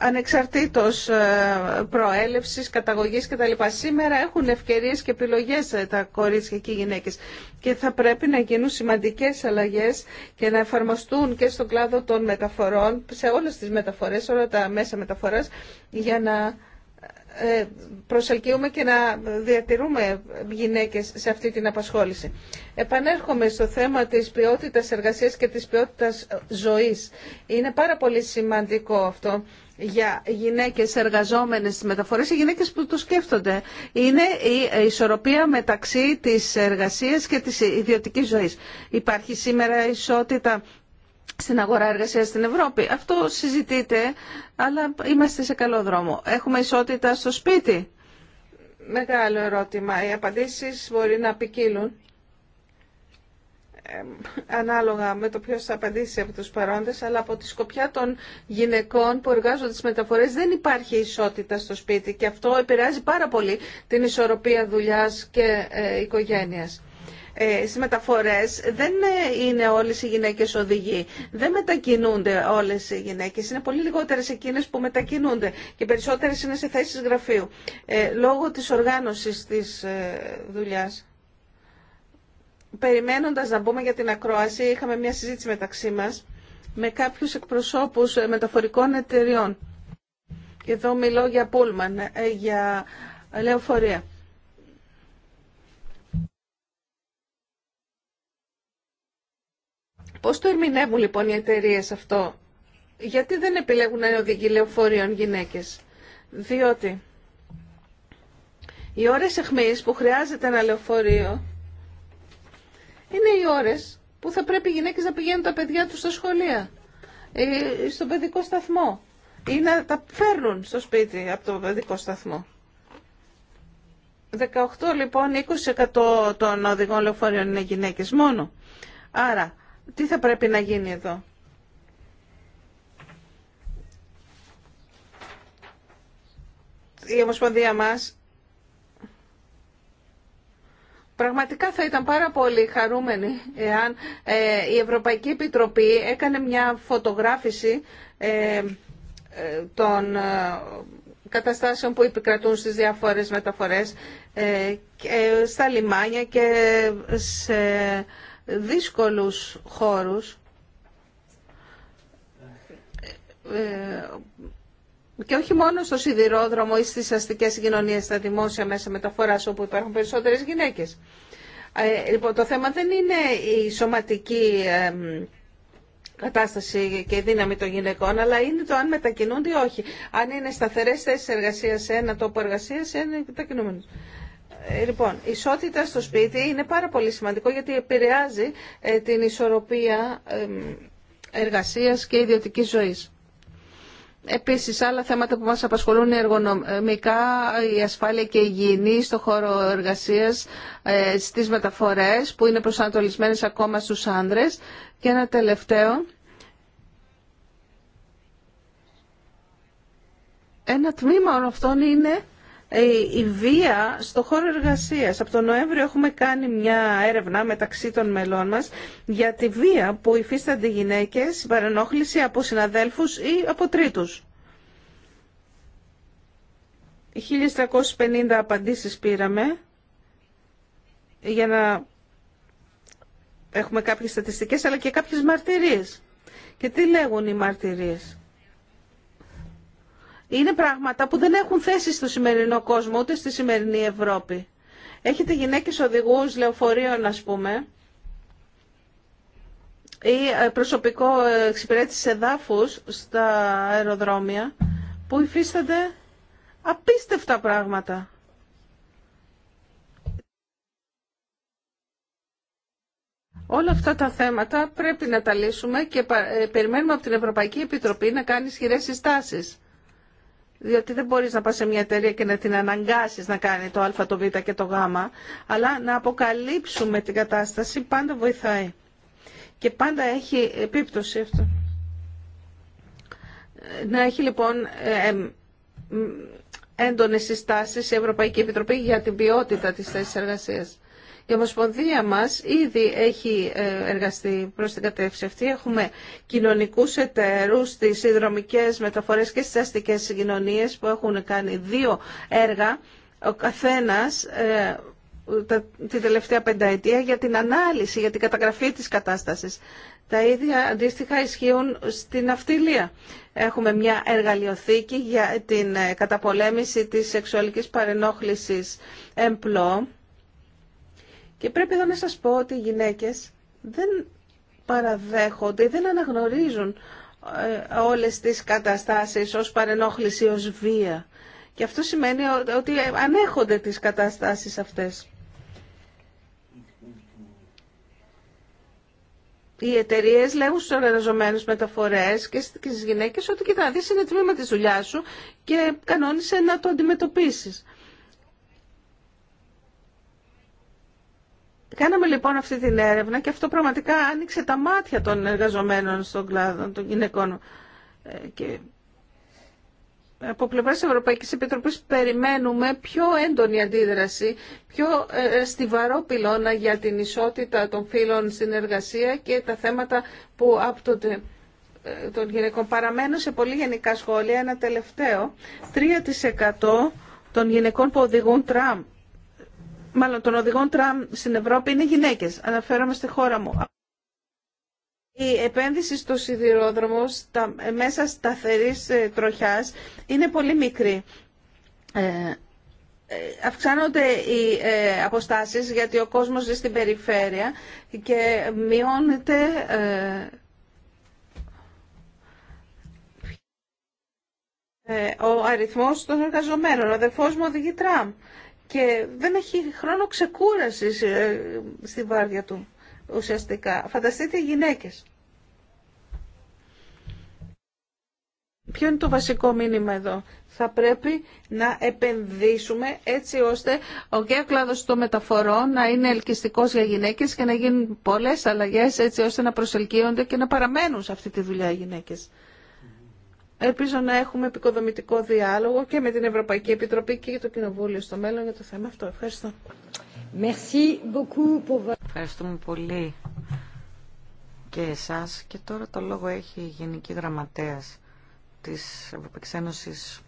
ανεξαρτήτως ε, προέλευσης, καταγωγής κτλ. Σήμερα έχουν ευκαιρίες και επιλογές ε, τα κορίτσια και οι γυναίκες και θα πρέπει να γίνουν σημαντικές αλλαγές και να εφαρμοστούν και στον κλάδο των μεταφορών, σε όλες τις μεταφορές, όλα τα μέσα μεταφοράς, για να ε, προσελκύουμε και να διατηρούμε γυναίκες σε αυτή την απασχόληση. Επανέρχομαι στο θέμα της ποιότητας εργασίας και της ποιότητας ζωής. Είναι πάρα πολύ σημαντικό αυτό για γυναίκες εργαζόμενες στις μεταφορές, οι γυναίκες που το σκέφτονται. Είναι η ισορροπία μεταξύ της εργασίας και της ιδιωτικής ζωής. Υπάρχει σήμερα ισότητα στην αγορά εργασίας στην Ευρώπη. Αυτό συζητείτε, αλλά είμαστε σε καλό δρόμο. Έχουμε ισότητα στο σπίτι. Μεγάλο ερώτημα. Οι απαντήσεις μπορεί να ποικίλουν ανάλογα με το ποιος θα απαντήσει από τους παρόντες, αλλά από τη σκοπιά των γυναικών που εργάζονται στις μεταφορές δεν υπάρχει ισότητα στο σπίτι και αυτό επηρεάζει πάρα πολύ την ισορροπία δουλειάς και ε, οικογένειας. Ε, στις μεταφορές δεν ε, είναι όλες οι γυναίκες οδηγοί. Δεν μετακινούνται όλες οι γυναίκες. Είναι πολύ λιγότερες εκείνες που μετακινούνται και περισσότερες είναι σε θέσεις γραφείου. Ε, λόγω της οργάνωσης της ε, δουλειά περιμένοντας να μπούμε για την ακρόαση, είχαμε μια συζήτηση μεταξύ μας με κάποιους εκπροσώπους μεταφορικών εταιριών. Και εδώ μιλώ για πούλμαν, ε, για λεωφορεία. Πώς το ερμηνεύουν λοιπόν οι εταιρείε αυτό. Γιατί δεν επιλέγουν να οδηγεί λεωφορείων γυναίκες. Διότι οι ώρες αιχμής που χρειάζεται ένα λεωφορείο είναι οι ώρε που θα πρέπει οι γυναίκες να πηγαίνουν τα παιδιά του στα σχολεία, ε, στον παιδικό σταθμό ή να τα φέρνουν στο σπίτι από τον παιδικό σταθμό. 18 λοιπόν, 20% των οδηγών λεωφορείων είναι γυναίκες μόνο. Άρα, τι θα πρέπει να γίνει εδώ. Η Ομοσπονδία μας Πραγματικά θα ήταν πάρα πολύ χαρούμενη εάν ε, η Ευρωπαϊκή Επιτροπή έκανε μια φωτογράφηση ε, ε, των καταστάσεων που επικρατούν στις διάφορες μεταφορές στα λιμάνια και σε δύσκολους χώρους και όχι μόνο στο σιδηρόδρομο ή στις αστικές συγκοινωνίες, στα δημόσια μέσα μεταφοράς όπου υπάρχουν περισσότερες γυναίκες. Ε, λοιπόν, το θέμα δεν είναι η στις αστικες κοινωνιε στα δημοσια μεσα μεταφορας οπου υπαρχουν περισσοτερες γυναικες ε, λοιπον το θεμα δεν ειναι η σωματικη κατασταση και η δύναμη των γυναικών, αλλά είναι το αν μετακινούνται ή όχι. Αν είναι σταθερές θέσεις εργασίας σε ένα τόπο εργασίας, σε ένα μετακινούμενο. Ε, λοιπόν, η οχι αν ειναι σταθερες θεσεις εργασιας σε ενα τοπο εργασιας ειναι ενα ε λοιπον η ισοτητα στο σπίτι είναι πάρα πολύ σημαντικό γιατί επηρεάζει ε, την ισορροπία εργασίας και ιδιωτικής ζωής. Επίσης, άλλα θέματα που μας απασχολούν εργονομικά, η ασφάλεια και η υγιεινή στο χώρο εργασίας, ε, στις μεταφορές που είναι προσανατολισμένες ακόμα στους άνδρες. Και ένα τελευταίο, ένα τμήμα όλων αυτών είναι ε, η βία στο χώρο εργασίας. Από τον Νοέμβριο έχουμε κάνει μια έρευνα μεταξύ των μελών μας για τη βία που υφίστανται οι γυναίκες, παρενόχληση από συναδέλφους ή από τρίτους. 1.350 απαντήσεις πήραμε για να έχουμε κάποιες στατιστικές αλλά και κάποιες μαρτυρίες. Και τι λέγουν οι μαρτυρίες είναι πράγματα που δεν έχουν θέση στο σημερινό κόσμο, ούτε στη σημερινή Ευρώπη. Έχετε γυναίκες οδηγούς λεωφορείων, ας πούμε, ή ε, προσωπικό εξυπηρέτηση εδάφους στα αεροδρόμια, που υφίστανται απίστευτα πράγματα. Όλα αυτά τα θέματα πρέπει να τα λύσουμε και ε, περιμένουμε από την Ευρωπαϊκή Επιτροπή να κάνει ισχυρές συστάσεις διότι δεν μπορείς να πας σε μια εταιρεία και να την αναγκάσεις να κάνει το α, το β και το γ, αλλά να αποκαλύψουμε την κατάσταση πάντα βοηθάει. Και πάντα έχει επίπτωση αυτό. Να έχει λοιπόν έντονες συστάσεις η Ευρωπαϊκή Επιτροπή για την ποιότητα της θέσης εργασίας. Η Ομοσπονδία μας ήδη έχει ε, εργαστεί προς την κατεύθυνση αυτή. Έχουμε κοινωνικούς εταίρους στις συνδρομικές μεταφορές και στις αστικές συγκοινωνίες που έχουν κάνει δύο έργα. Ο καθένας ε, την τελευταία πενταετία για την ανάλυση, για την καταγραφή της κατάστασης. Τα ίδια αντίστοιχα ισχύουν στην αυτιλία. Έχουμε μια εργαλειοθήκη για την ε, καταπολέμηση της σεξουαλικής παρενόχλησης εμπλό και πρέπει εδώ να σας πω ότι οι γυναίκες δεν παραδέχονται δεν αναγνωρίζουν ε, όλες τις καταστάσεις ως παρενόχληση, ως βία. Και αυτό σημαίνει ότι ανέχονται τις καταστάσεις αυτές. Οι εταιρείε λέγουν στου εργαζομένου μεταφορέ και στι γυναίκε ότι κοιτάξτε, είναι τμήμα τη δουλειά σου και κανόνισε να το αντιμετωπίσει. Κάναμε λοιπόν αυτή την έρευνα και αυτό πραγματικά άνοιξε τα μάτια των εργαζομένων στον κλάδο των γυναικών. Ε, και από πλευρά Ευρωπαϊκή Επιτροπή περιμένουμε πιο έντονη αντίδραση, πιο ε, στιβαρό πυλώνα για την ισότητα των φύλων στην εργασία και τα θέματα που άπτονται ε, των γυναικών. Παραμένω σε πολύ γενικά σχόλια. Ένα τελευταίο. 3% των γυναικών που οδηγούν τραμ μάλλον των οδηγών τραμ στην Ευρώπη είναι γυναίκες. Αναφέρομαι στη χώρα μου. Η επένδυση στο σιδηρόδρομο στα, μέσα σταθερής ε, τροχιάς είναι πολύ μικρή. Ε, ε αυξάνονται οι ε, αποστάσεις γιατί ο κόσμος ζει στην περιφέρεια και μειώνεται ο αριθμός των εργαζομένων. Ο αδερφός μου οδηγεί τραμ και δεν έχει χρόνο ξεκούρασης ε, στη βάρδια του ουσιαστικά. Φανταστείτε οι γυναίκες. Ποιο είναι το βασικό μήνυμα εδώ. Θα πρέπει να επενδύσουμε έτσι ώστε ο και κλάδο των μεταφορών να είναι ελκυστικός για γυναίκες και να γίνουν πολλές αλλαγές έτσι ώστε να προσελκύονται και να παραμένουν σε αυτή τη δουλειά οι γυναίκες. Ελπίζω να έχουμε επικοδομητικό διάλογο και με την Ευρωπαϊκή Επιτροπή και για το Κοινοβούλιο στο μέλλον για το θέμα αυτό. Ευχαριστώ. Merci beaucoup pour... Ευχαριστούμε πολύ και εσάς. Και τώρα το λόγο έχει η Γενική Γραμματέας της Ευρωπαϊκής Ένωσης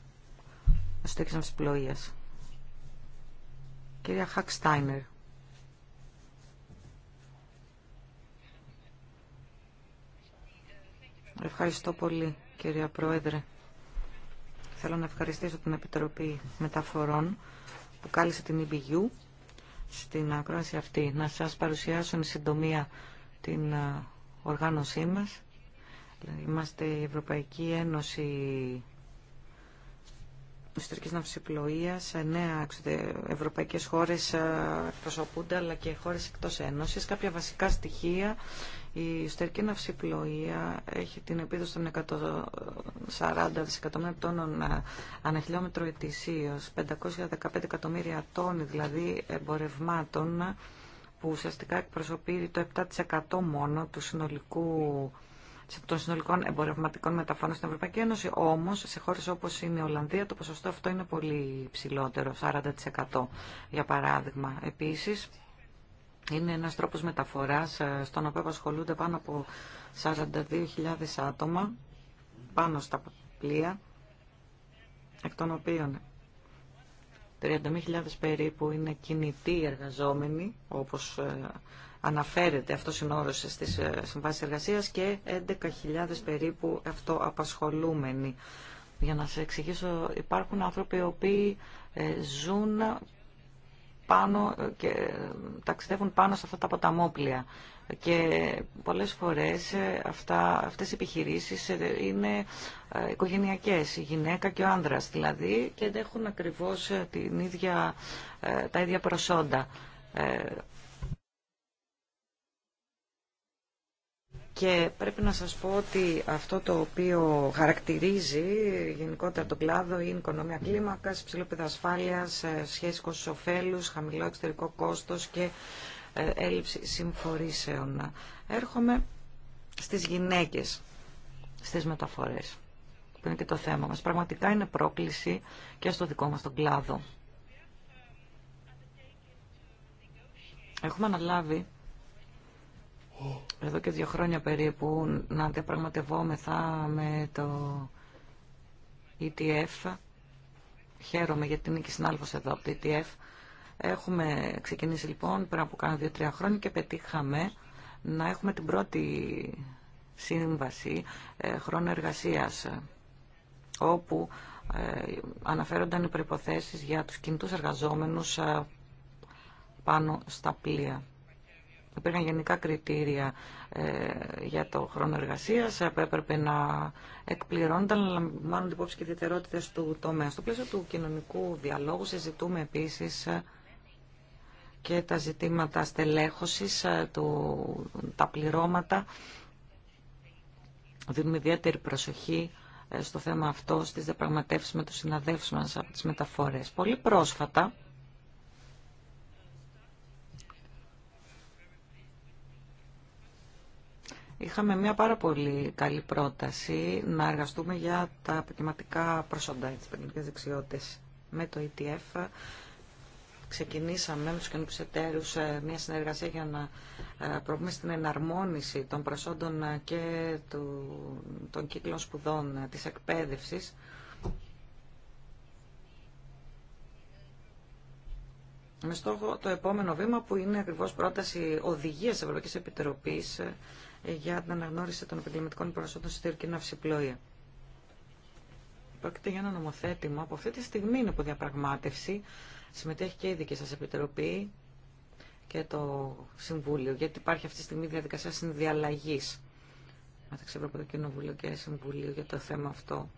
Κυρία Χακστάινερ. Ευχαριστώ πολύ, κυρία Πρόεδρε. Θέλω να ευχαριστήσω την Επιτροπή Μεταφορών που κάλεσε την EBU στην ακρόαση αυτή. Να σας παρουσιάσω συντομία την οργάνωσή μας. Είμαστε η Ευρωπαϊκή Ένωση εσωτερικής σε νέα ευρωπαϊκές χώρες ε, προσωπούνται, αλλά και χώρες εκτός Ένωσης. Κάποια βασικά στοιχεία. Η εσωτερική ναυσιπλοεία έχει την επίδοση των 140 δισεκατομμύρια τόνων ε, ανά χιλιόμετρο 515 εκατομμύρια τόνοι δηλαδή εμπορευμάτων, που ουσιαστικά εκπροσωπεί το 7% μόνο του συνολικού των συνολικών εμπορευματικών μεταφορών στην Ευρωπαϊκή Ένωση. Όμω, σε χώρε όπω είναι η Ολλανδία, το ποσοστό αυτό είναι πολύ ψηλότερο, 40% για παράδειγμα. Επίση, είναι ένα τρόπο μεταφορά ε, στον οποίο απασχολούνται πάνω από 42.000 άτομα πάνω στα πλοία, εκ των οποίων 30.000 περίπου είναι κινητοί εργαζόμενοι, όπως ε, αναφέρεται αυτό ο όρος στις ε, συμβάσεις εργασίας και 11.000 περίπου αυτοαπασχολούμενοι. Για να σας εξηγήσω, υπάρχουν άνθρωποι οι οποίοι ε, ζουν πάνω ε, και ταξιδεύουν πάνω σε αυτά τα ποταμόπλια. Και πολλές φορές αυτά, αυτές οι επιχειρήσεις είναι οικογενειακές, η γυναίκα και ο άνδρας δηλαδή, και δεν έχουν ακριβώς την ίδια, τα ίδια προσόντα. Και πρέπει να σας πω ότι αυτό το οποίο χαρακτηρίζει γενικότερα τον κλάδο είναι οικονομία κλίμακας, ψηλό ασφάλειας, ε, σχέση κόστος-οφέλους, χαμηλό εξωτερικό κόστος και ε, έλλειψη συμφορήσεων. Έρχομαι στις γυναίκες, στις μεταφορές, που είναι και το θέμα μας. Πραγματικά είναι πρόκληση και στο δικό μας τον κλάδο. Έχουμε αναλάβει εδώ και δύο χρόνια περίπου να διαπραγματευόμεθα με το ETF. Χαίρομαι γιατί είναι και συνάλφος εδώ από το ETF. Έχουμε ξεκινήσει λοιπόν πριν από κάνα δύο-τρία χρόνια και πετύχαμε να έχουμε την πρώτη σύμβαση ε, χρόνο εργασίας όπου ε, αναφέρονταν οι προϋποθέσεις για τους κινητούς εργαζόμενους ε, πάνω στα πλοία. Υπήρχαν γενικά κριτήρια ε, για το χρόνο εργασία ε, που έπρεπε να εκπληρώνονταν, αλλά μάλλον υπόψη και ιδιαιτερότητε του τομέα. Στο πλαίσιο του κοινωνικού διαλόγου, συζητούμε επίση ε, και τα ζητήματα στελέχωσης, του, τα πληρώματα. Δίνουμε ιδιαίτερη προσοχή στο θέμα αυτό στις διαπραγματεύσεις με τους συναδέλφους μας από τις μεταφορές. Πολύ πρόσφατα Είχαμε μια πάρα πολύ καλή πρόταση να εργαστούμε για τα επαγγελματικά προσόντα, τι επαγγελματικέ δεξιότητε με το ETF. Ξεκινήσαμε με τους καινούς εταίρου ε, μια συνεργασία για να ε, προβούμε στην εναρμόνιση των προσόντων ε, και των κύκλων σπουδών τη εκπαίδευση. με στόχο το επόμενο βήμα που είναι ακριβώς πρόταση οδηγίας Ευρωπαϊκής Επιτροπής για την αναγνώριση των επαγγελματικών προσόντων στη θεωρική ναυσιπλοεία. Πρόκειται για ένα νομοθέτημα που αυτή τη στιγμή είναι από διαπραγμάτευση. Συμμετέχει και η δική σας επιτροπή και το Συμβούλιο, γιατί υπάρχει αυτή τη στιγμή διαδικασία συνδιαλλαγής μεταξύ Ευρωπαϊκού Κοινοβουλίου και Συμβουλίου για το θέμα αυτό.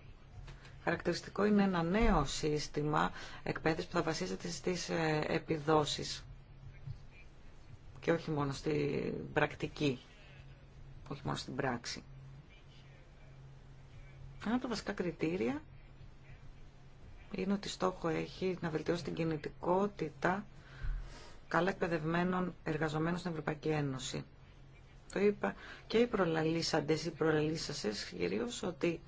Χαρακτηριστικό είναι ένα νέο σύστημα εκπαίδευση που θα βασίζεται στις ε, επιδόσεις και όχι μόνο στην πρακτική όχι μόνο στην πράξη. Ένα από τα βασικά κριτήρια είναι ότι στόχο έχει να βελτιώσει την κινητικότητα καλά εκπαιδευμένων εργαζομένων στην Ευρωπαϊκή Ένωση. Το είπα και οι προλαλήσαντες, οι προλαλήσασες κυρίως ότι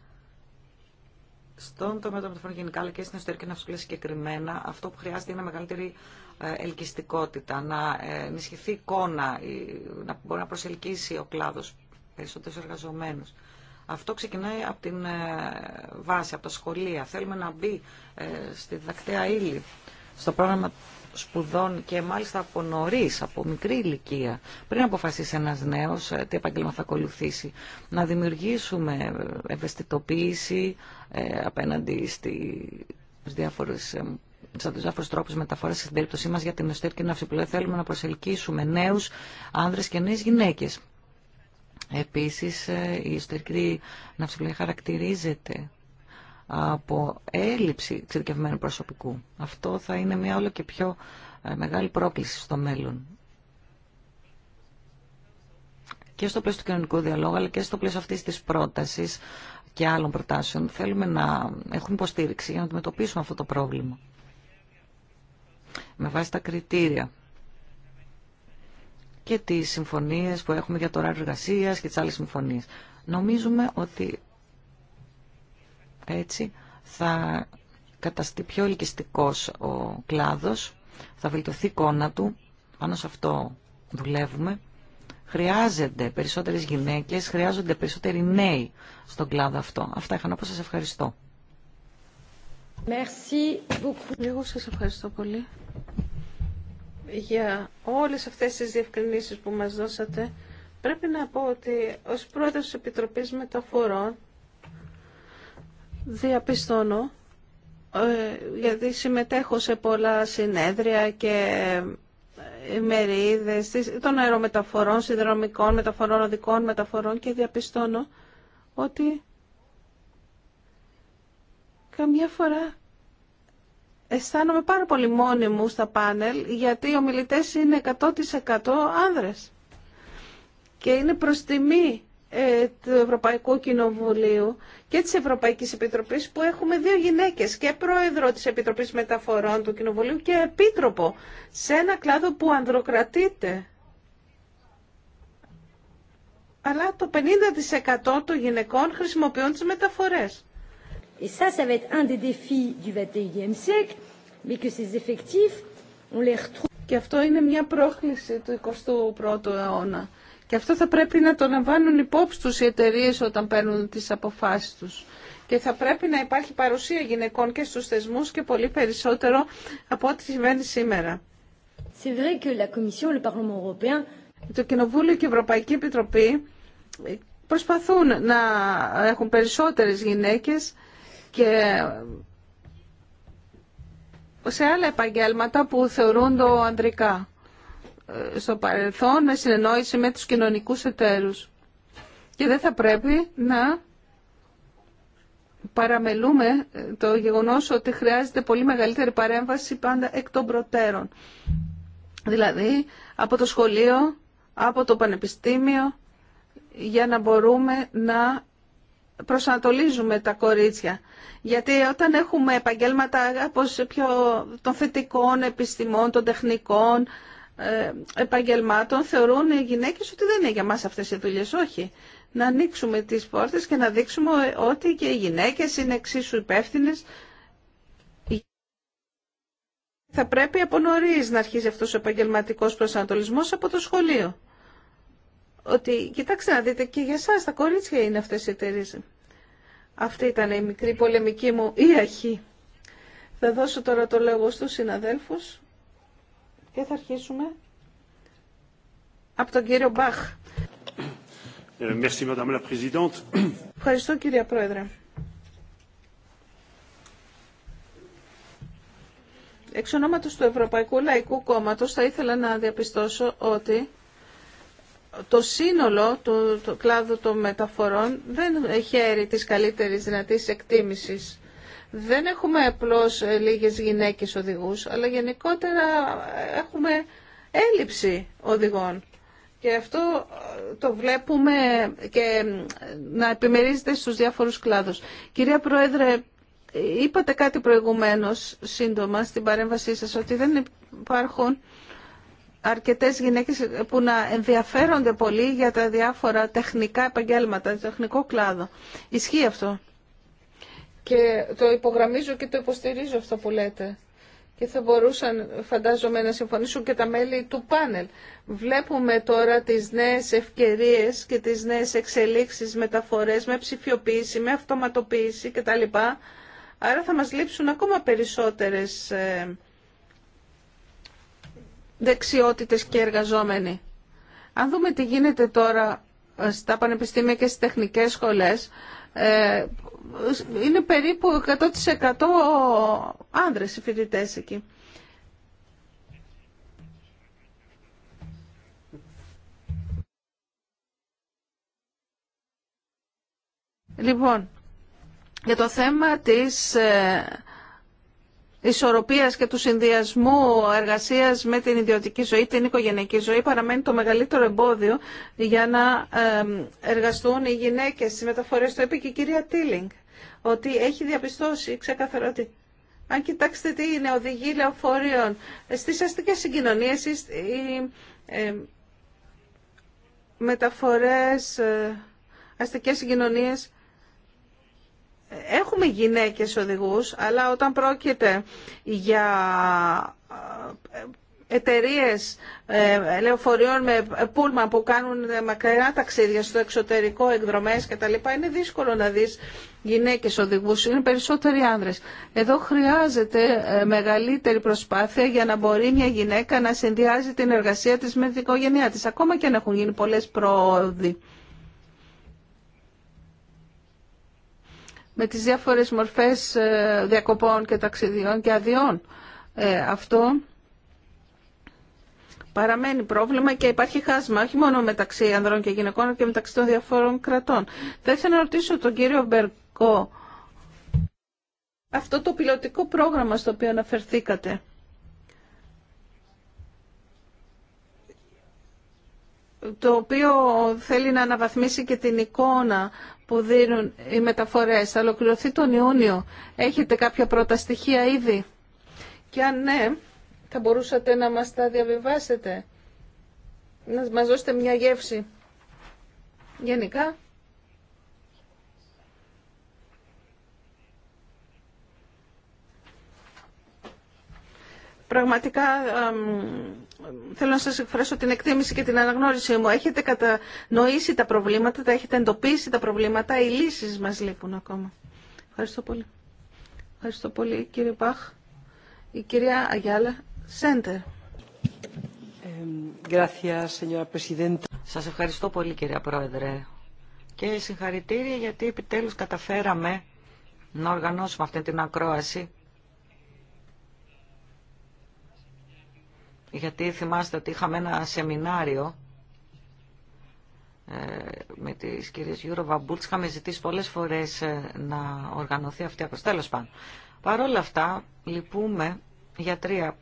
στον τομέα των μεταφορών γενικά, αλλά και στην εσωτερική ναυσικλία συγκεκριμένα, αυτό που χρειάζεται είναι μεγαλύτερη ε, ελκυστικότητα, να ε, ενισχυθεί εικόνα, να μπορεί να προσελκύσει ο κλάδος περισσότερους εργαζομένους. Αυτό ξεκινάει από την ε, βάση, από τα σχολεία. Θέλουμε να μπει ε, στη διδακτέα ύλη, στο πρόγραμμα σπουδών και μάλιστα από νωρί, από μικρή ηλικία, πριν αποφασίσει ένα νέο ε, τι επάγγελμα θα ακολουθήσει, να δημιουργήσουμε ευαισθητοποίηση απέναντι στι διάφορες του διάφορου τρόπου μεταφορά στην περίπτωσή μα για την εσωτερική ναυσιπλοεία, θέλουμε να προσελκύσουμε νέου άνδρε και νέε γυναίκε Επίσης, ε, η ιστορική ναυσιπλοεία χαρακτηρίζεται από έλλειψη εξειδικευμένου προσωπικού. Αυτό θα είναι μια όλο και πιο ε, μεγάλη πρόκληση στο μέλλον. Και στο πλαίσιο του κοινωνικού διαλόγου, αλλά και στο πλαίσιο αυτής της πρότασης και άλλων προτάσεων, θέλουμε να έχουμε υποστήριξη για να αντιμετωπίσουμε αυτό το πρόβλημα. Με βάση τα κριτήρια και τι συμφωνίες που έχουμε για το ωράριο εργασία και τι άλλε συμφωνίες. Νομίζουμε ότι έτσι θα καταστεί πιο ελκυστικό ο κλάδος, θα βελτιωθεί η εικόνα του, πάνω σε αυτό δουλεύουμε. Χρειάζονται περισσότερες γυναίκες, χρειάζονται περισσότεροι νέοι στον κλάδο αυτό. Αυτά είχα να πω, σας ευχαριστώ. Merci beaucoup για όλες αυτές τις διευκρινήσεις που μας δώσατε. Πρέπει να πω ότι ως πρόεδρος της Επιτροπής Μεταφορών διαπιστώνω, ε, γιατί συμμετέχω σε πολλά συνέδρια και ημερίδες ε, των αερομεταφορών, συνδρομικών μεταφορών, οδικών μεταφορών και διαπιστώνω ότι καμιά φορά αισθάνομαι πάρα πολύ μόνη μου στα πάνελ γιατί οι ομιλητές είναι 100% άνδρες και είναι προς τιμή ε, του Ευρωπαϊκού Κοινοβουλίου και της Ευρωπαϊκής Επιτροπής που έχουμε δύο γυναίκες και πρόεδρο της Επιτροπής Μεταφορών του Κοινοβουλίου και επίτροπο σε ένα κλάδο που ανδροκρατείται. Αλλά το 50% των γυναικών χρησιμοποιούν τις μεταφορές. Et ça, ça va être un des défis du 21e siècle, mais que ces effectifs, on les retrouve. Και αυτό είναι μια πρόκληση του 21ου αιώνα. Και αυτό θα πρέπει να το λαμβάνουν υπόψη τους οι εταιρείε όταν παίρνουν τις αποφάσεις τους. Και θα πρέπει να υπάρχει παρουσία γυναικών και στους θεσμούς και πολύ περισσότερο από ό,τι συμβαίνει σήμερα. Το Κοινοβούλιο και η Ευρωπαϊκή Επιτροπή προσπαθούν να έχουν περισσότερες γυναίκες και σε άλλα επαγγέλματα που θεωρούν το ανδρικά ε, στο παρελθόν με συνεννόηση με τους κοινωνικούς εταίρους. Και δεν θα πρέπει να παραμελούμε ε, το γεγονός ότι χρειάζεται πολύ μεγαλύτερη παρέμβαση πάντα εκ των προτέρων. Δηλαδή από το σχολείο, από το πανεπιστήμιο, για να μπορούμε να προσανατολίζουμε τα κορίτσια. Γιατί όταν έχουμε επαγγέλματα όπως πιο των θετικών επιστημών, των τεχνικών ε, επαγγελμάτων, θεωρούν οι γυναίκες ότι δεν είναι για μας αυτές οι δουλειές. Όχι. Να ανοίξουμε τις πόρτες και να δείξουμε ότι και οι γυναίκες είναι εξίσου υπεύθυνε. Θα πρέπει από νωρίς να αρχίζει αυτός ο επαγγελματικός προσανατολισμός από το σχολείο ότι κοιτάξτε να δείτε και για εσάς τα κορίτσια είναι αυτές οι εταιρείε. Αυτή ήταν η μικρή πολεμική μου ή αρχή. Θα δώσω τώρα το λόγο στους συναδέλφους και θα αρχίσουμε από τον κύριο Μπαχ. Ε, Ευχαριστώ κυρία Πρόεδρε. Εξ ονόματος του Ευρωπαϊκού Λαϊκού Κόμματος θα ήθελα να διαπιστώσω ότι το σύνολο του κλάδου των μεταφορών δεν χαίρει της καλύτερης δυνατής εκτίμησης. Δεν έχουμε απλώς ε, λίγες γυναίκες οδηγούς, αλλά γενικότερα ε, έχουμε έλλειψη οδηγών. Και αυτό ε, το βλέπουμε και να επιμερίζεται στους διάφορους κλάδους. Κυρία Πρόεδρε, είπατε κάτι προηγουμένως σύντομα στην παρέμβασή σας ότι δεν υπάρχουν αρκετές γυναίκες που να ενδιαφέρονται πολύ για τα διάφορα τεχνικά επαγγέλματα, τεχνικό κλάδο. Ισχύει αυτό. Και το υπογραμμίζω και το υποστηρίζω αυτό που λέτε. Και θα μπορούσαν, φαντάζομαι, να συμφωνήσουν και τα μέλη του πάνελ. Βλέπουμε τώρα τις νέες ευκαιρίες και τις νέες εξελίξεις, μεταφορές με ψηφιοποίηση, με αυτοματοποίηση κτλ. Άρα θα μας λείψουν ακόμα περισσότερες ε, δεξιότητες και εργαζόμενοι. Αν δούμε τι γίνεται τώρα ε, στα πανεπιστήμια και στις τεχνικές σχολές, ε, είναι περίπου 100% άνδρες οι φοιτητές εκεί. Λοιπόν, για το θέμα της ε, ισορροπίας και του συνδυασμού εργασίας με την ιδιωτική ζωή, την οικογενειακή ζωή, παραμένει το μεγαλύτερο εμπόδιο για να εργαστούν οι γυναίκες στις μεταφορές. Το είπε και η κυρία Τίλινγκ, ότι έχει διαπιστώσει ξεκαθαρά ότι αν κοιτάξετε τι είναι οδηγή λεωφορείων στις αστικές συγκοινωνίες ή ε, μεταφορές, αστικές συγκοινωνίες, έχουμε γυναίκες οδηγούς, αλλά όταν πρόκειται για ε, εταιρείε ε, λεωφορείων με πούλμα που κάνουν μακριά ταξίδια στο εξωτερικό, εκδρομές κτλ. Είναι δύσκολο να δεις γυναίκες οδηγούς, είναι περισσότεροι άνδρες. Εδώ χρειάζεται ε, μεγαλύτερη προσπάθεια για να μπορεί μια γυναίκα να συνδυάζει την εργασία της με την οικογένειά της, ακόμα και αν έχουν γίνει πολλές πρόοδοι. με τις διάφορες μορφές ε, διακοπών και ταξιδιών και αδειών. Ε, αυτό παραμένει πρόβλημα και υπάρχει χάσμα όχι μόνο μεταξύ ανδρών και γυναικών αλλά και μεταξύ των διαφόρων κρατών. Θα ήθελα να ρωτήσω τον κύριο Μπερκό αυτό το πιλωτικό πρόγραμμα στο οποίο αναφερθήκατε. το οποίο θέλει να αναβαθμίσει και την εικόνα που δίνουν οι μεταφορές θα ολοκληρωθεί τον Ιούνιο. Έχετε κάποια πρώτα στοιχεία ήδη. Και αν ναι, θα μπορούσατε να μας τα διαβιβάσετε. Να μας δώσετε μια γεύση. Γενικά. Πραγματικά θέλω να σας εκφράσω την εκτίμηση και την αναγνώριση μου. Έχετε κατανοήσει τα προβλήματα, τα έχετε εντοπίσει τα προβλήματα, οι λύσεις μας λείπουν ακόμα. Ευχαριστώ πολύ. Ευχαριστώ πολύ κύριε Παχ. Η κυρία Αγιάλα Σέντερ. Σας ευχαριστώ πολύ κυρία Πρόεδρε και συγχαρητήρια γιατί επιτέλους καταφέραμε να οργανώσουμε αυτή την ακρόαση γιατί θυμάστε ότι είχαμε ένα σεμινάριο ε, με τις κυρίες Γιούροβα Μπούλτς είχαμε ζητήσει πολλές φορές ε, να οργανωθεί αυτή η Τέλος πάντων. παρόλα αυτά λυπούμε για τρία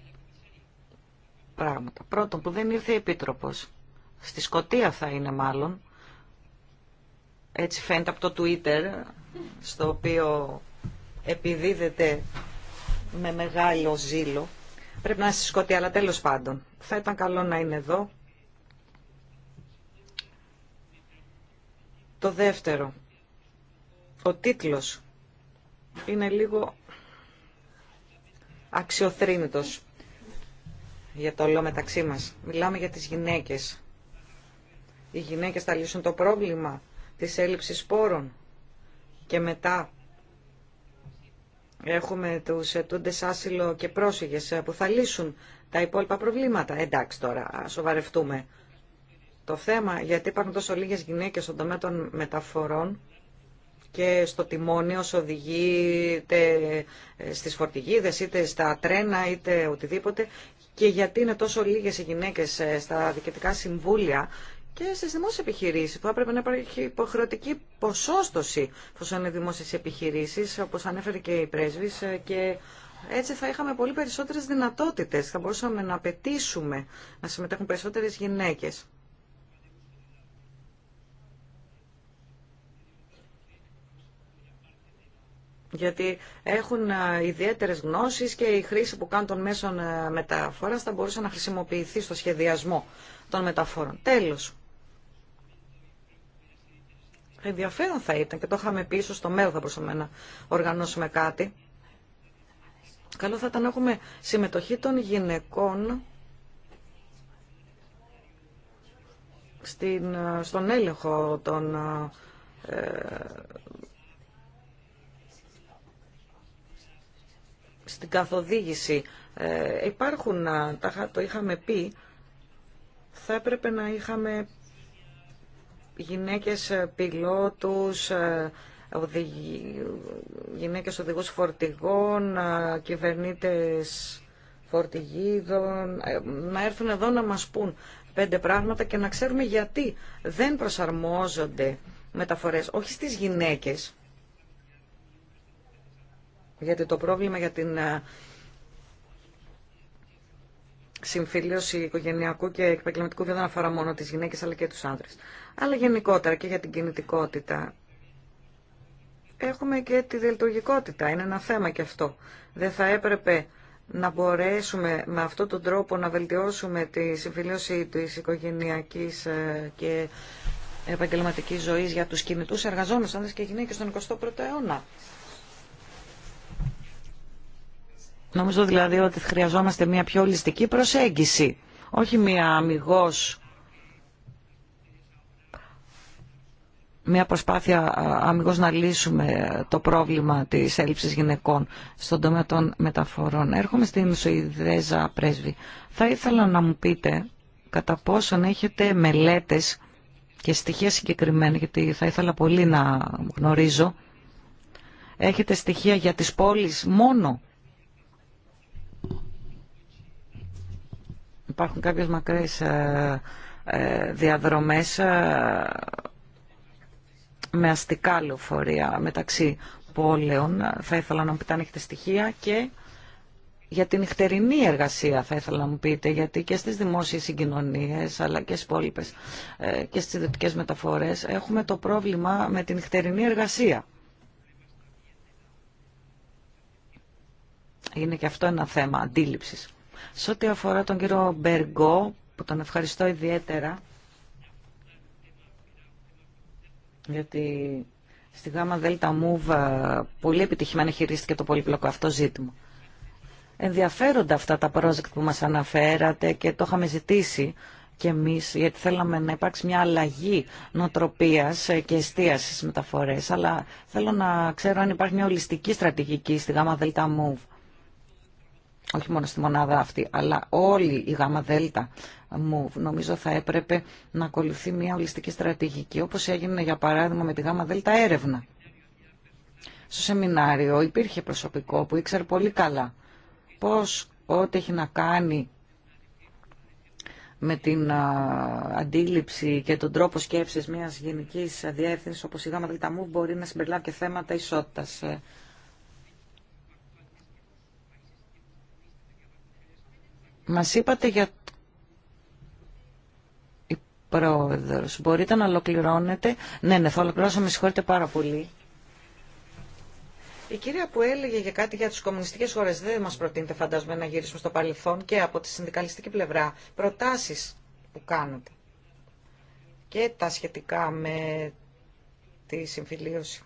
πράγματα. Πρώτον που δεν ήρθε η Επίτροπος. Στη Σκοτία θα είναι μάλλον. Έτσι φαίνεται από το Twitter στο οποίο επιδίδεται με μεγάλο ζήλο Πρέπει να είναι στη αλλά τέλος πάντων. Θα ήταν καλό να είναι εδώ. Το δεύτερο. Ο τίτλος είναι λίγο αξιοθρύνητος για το όλο μεταξύ μας. Μιλάμε για τις γυναίκες. Οι γυναίκες θα λύσουν το πρόβλημα της έλλειψης σπόρων και μετά Έχουμε τους ετούντες άσυλο και πρόσφυγες που θα λύσουν τα υπόλοιπα προβλήματα. Εντάξει τώρα, σοβαρευτούμε. Το θέμα γιατί υπάρχουν τόσο λίγες γυναίκες στον τομέα των μεταφορών και στο τιμόνι όσο οδηγείται ε, στις φορτηγίδες είτε στα τρένα είτε οτιδήποτε και γιατί είναι τόσο λίγες οι γυναίκες ε, στα διοικητικά συμβούλια και στι δημόσιε επιχειρήσει, που έπρεπε να υπάρχει υποχρεωτική ποσόστοση πόσο είναι δημόσιε επιχειρήσει, όπω ανέφερε και η πρέσβη, ε, και έτσι θα είχαμε πολύ περισσότερε δυνατότητε. Θα μπορούσαμε να απαιτήσουμε να συμμετέχουν περισσότερε γυναίκε. γιατί έχουν ε, ιδιαίτερες γνώσεις και η χρήση που κάνουν των μέσων ε, μεταφοράς θα μπορούσε να χρησιμοποιηθεί στο σχεδιασμό των μεταφόρων. Τέλος, Ενδιαφέρον θα ήταν και το είχαμε πει ίσως στο μέλλον θα μπορούσαμε να οργανώσουμε κάτι. Καλό θα ήταν να έχουμε συμμετοχή των γυναικών στον έλεγχο των ε, στην καθοδήγηση. Ε, υπάρχουν, ε, το είχαμε πει, θα έπρεπε να είχαμε γυναίκες ε, πιλότους, ε, γυναίκες οδηγούς φορτηγών, ε, κυβερνήτες φορτηγίδων, να έρθουν εδώ να μας πούν πέντε πράγματα και να ξέρουμε γιατί δεν προσαρμόζονται μεταφορές, όχι στις γυναίκες, γιατί το πρόβλημα για την συμφιλίωση οικογενειακού και επαγγελματικού δεν αφορά μόνο τις γυναίκες αλλά και τους άντρες αλλά γενικότερα και για την κινητικότητα. Έχουμε και τη διελτουργικότητα, είναι ένα θέμα και αυτό. Δεν θα έπρεπε να μπορέσουμε με αυτόν τον τρόπο να βελτιώσουμε τη συμφιλίωση της οικογενειακής ε, και επαγγελματικής ζωής για τους κινητούς εργαζόμενους, άνδρες και γυναίκες στον 21ο αιώνα. Νομίζω δηλαδή ότι χρειαζόμαστε μια πιο ολιστική προσέγγιση, όχι μια αμυγός μια προσπάθεια αμυγός να λύσουμε το πρόβλημα της έλλειψης γυναικών στον τομέα των μεταφορών. Έρχομαι στην Σουηδέζα πρέσβη. Θα ήθελα να μου πείτε κατά πόσον έχετε μελέτες και στοιχεία συγκεκριμένα, γιατί θα ήθελα πολύ να γνωρίζω. Έχετε στοιχεία για τις πόλεις μόνο. Υπάρχουν κάποιες μακρές ε, ε, διαδρομές ε, με αστικά λεωφορεία μεταξύ πόλεων. Θα ήθελα να μου πείτε αν έχετε στοιχεία και για την νυχτερινή εργασία θα ήθελα να μου πείτε, γιατί και στις δημόσιες συγκοινωνίες αλλά και στις υπόλοιπες ε, και στις ιδιωτικές μεταφορές έχουμε το πρόβλημα με την νυχτερινή εργασία. Είναι και αυτό ένα θέμα αντίληψης. Σε ό,τι αφορά τον κύριο Μπεργκό, που τον ευχαριστώ ιδιαίτερα γιατί στη ΓΑΜΑ ΔΕΛΤΑ ΜΟΥΒ πολύ επιτυχημένα χειρίστηκε το πολύπλοκο αυτό ζήτημα. Ενδιαφέροντα αυτά τα project που μας αναφέρατε και το είχαμε ζητήσει και εμείς, γιατί θέλαμε να υπάρξει μια αλλαγή νοτροπίας και εστίασης μεταφορές, αλλά θέλω να ξέρω αν υπάρχει μια ολιστική στρατηγική στη ΓΑΜΑ ΔΕΛΤΑ όχι μόνο στη μονάδα αυτή, αλλά όλη η γάμα δέλτα μου νομίζω θα έπρεπε να ακολουθεί μια ολιστική στρατηγική, όπως έγινε για παράδειγμα με τη γάμα δέλτα έρευνα. Στο σεμινάριο υπήρχε προσωπικό που ήξερε πολύ καλά πώς ό,τι έχει να κάνει με την αντίληψη και τον τρόπο σκέψης μιας γενικής διεύθυνσης όπως η ΓΑΜΑ μπορεί να συμπεριλάβει και θέματα ισότητας. Ε, Μας είπατε για η πρόεδρος. Μπορείτε να ολοκληρώνετε. Ναι, ναι, θα ολοκληρώσω. Με συγχωρείτε πάρα πολύ. Η κυρία που έλεγε για κάτι για τι κομμουνιστικέ χώρε δεν μα προτείνεται, φαντασμένα να γυρίσουμε στο παρελθόν και από τη συνδικαλιστική πλευρά. Προτάσει που κάνετε και τα σχετικά με τη συμφιλίωση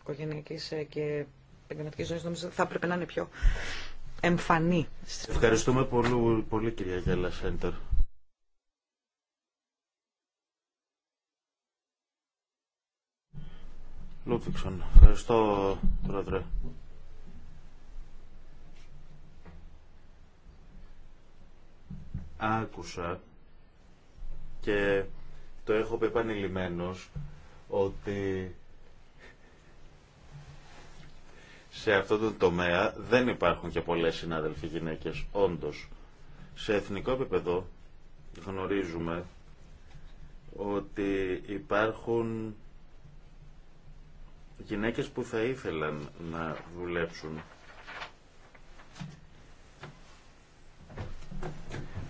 οικογενειακής και επαγγελματική ζωή, νομίζω θα έπρεπε να είναι πιο εμφανή. Ευχαριστούμε πολύ, πολύ κυρία Γέλα Σέντερ. Λούφιξον. Ευχαριστώ, Πρόεδρε. Άκουσα και το έχω πει επανειλημμένος ότι σε αυτό το τομέα δεν υπάρχουν και πολλές συνάδελφοι γυναίκες, όντως. Σε εθνικό επίπεδο γνωρίζουμε ότι υπάρχουν γυναίκες που θα ήθελαν να δουλέψουν.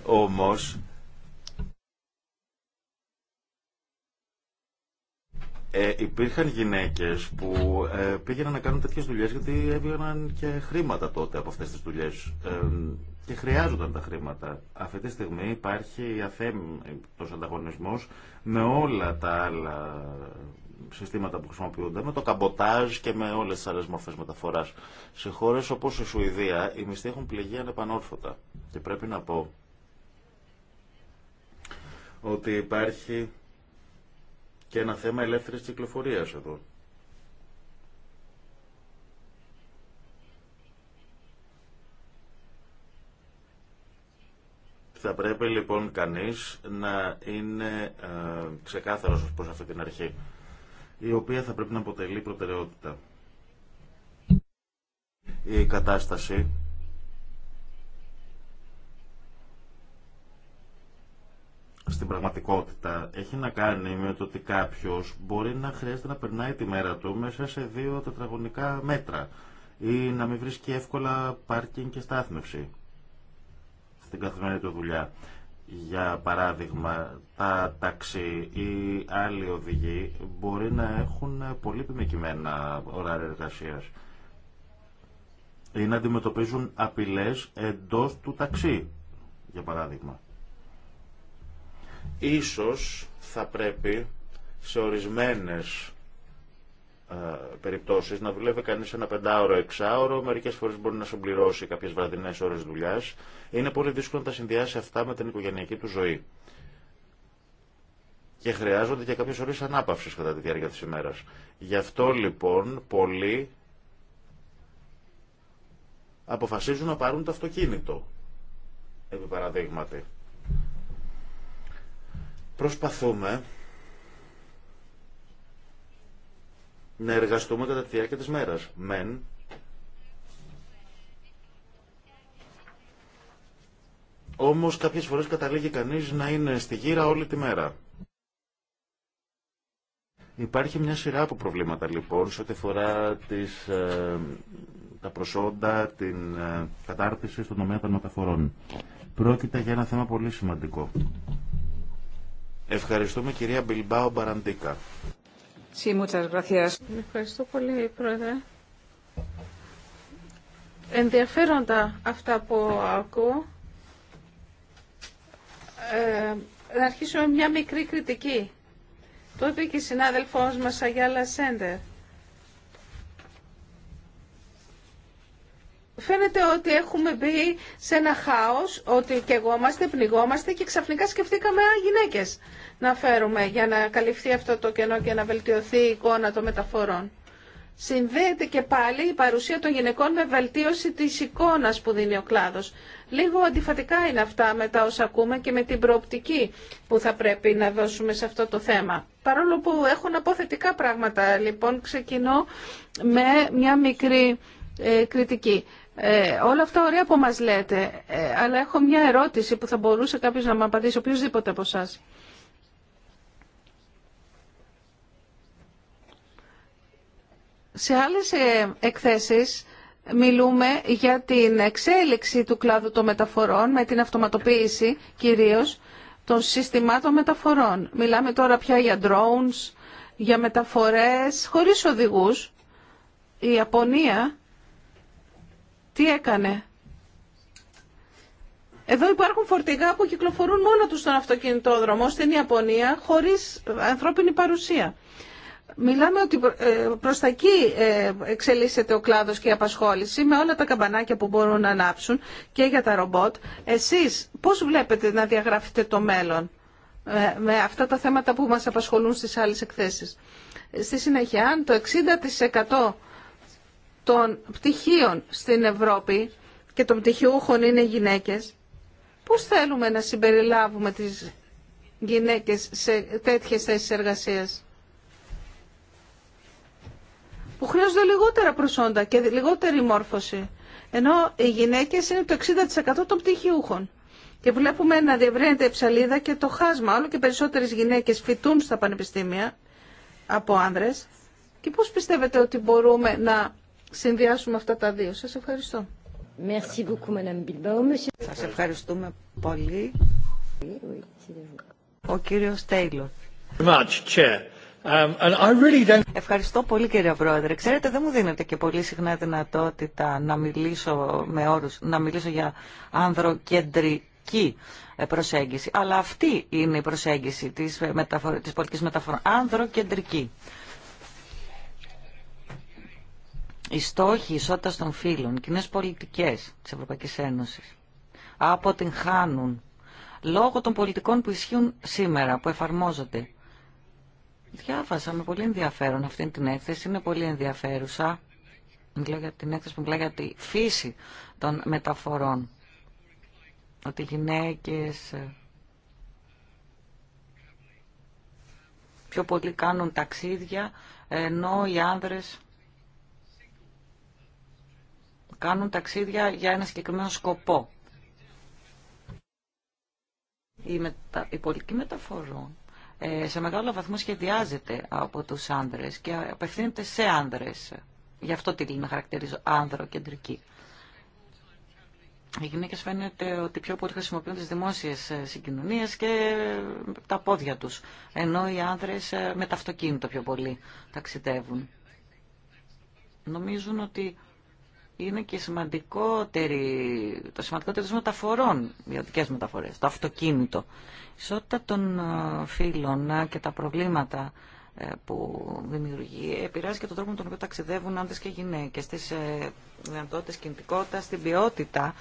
Όμως Ε, υπήρχαν γυναίκες που ε, πήγαιναν να κάνουν τέτοιε δουλειές γιατί έβγαιναν και χρήματα τότε από αυτές τις δουλειές και χρειάζονταν τα χρήματα. Αυτή τη στιγμή υπάρχει ο ανταγωνισμό με όλα τα άλλα συστήματα που χρησιμοποιούνται, με το καμποτάζ και με όλες τις άλλε μορφές μεταφοράς. Σε χώρε όπως η Σουηδία οι μισθοί έχουν πληγεί ανεπανόρθωτα και πρέπει να πω ότι υπάρχει και ένα θέμα ελεύθερης κυκλοφορίας εδώ. Θα πρέπει λοιπόν κανείς να είναι ε, ξεκάθαρος προς αυτή την αρχή, η οποία θα πρέπει να αποτελεί προτεραιότητα. Η κατάσταση στην πραγματικότητα έχει να κάνει με το ότι κάποιο μπορεί να χρειάζεται να περνάει τη μέρα του μέσα σε δύο τετραγωνικά μέτρα ή να μην βρίσκει εύκολα πάρκινγκ και στάθμευση στην καθημερινή του δουλειά. Για παράδειγμα, τα ταξί ή άλλοι οδηγοί μπορεί να έχουν πολύ επιμεκημένα ωράρια εργασία ή να αντιμετωπίζουν απειλές εντός του ταξί, για παράδειγμα. Ίσως θα πρέπει σε ορισμένες ε, περιπτώσεις να δουλεύει κανείς ένα πεντάωρο, εξάωρο, μερικές φορές μπορεί να συμπληρώσει κάποιες βραδινές ώρες δουλειάς. Είναι πολύ δύσκολο να τα συνδυάσει αυτά με την οικογενειακή του ζωή. Και χρειάζονται και κάποιες ώρες ανάπαυσης κατά τη διάρκεια της ημέρας. Γι' αυτό λοιπόν πολλοί αποφασίζουν να πάρουν το αυτοκίνητο, επί παραδείγματι. Προσπαθούμε να εργαστούμε κατά τη διάρκεια της μέρας. Μεν, όμως κάποιες φορές καταλήγει κανείς να είναι στη γύρα όλη τη μέρα. Υπάρχει μια σειρά από προβλήματα λοιπόν σε ό,τι αφορά τις, ε, τα προσόντα, την ε, κατάρτιση στον τομέα των μεταφορών. Πρόκειται για ένα θέμα πολύ σημαντικό. Ευχαριστούμε κυρία Μπιλμπάο Μπαραντίκα. Ευχαριστώ πολύ, Πρόεδρε. Ενδιαφέροντα αυτά που ακούω. Ε, να με μια μικρή κριτική. Το είπε και η συνάδελφός μας Αγιάλα Σέντερ. φαίνεται ότι έχουμε μπει σε ένα χάος, ότι και πνιγόμαστε και ξαφνικά σκεφτήκαμε α, γυναίκες να φέρουμε για να καλυφθεί αυτό το κενό και να βελτιωθεί η εικόνα των μεταφορών. Συνδέεται και πάλι η παρουσία των γυναικών με βελτίωση της εικόνας που δίνει ο κλάδος. Λίγο αντιφατικά είναι αυτά με τα όσα ακούμε και με την προοπτική που θα πρέπει να δώσουμε σε αυτό το θέμα. Παρόλο που έχουν αποθετικά πράγματα, λοιπόν, ξεκινώ με μια μικρή ε, κριτική. Ε, όλα αυτά ωραία που μας λέτε, ε, αλλά έχω μια ερώτηση που θα μπορούσε κάποιος να μου απαντήσει, οποιοδήποτε από εσά. Σε άλλες ε, εκθέσεις μιλούμε για την εξέλιξη του κλάδου των μεταφορών με την αυτοματοποίηση κυρίως των συστημάτων μεταφορών. Μιλάμε τώρα πια για drones, για μεταφορές χωρίς οδηγούς. Η Ιαπωνία τι έκανε. Εδώ υπάρχουν φορτηγά που κυκλοφορούν μόνο τους στον αυτοκινητόδρομο στην Ιαπωνία χωρίς ανθρώπινη παρουσία. Μιλάμε ότι ε, προς τα εκεί ε, εξελίσσεται ο κλάδος και η απασχόληση με όλα τα καμπανάκια που μπορούν να ανάψουν και για τα ρομπότ. Εσείς πώς βλέπετε να διαγράφετε το μέλλον ε, με αυτά τα θέματα που μας απασχολούν στις άλλες εκθέσεις. Στη συνέχεια, αν το 60% των πτυχίων στην Ευρώπη και των πτυχιούχων είναι γυναίκες, πώς θέλουμε να συμπεριλάβουμε τις γυναίκες σε τέτοιες θέσεις εργασίας που χρειάζονται λιγότερα προσόντα και λιγότερη μόρφωση. Ενώ οι γυναίκες είναι το 60% των πτυχιούχων. Και βλέπουμε να διευρύνεται η ψαλίδα και το χάσμα. Όλο και περισσότερε γυναίκες φοιτούν στα πανεπιστήμια από άνδρες. Και πώς πιστεύετε ότι μπορούμε να συνδυάσουμε αυτά τα δύο. Σας ευχαριστώ. Merci beaucoup, Madame Bilbao. Σας ευχαριστούμε πολύ. Ο κύριος Τέιλορ. Um, ευχαριστώ πολύ κύριε Πρόεδρε. Ξέρετε δεν μου δίνεται και πολύ συχνά δυνατότητα να μιλήσω με όρους, να μιλήσω για ανδροκεντρική ε, προσέγγιση. Αλλά αυτή είναι η προσέγγιση της, ε, μεταφορ... της πολιτικής μεταφορών. Ανδροκεντρική. Η στόχοι ισότητας των φύλων, κοινέ πολιτικές της Ευρωπαϊκής Ένωσης, από την χάνουν λόγω των πολιτικών που ισχύουν σήμερα, που εφαρμόζονται. Διάβασα με πολύ ενδιαφέρον αυτή την έκθεση, είναι πολύ ενδιαφέρουσα. Μιλάω για την έκθεση που μιλάει για τη φύση των μεταφορών. Ότι οι γυναίκες ε, πιο πολύ κάνουν ταξίδια, ενώ οι άνδρες κάνουν ταξίδια για ένα συγκεκριμένο σκοπό. Η, μετα... η πολιτική μεταφορών ε, σε μεγάλο βαθμό σχεδιάζεται από τους άνδρες και απευθύνεται σε άνδρες. Γι' αυτό τη να χαρακτηρίζω άνδρο κεντρική. Οι γυναίκε φαίνεται ότι πιο πολύ χρησιμοποιούν τι δημόσιε συγκοινωνίε και ε, τα πόδια του. Ενώ οι άνδρε ε, με αυτοκίνητο πιο πολύ ταξιδεύουν. Νομίζουν ότι είναι και σημαντικότερη, το σημαντικότερο της μεταφορών, ιδιωτικές μεταφορές, το αυτοκίνητο. Η ισότητα των ε, φύλων ε, και τα προβλήματα ε, που δημιουργεί επηρεάζει και τον τρόπο με τον οποίο ταξιδεύουν άντρες και γυναίκες, τις δυνατότητες κινητικότητας, την ποιότητα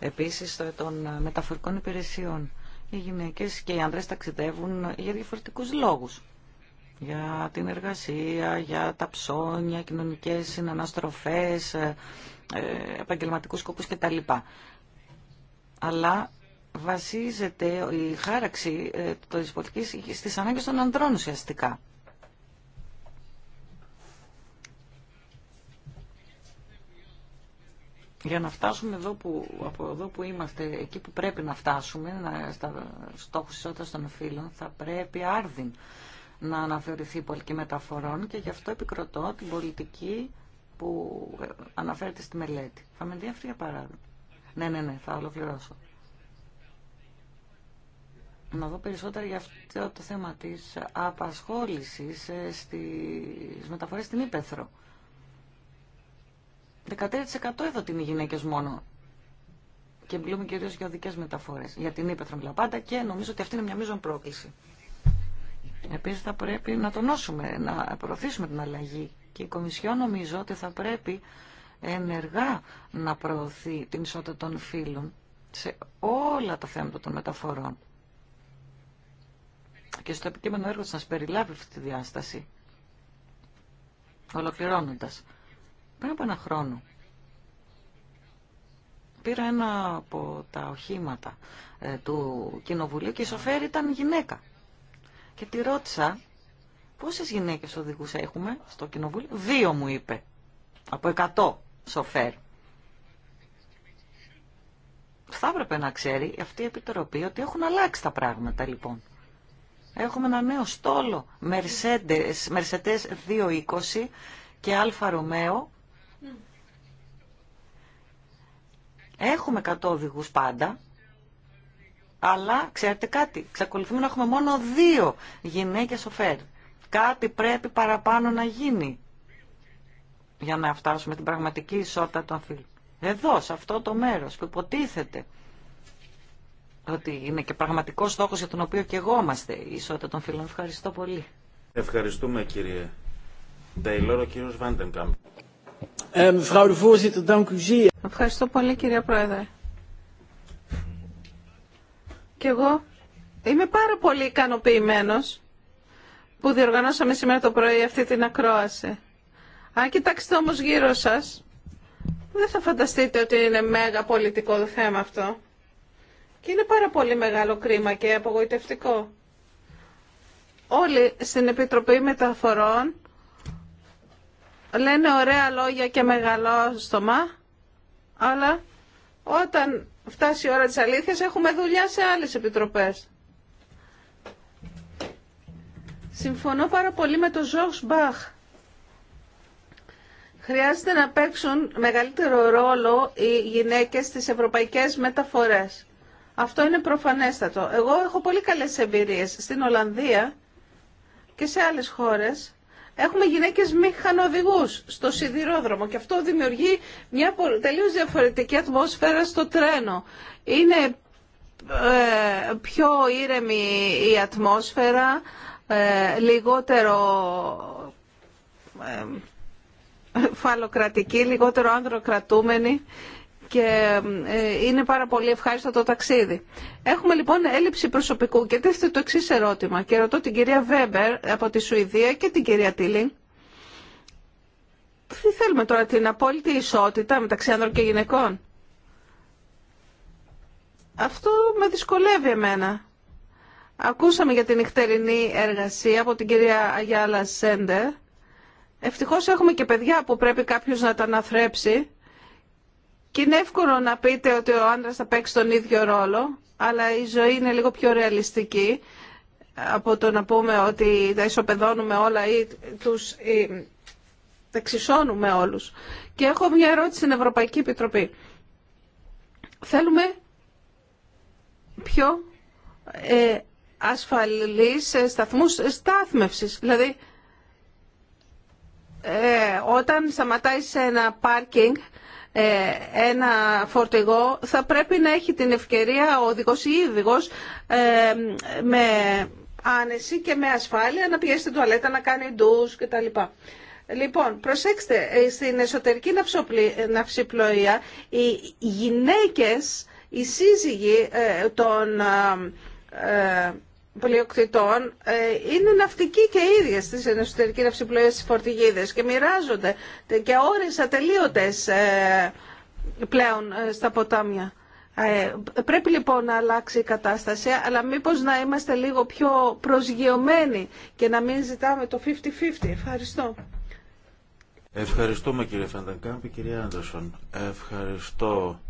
επίσης των μεταφορικών υπηρεσιών. Οι γυναίκες και οι άντρες ταξιδεύουν για διαφορετικούς λόγους για την εργασία, για τα ψώνια, κοινωνικές συναναστροφές, ε, ε, επαγγελματικούς σκοπούς κτλ. Αλλά βασίζεται η χάραξη ε, της πολιτικής στις ανάγκες των ανδρών ουσιαστικά. για να φτάσουμε εδώ που, από εδώ που είμαστε, εκεί που πρέπει να φτάσουμε, να, στα στόχους ισότητας των φίλων, θα πρέπει άρδιν να αναθεωρηθεί η πολιτική μεταφορών και γι' αυτό επικροτώ την πολιτική που αναφέρεται στη μελέτη. Θα με ενδιαφέρει για παράδειγμα. Ναι, ναι, ναι, θα ολοκληρώσω. Να δω περισσότερα για αυτό το θέμα της απασχόλησης ε, στις μεταφορές στην Ήπεθρο. 13% εδώ είναι οι γυναίκες μόνο. Και μιλούμε κυρίως για οδικές μεταφορές. Για την Ήπεθρο μιλάω πάντα και νομίζω ότι αυτή είναι μια μείζων πρόκληση. Επίσης θα πρέπει να τονώσουμε, να προωθήσουμε την αλλαγή και η Κομισιόν νομίζω ότι θα πρέπει ενεργά να προωθεί την ισότητα των φύλων σε όλα τα θέματα των μεταφορών. Και στο επικείμενο έργο της να περιλάβει αυτή τη διάσταση. Ολοκληρώνοντας, πριν από ένα χρόνο, πήρα ένα από τα οχήματα ε, του Κοινοβουλίου και η Σοφέρη ήταν γυναίκα και τη ρώτησα πόσες γυναίκες οδηγούς έχουμε στο κοινοβούλιο. Δύο μου είπε, από 100 σοφέρ. Θα έπρεπε να ξέρει αυτή η Επιτροπή ότι έχουν αλλάξει τα πράγματα λοιπόν. Έχουμε ένα νέο στόλο, Mercedes, Mercedes 220 και Αλφα Ρωμαίο. Έχουμε 100 οδηγού πάντα, αλλά ξέρετε κάτι, ξεκολουθούμε να έχουμε μόνο δύο γυναίκες σοφέρ. Κάτι πρέπει παραπάνω να γίνει για να φτάσουμε την πραγματική ισότητα των φίλων. Εδώ, σε αυτό το μέρος που υποτίθεται ότι είναι και πραγματικός στόχος για τον οποίο και εγώ είμαστε η ισότητα των φίλων. Ευχαριστώ πολύ. Ευχαριστούμε κύριε κύριος Ευχαριστώ πολύ κύριε Πρόεδρε. Και εγώ είμαι πάρα πολύ ικανοποιημένο που διοργανώσαμε σήμερα το πρωί αυτή την ακρόαση. Αν κοιτάξετε όμω γύρω σα, δεν θα φανταστείτε ότι είναι μέγα πολιτικό το θέμα αυτό. Και είναι πάρα πολύ μεγάλο κρίμα και απογοητευτικό. Όλοι στην Επιτροπή Μεταφορών λένε ωραία λόγια και μεγαλόστομα, αλλά όταν φτάσει η ώρα της αλήθειας, έχουμε δουλειά σε άλλες επιτροπές. Συμφωνώ πάρα πολύ με τον Ζογς Μπαχ. Χρειάζεται να παίξουν μεγαλύτερο ρόλο οι γυναίκες στις ευρωπαϊκές μεταφορές. Αυτό είναι προφανέστατο. Εγώ έχω πολύ καλές εμπειρίες στην Ολλανδία και σε άλλες χώρες έχουμε γυναίκε μηχανοδηγούς στο σιδηρόδρομο και αυτό δημιουργεί μια τελείως διαφορετική ατμόσφαιρα στο τρένο. Είναι ε, πιο ήρεμη η ατμόσφαιρα, ε, λιγότερο ε, φαλοκρατική, λιγότερο άνδροκρατούμενη και ε, είναι πάρα πολύ ευχάριστο το ταξίδι. Έχουμε λοιπόν έλλειψη προσωπικού και τίθεται το εξή ερώτημα και ρωτώ την κυρία Βέμπερ από τη Σουηδία και την κυρία Τίλινγκ. Τι θέλουμε τώρα, την απόλυτη ισότητα μεταξύ άνδρων και γυναικών. Αυτό με δυσκολεύει εμένα. Ακούσαμε για την νυχτερινή εργασία από την κυρία Αγιάλα Σέντερ. Ευτυχώς έχουμε και παιδιά που πρέπει κάποιος να τα αναθρέψει. Και είναι εύκολο να πείτε ότι ο άντρας θα παίξει τον ίδιο ρόλο, αλλά η ζωή είναι λίγο πιο ρεαλιστική από το να πούμε ότι τα ισοπεδώνουμε όλα ή τους ή, ε, τα όλους. Και έχω μια ερώτηση στην Ευρωπαϊκή Επιτροπή. Θέλουμε πιο ε, ασφαλείς σταθμούς στάθμευσης. Δηλαδή, ε, όταν σταματάει σε ένα πάρκινγκ, ε, ένα φορτηγό θα πρέπει να έχει την ευκαιρία ο οδηγός ή η οδηγός ε, με άνεση και με ασφάλεια να πιέσει την τουαλέτα, να κάνει ντους κτλ. Λοιπόν, προσέξτε, ε, στην εσωτερική ναυσιπλοεία οι γυναίκες, οι σύζυγοι των πλειοκτητών ε, είναι ναυτικοί και ίδιες στις εσωτερική ναυσιπλοίες στις φορτηγίδες και μοιράζονται και ώρες ατελείωτες ε, πλέον ε, στα ποτάμια. Πρέπει λοιπόν να αλλάξει η κατάσταση, αλλά μήπως να είμαστε λίγο πιο προσγειωμένοι και να μην ζητάμε το 50-50. Ευχαριστώ. Ευχαριστούμε κύριε Φανταγκάμπη κυρία Άντερσον. Ευχαριστώ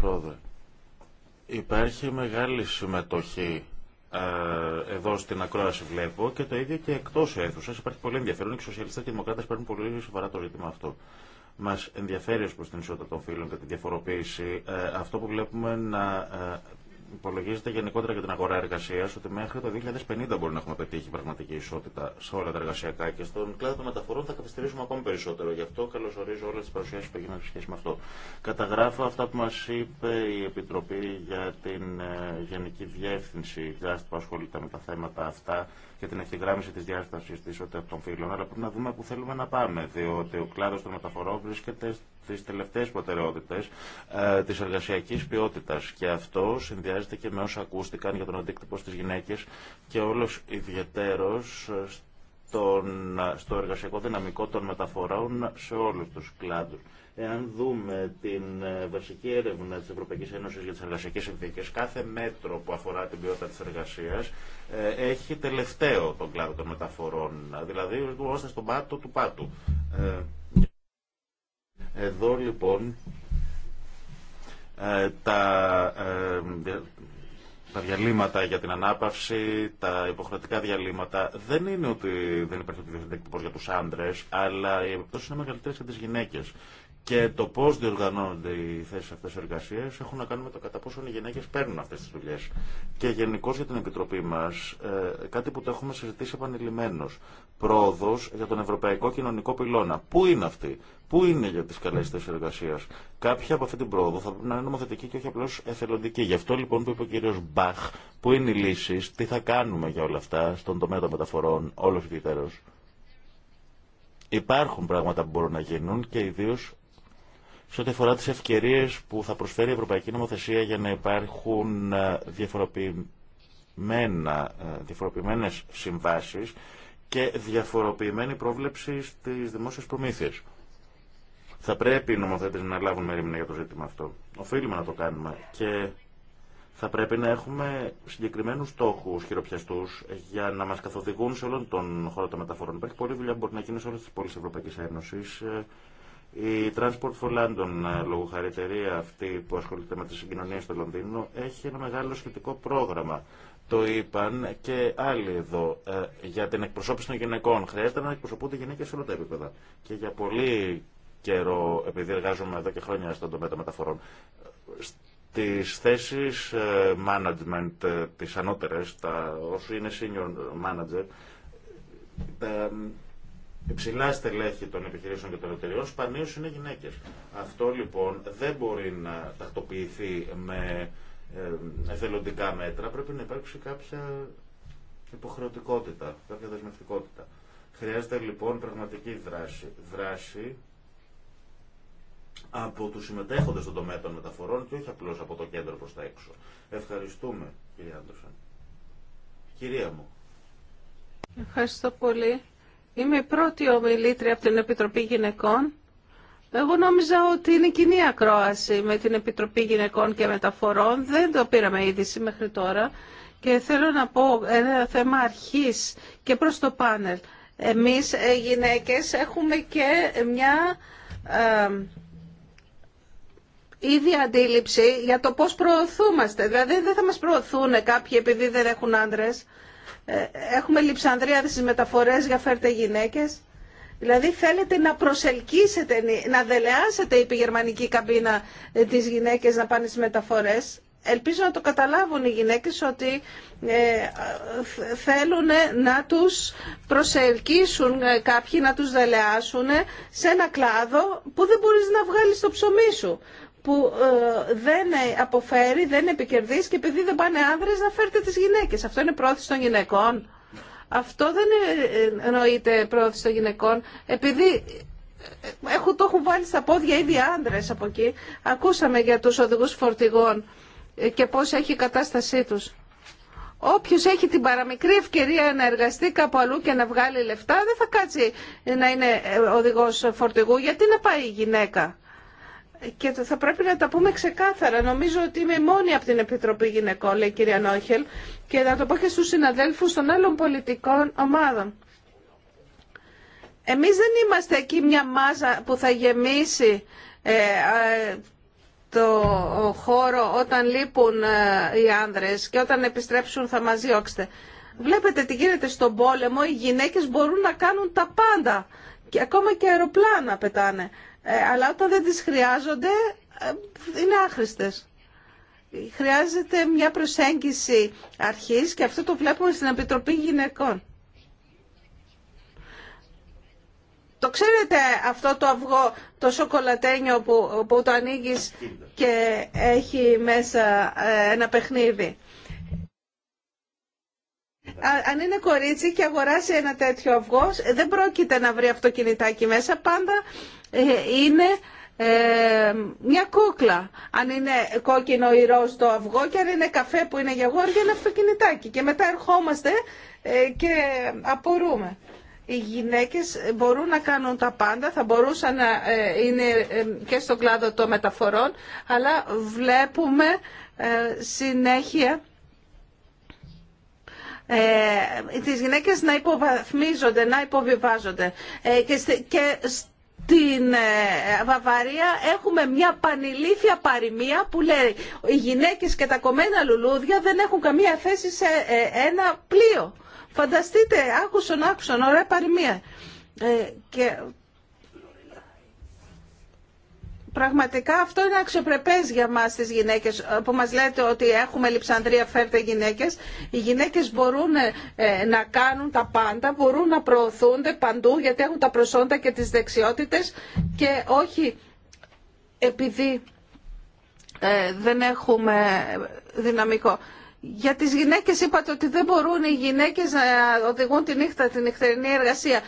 πρόεδρε. Υπάρχει μεγάλη συμμετοχή ε, εδώ στην ακρόαση βλέπω και το ίδιο και εκτό αίθουσα. Υπάρχει πολύ ενδιαφέρον. Οι σοσιαλιστέ και οι δημοκράτε παίρνουν πολύ σοβαρά το ζήτημα αυτό. Μα ενδιαφέρει ω προ την ισότητα των φύλων και τη διαφοροποίηση ε, αυτό που βλέπουμε να ε, υπολογίζεται γενικότερα για την αγορά εργασία ότι μέχρι το 2050 μπορεί να έχουμε πετύχει πραγματική ισότητα σε όλα τα εργασιακά και στον κλάδο των μεταφορών θα καθυστερήσουμε ακόμη περισσότερο. Γι' αυτό καλωσορίζω όλε τι παρουσιάσει που έγιναν σε σχέση με αυτό. Καταγράφω αυτά που μα είπε η Επιτροπή για την ε, Γενική Διεύθυνση για που ασχολείται με τα θέματα αυτά και την ευθυγράμμιση τη διάσταση τη ισότητα των φύλων. Αλλά πρέπει να δούμε πού θέλουμε να πάμε, διότι ο κλάδο των μεταφορών βρίσκεται τις τελευταίες προτεραιότητες ε, της εργασιακής ποιότητας και αυτό συνδυάζεται και με όσα ακούστηκαν για τον αντίκτυπο στις γυναίκες και όλος ιδιαιτέρως ε, ε, στο εργασιακό δυναμικό των μεταφορών σε όλους τους κλάδους. Εάν δούμε την ε, βασική έρευνα τη Ευρωπαϊκής Ένωσης για τις εργασιακές συνθήκες, κάθε μέτρο που αφορά την ποιότητα της εργασίας έχει τελευταίο τον κλάδο των μεταφορών, δηλαδή βρισκόμαστε στον πάτο του πάτου. Εδώ λοιπόν ε, τα, ε, τα διαλύματα για την ανάπαυση, τα υποχρεωτικά διαλύματα, δεν είναι ότι δεν υπάρχει ότι δεν για τους άντρες, αλλά οι επιπτώσεις είναι μεγαλύτερες για τις γυναίκες. Και το πώ διοργανώνονται οι θέσει αυτέ εργασία έχουν να κάνουν με το κατά πόσο οι γυναίκε παίρνουν αυτέ τι δουλειέ. Και γενικώ για την Επιτροπή μα, ε, κάτι που το έχουμε συζητήσει επανειλημμένω. Πρόοδο για τον Ευρωπαϊκό Κοινωνικό Πυλώνα. Πού είναι αυτή, πού είναι για τι καλέ θέσει εργασία. Κάποια από αυτή την πρόοδο θα πρέπει να είναι νομοθετική και όχι απλώ εθελοντική. Γι' αυτό λοιπόν που είπε ο κύριο Μπαχ, πού είναι οι λύσει, τι θα κάνουμε για όλα αυτά στον τομέα των μεταφορών, όλο ιδιαίτερω. Υπάρχουν πράγματα που μπορούν να γίνουν και ιδίω σε ό,τι αφορά τι ευκαιρίε που θα προσφέρει η Ευρωπαϊκή Νομοθεσία για να υπάρχουν ε, ε, διαφοροποιημένε συμβάσει και διαφοροποιημένη πρόβλεψη στι δημόσιε προμήθειες. Θα πρέπει οι νομοθέτε να λάβουν μερίμνη για το ζήτημα αυτό. Οφείλουμε να το κάνουμε και θα πρέπει να έχουμε συγκεκριμένου στόχου χειροπιαστού, για να μα καθοδηγούν σε όλον τον χώρο των μεταφορών. Υπάρχει πολλή δουλειά που μπορεί να γίνει σε όλε τι πόλει τη Ευρωπαϊκή Ένωση. Ε, η Transport for London, ε, λογοχαρητερία αυτή που ασχολείται με τις συγκοινωνίε στο Λονδίνο, έχει ένα μεγάλο σχετικό πρόγραμμα. Το είπαν και άλλοι εδώ ε, για την εκπροσώπηση των γυναικών. Χρειάζεται να εκπροσωπούνται γυναίκε σε όλα τα επίπεδα. Και για πολύ καιρό, επειδή εργάζομαι εδώ και χρόνια στον τομέα των μεταφορών, στι θέσεις ε, management, τις ανώτερες, όσοι είναι senior manager, υψηλά στελέχη των επιχειρήσεων και των εταιριών σπανίω είναι γυναίκε. Αυτό λοιπόν δεν μπορεί να τακτοποιηθεί με ε, εθελοντικά μέτρα. Πρέπει να υπάρξει κάποια υποχρεωτικότητα, κάποια δεσμευτικότητα. Χρειάζεται λοιπόν πραγματική δράση. Δράση από τους συμμετέχοντες στον τομέα των μεταφορών και όχι απλώς από το κέντρο προς τα έξω. Ευχαριστούμε, κύριε Άντροσαν. Κυρία μου. Ευχαριστώ πολύ. Είμαι η πρώτη ομιλήτρια από την Επιτροπή Γυναικών. Εγώ νόμιζα ότι είναι κοινή ακρόαση με την Επιτροπή Γυναικών και Μεταφορών. Δεν το πήραμε είδηση μέχρι τώρα. Και θέλω να πω ένα θέμα αρχής και προς το πάνελ. Εμείς ε, γυναίκες έχουμε και μια ίδια αντίληψη για το πώς προωθούμαστε. Δηλαδή δεν θα μας προωθούν κάποιοι επειδή δεν έχουν άντρες. Ε, έχουμε λειψανδρία στις μεταφορές για φέρτε γυναίκες. Δηλαδή θέλετε να προσελκύσετε, να δελεάσετε, η γερμανική καμπίνα, ε, τις γυναίκες να πάνε στις μεταφορές. Ελπίζω να το καταλάβουν οι γυναίκες ότι ε, θέλουν να τους προσελκύσουν κάποιοι, να τους δελεάσουν σε ένα κλάδο που δεν μπορείς να βγάλεις το ψωμί σου που ε, δεν αποφέρει, δεν επικερδίζει και επειδή δεν πάνε άνδρε να φέρτε τι γυναίκε. Αυτό είναι πρόθεση των γυναικών. Αυτό δεν ε, εννοείται πρόθεση των γυναικών. Επειδή ε, έχουν, το έχουν βάλει στα πόδια ήδη άνδρες από εκεί. Ακούσαμε για του οδηγού φορτηγών και πώ έχει η κατάστασή του. Όποιο έχει την παραμικρή ευκαιρία να εργαστεί κάπου αλλού και να βγάλει λεφτά, δεν θα κάτσει να είναι οδηγό φορτηγού. Γιατί να πάει η γυναίκα και θα πρέπει να τα πούμε ξεκάθαρα. Νομίζω ότι είμαι μόνη από την Επιτροπή Γυναικών, λέει η κυρία Νόχελ, και να το πω και στους συναδέλφους των άλλων πολιτικών ομάδων. Εμείς δεν είμαστε εκεί μια μάζα που θα γεμίσει ε, ε το χώρο όταν λείπουν ε, οι άνδρες και όταν επιστρέψουν θα μας διώξετε. Βλέπετε τι γίνεται στον πόλεμο, οι γυναίκες μπορούν να κάνουν τα πάντα και ακόμα και αεροπλάνα πετάνε. Ε, αλλά όταν δεν τις χρειάζονται ε, είναι άχρηστες. Χρειάζεται μια προσέγγιση αρχής και αυτό το βλέπουμε στην Επιτροπή Γυναικών. Το ξέρετε αυτό το αυγό, το σοκολατένιο που, το ανοίγεις και έχει μέσα ε, ένα παιχνίδι αν είναι κορίτσι και αγοράσει ένα τέτοιο αυγό, ε, δεν πρόκειται να βρει αυτοκινητάκι μέσα. Πάντα ε, είναι ε, μια κούκλα. Αν είναι κόκκινο ή ροζ το αυγό και αν είναι καφέ που είναι για γόρια, είναι αυτοκινητάκι. Και μετά ερχόμαστε και απορούμε. Οι γυναίκες μπορούν να κάνουν τα πάντα, θα μπορούσαν να είναι και στον κλάδο των μεταφορών, αλλά βλέπουμε συνέχεια ε, τις γυναίκες να υποβαθμίζονται, να υποβιβάζονται. Ε, και, και στην ε, Βαβαρία έχουμε μια πανηλήθεια παροιμία που λέει οι γυναίκες και τα κομμένα λουλούδια δεν έχουν καμία θέση σε ε, ένα πλοίο. Φανταστείτε, άκουσον, άκουσον, ωραία παροιμία. και Πραγματικά αυτό είναι αξιοπρεπέ για εμά τις γυναίκες που μας λέτε ότι έχουμε λιψανδρία φέρτε γυναίκες. Οι γυναίκες μπορούν ε, να κάνουν τα πάντα, μπορούν να προωθούνται παντού γιατί έχουν τα προσόντα και τις δεξιότητες και όχι επειδή ε, δεν έχουμε δυναμικό. Για τις γυναίκες είπατε ότι δεν μπορούν οι γυναίκες να οδηγούν τη νύχτα, την νυχτερινή εργασία.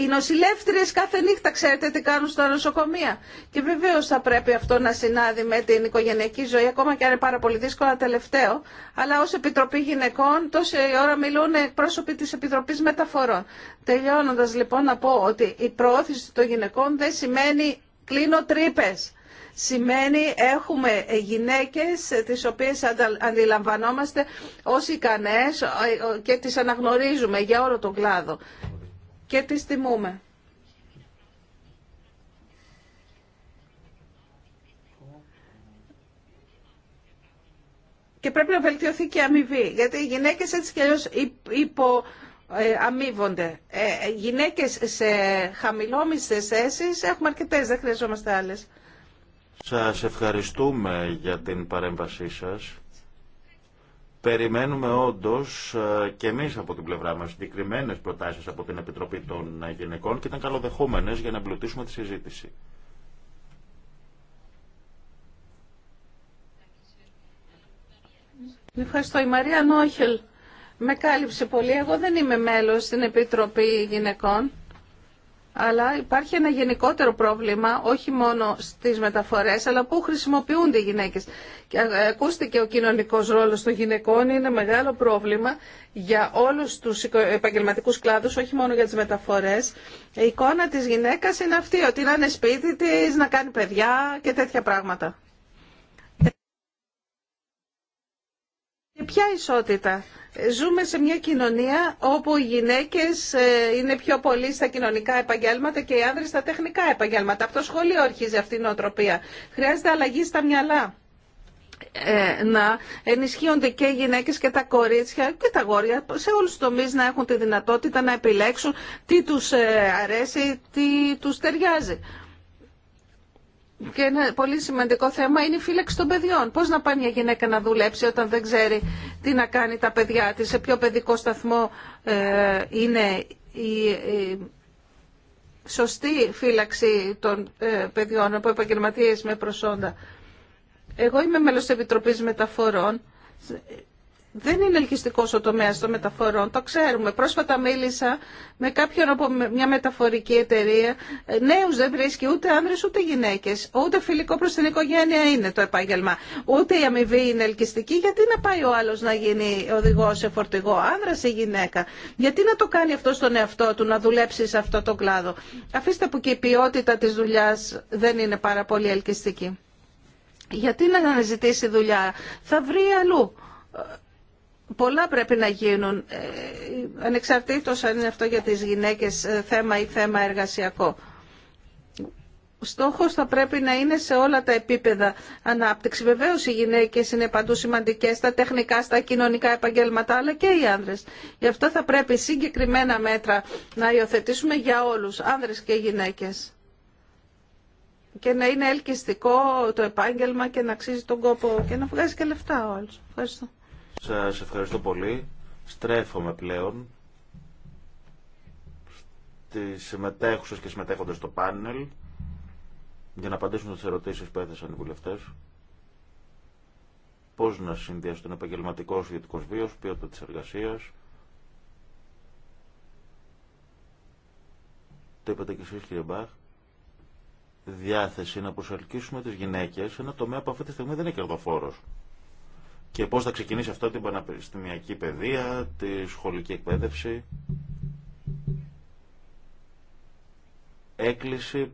Οι νοσηλεύτριες κάθε νύχτα ξέρετε τι κάνουν στα νοσοκομεία. Και βεβαίω θα πρέπει αυτό να συνάδει με την οικογενειακή ζωή, ακόμα και αν είναι πάρα πολύ δύσκολο τελευταίο. Αλλά ως Επιτροπή Γυναικών τόση ώρα μιλούν πρόσωποι της Επιτροπής Μεταφορών. Τελειώνοντας λοιπόν να πω ότι η προώθηση των γυναικών δεν σημαίνει κλείνω τρύπες σημαίνει έχουμε γυναίκες τις οποίες αντιλαμβανόμαστε ως ικανές ε, ε, και τις αναγνωρίζουμε για όλο τον κλάδο και τις τιμούμε. Και πρέπει να βελτιωθεί και η αμοιβή, γιατί οι γυναίκες έτσι και αλλιώς υπο, ε, αμείβονται. Ε, γυναίκες σε χαμηλόμιστες θέσεις έχουμε αρκετές, δεν χρειαζόμαστε άλλες. Σας ευχαριστούμε για την παρέμβασή σας. Περιμένουμε όντως ε, και εμείς από την πλευρά μας συγκεκριμένε προτάσεις από την Επιτροπή των Γυναικών και ήταν καλοδεχόμενες για να εμπλουτίσουμε τη συζήτηση. Ευχαριστώ. Η Μαρία Νόχελ με κάλυψε πολύ. Εγώ δεν είμαι μέλος στην Επιτροπή Γυναικών αλλά υπάρχει ένα γενικότερο πρόβλημα, όχι μόνο στις μεταφορές, αλλά πού χρησιμοποιούνται οι γυναίκες. Και ε, ακούστηκε ο κοινωνικός ρόλος των γυναικών, είναι μεγάλο πρόβλημα για όλους τους επαγγελματικούς κλάδους, όχι μόνο για τις μεταφορές. Η εικόνα της γυναίκας είναι αυτή, ότι να είναι σπίτι της, να κάνει παιδιά και τέτοια πράγματα. Ποια ισότητα. Ζούμε σε μια κοινωνία όπου οι γυναίκες ε, είναι πιο πολύ στα κοινωνικά επαγγέλματα και οι άνδρες στα τεχνικά επαγγέλματα. Από το σχολείο αρχίζει αυτή η νοοτροπία. Χρειάζεται αλλαγή στα μυαλά. Ε, να ενισχύονται και οι γυναίκες και τα κορίτσια και τα γόρια σε όλους τους τομείς να έχουν τη δυνατότητα να επιλέξουν τι τους ε, αρέσει, τι τους ταιριάζει και ένα πολύ σημαντικό θέμα είναι η φύλαξη των παιδιών. Πώς να πάει μια γυναίκα να δουλέψει όταν δεν ξέρει τι να κάνει τα παιδιά της, σε ποιο παιδικό σταθμό ε, είναι η σωστή φύλαξη των ε, παιδιών από επαγγελματίες με προσόντα. Εγώ είμαι μέλος της Επιτροπής Μεταφορών δεν είναι ελκυστικό ο τομέα των μεταφορών, το ξέρουμε. Πρόσφατα μίλησα με κάποιον από μια μεταφορική εταιρεία. Ε, Νέου δεν βρίσκει ούτε άνδρε ούτε γυναίκε. Ούτε φιλικό προ την οικογένεια είναι το επάγγελμα. Ούτε η αμοιβή είναι ελκυστική. Γιατί να πάει ο άλλο να γίνει οδηγό σε φορτηγό, άνδρα ή γυναίκα. Γιατί να το κάνει αυτό στον εαυτό του, να δουλέψει σε αυτό το κλάδο. Αφήστε που και η ποιότητα τη δουλειά δεν είναι πάρα πολύ ελκυστική. Γιατί να αναζητήσει δουλειά, θα βρει αλλού ε, πολλά πρέπει να γίνουν, ε, ανεξαρτήτως αν είναι αυτό για τις γυναίκες ε, θέμα ή θέμα εργασιακό. Ο Στόχος θα πρέπει να είναι σε όλα τα επίπεδα ανάπτυξη. Βεβαίως οι γυναίκες είναι παντού σημαντικές, στα τεχνικά, στα κοινωνικά επαγγέλματα, αλλά και οι άνδρες. Γι' αυτό θα πρέπει συγκεκριμένα μέτρα να υιοθετήσουμε για όλους, άνδρες και γυναίκες. Και να είναι ελκυστικό το επάγγελμα και να αξίζει τον κόπο και να βγάζει και λεφτά όλους. Ευχαριστώ. Σας ευχαριστώ πολύ. Στρέφομαι πλέον στις συμμετέχουσες και συμμετέχοντες στο πάνελ για να απαντήσουν στις ερωτήσεις που έθεσαν οι βουλευτές. Πώς να συνδυαστούν τον επαγγελματικό ιδιωτικό βίος, ποιότητα της εργασίας. Το είπατε και εσείς κύριε Μπαχ διάθεση να προσελκύσουμε τις γυναίκες σε ένα τομέα που αυτή τη στιγμή δεν είναι κερδοφόρος και πώς θα ξεκινήσει αυτό την πανεπιστημιακή παιδεία, τη σχολική εκπαίδευση. Έκκληση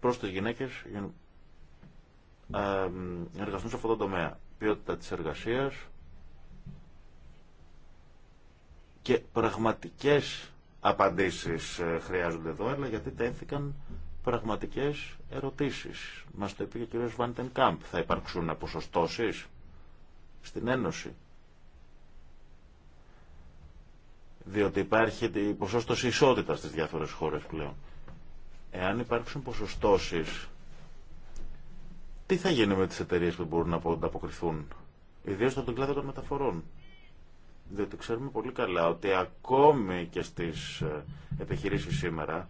προς τις γυναίκες για να ε, εργαστούν σε αυτό το τομέα. Ποιότητα της εργασίας και πραγματικές απαντήσεις ε, χρειάζονται εδώ, αλλά γιατί τέθηκαν πραγματικές ερωτήσεις. Μας το είπε και ο κ. Βάντεν Κάμπ. Θα υπάρξουν αποσωστώσεις στην Ένωση. Διότι υπάρχει η ποσόστοση ισότητα στις διάφορες χώρες πλέον. Εάν υπάρξουν ποσοστώσεις, τι θα γίνει με τις εταιρείες που μπορούν να ανταποκριθούν, ιδίως στον κλάδο των μεταφορών. Διότι ξέρουμε πολύ καλά ότι ακόμη και στις ε, επιχειρήσεις σήμερα,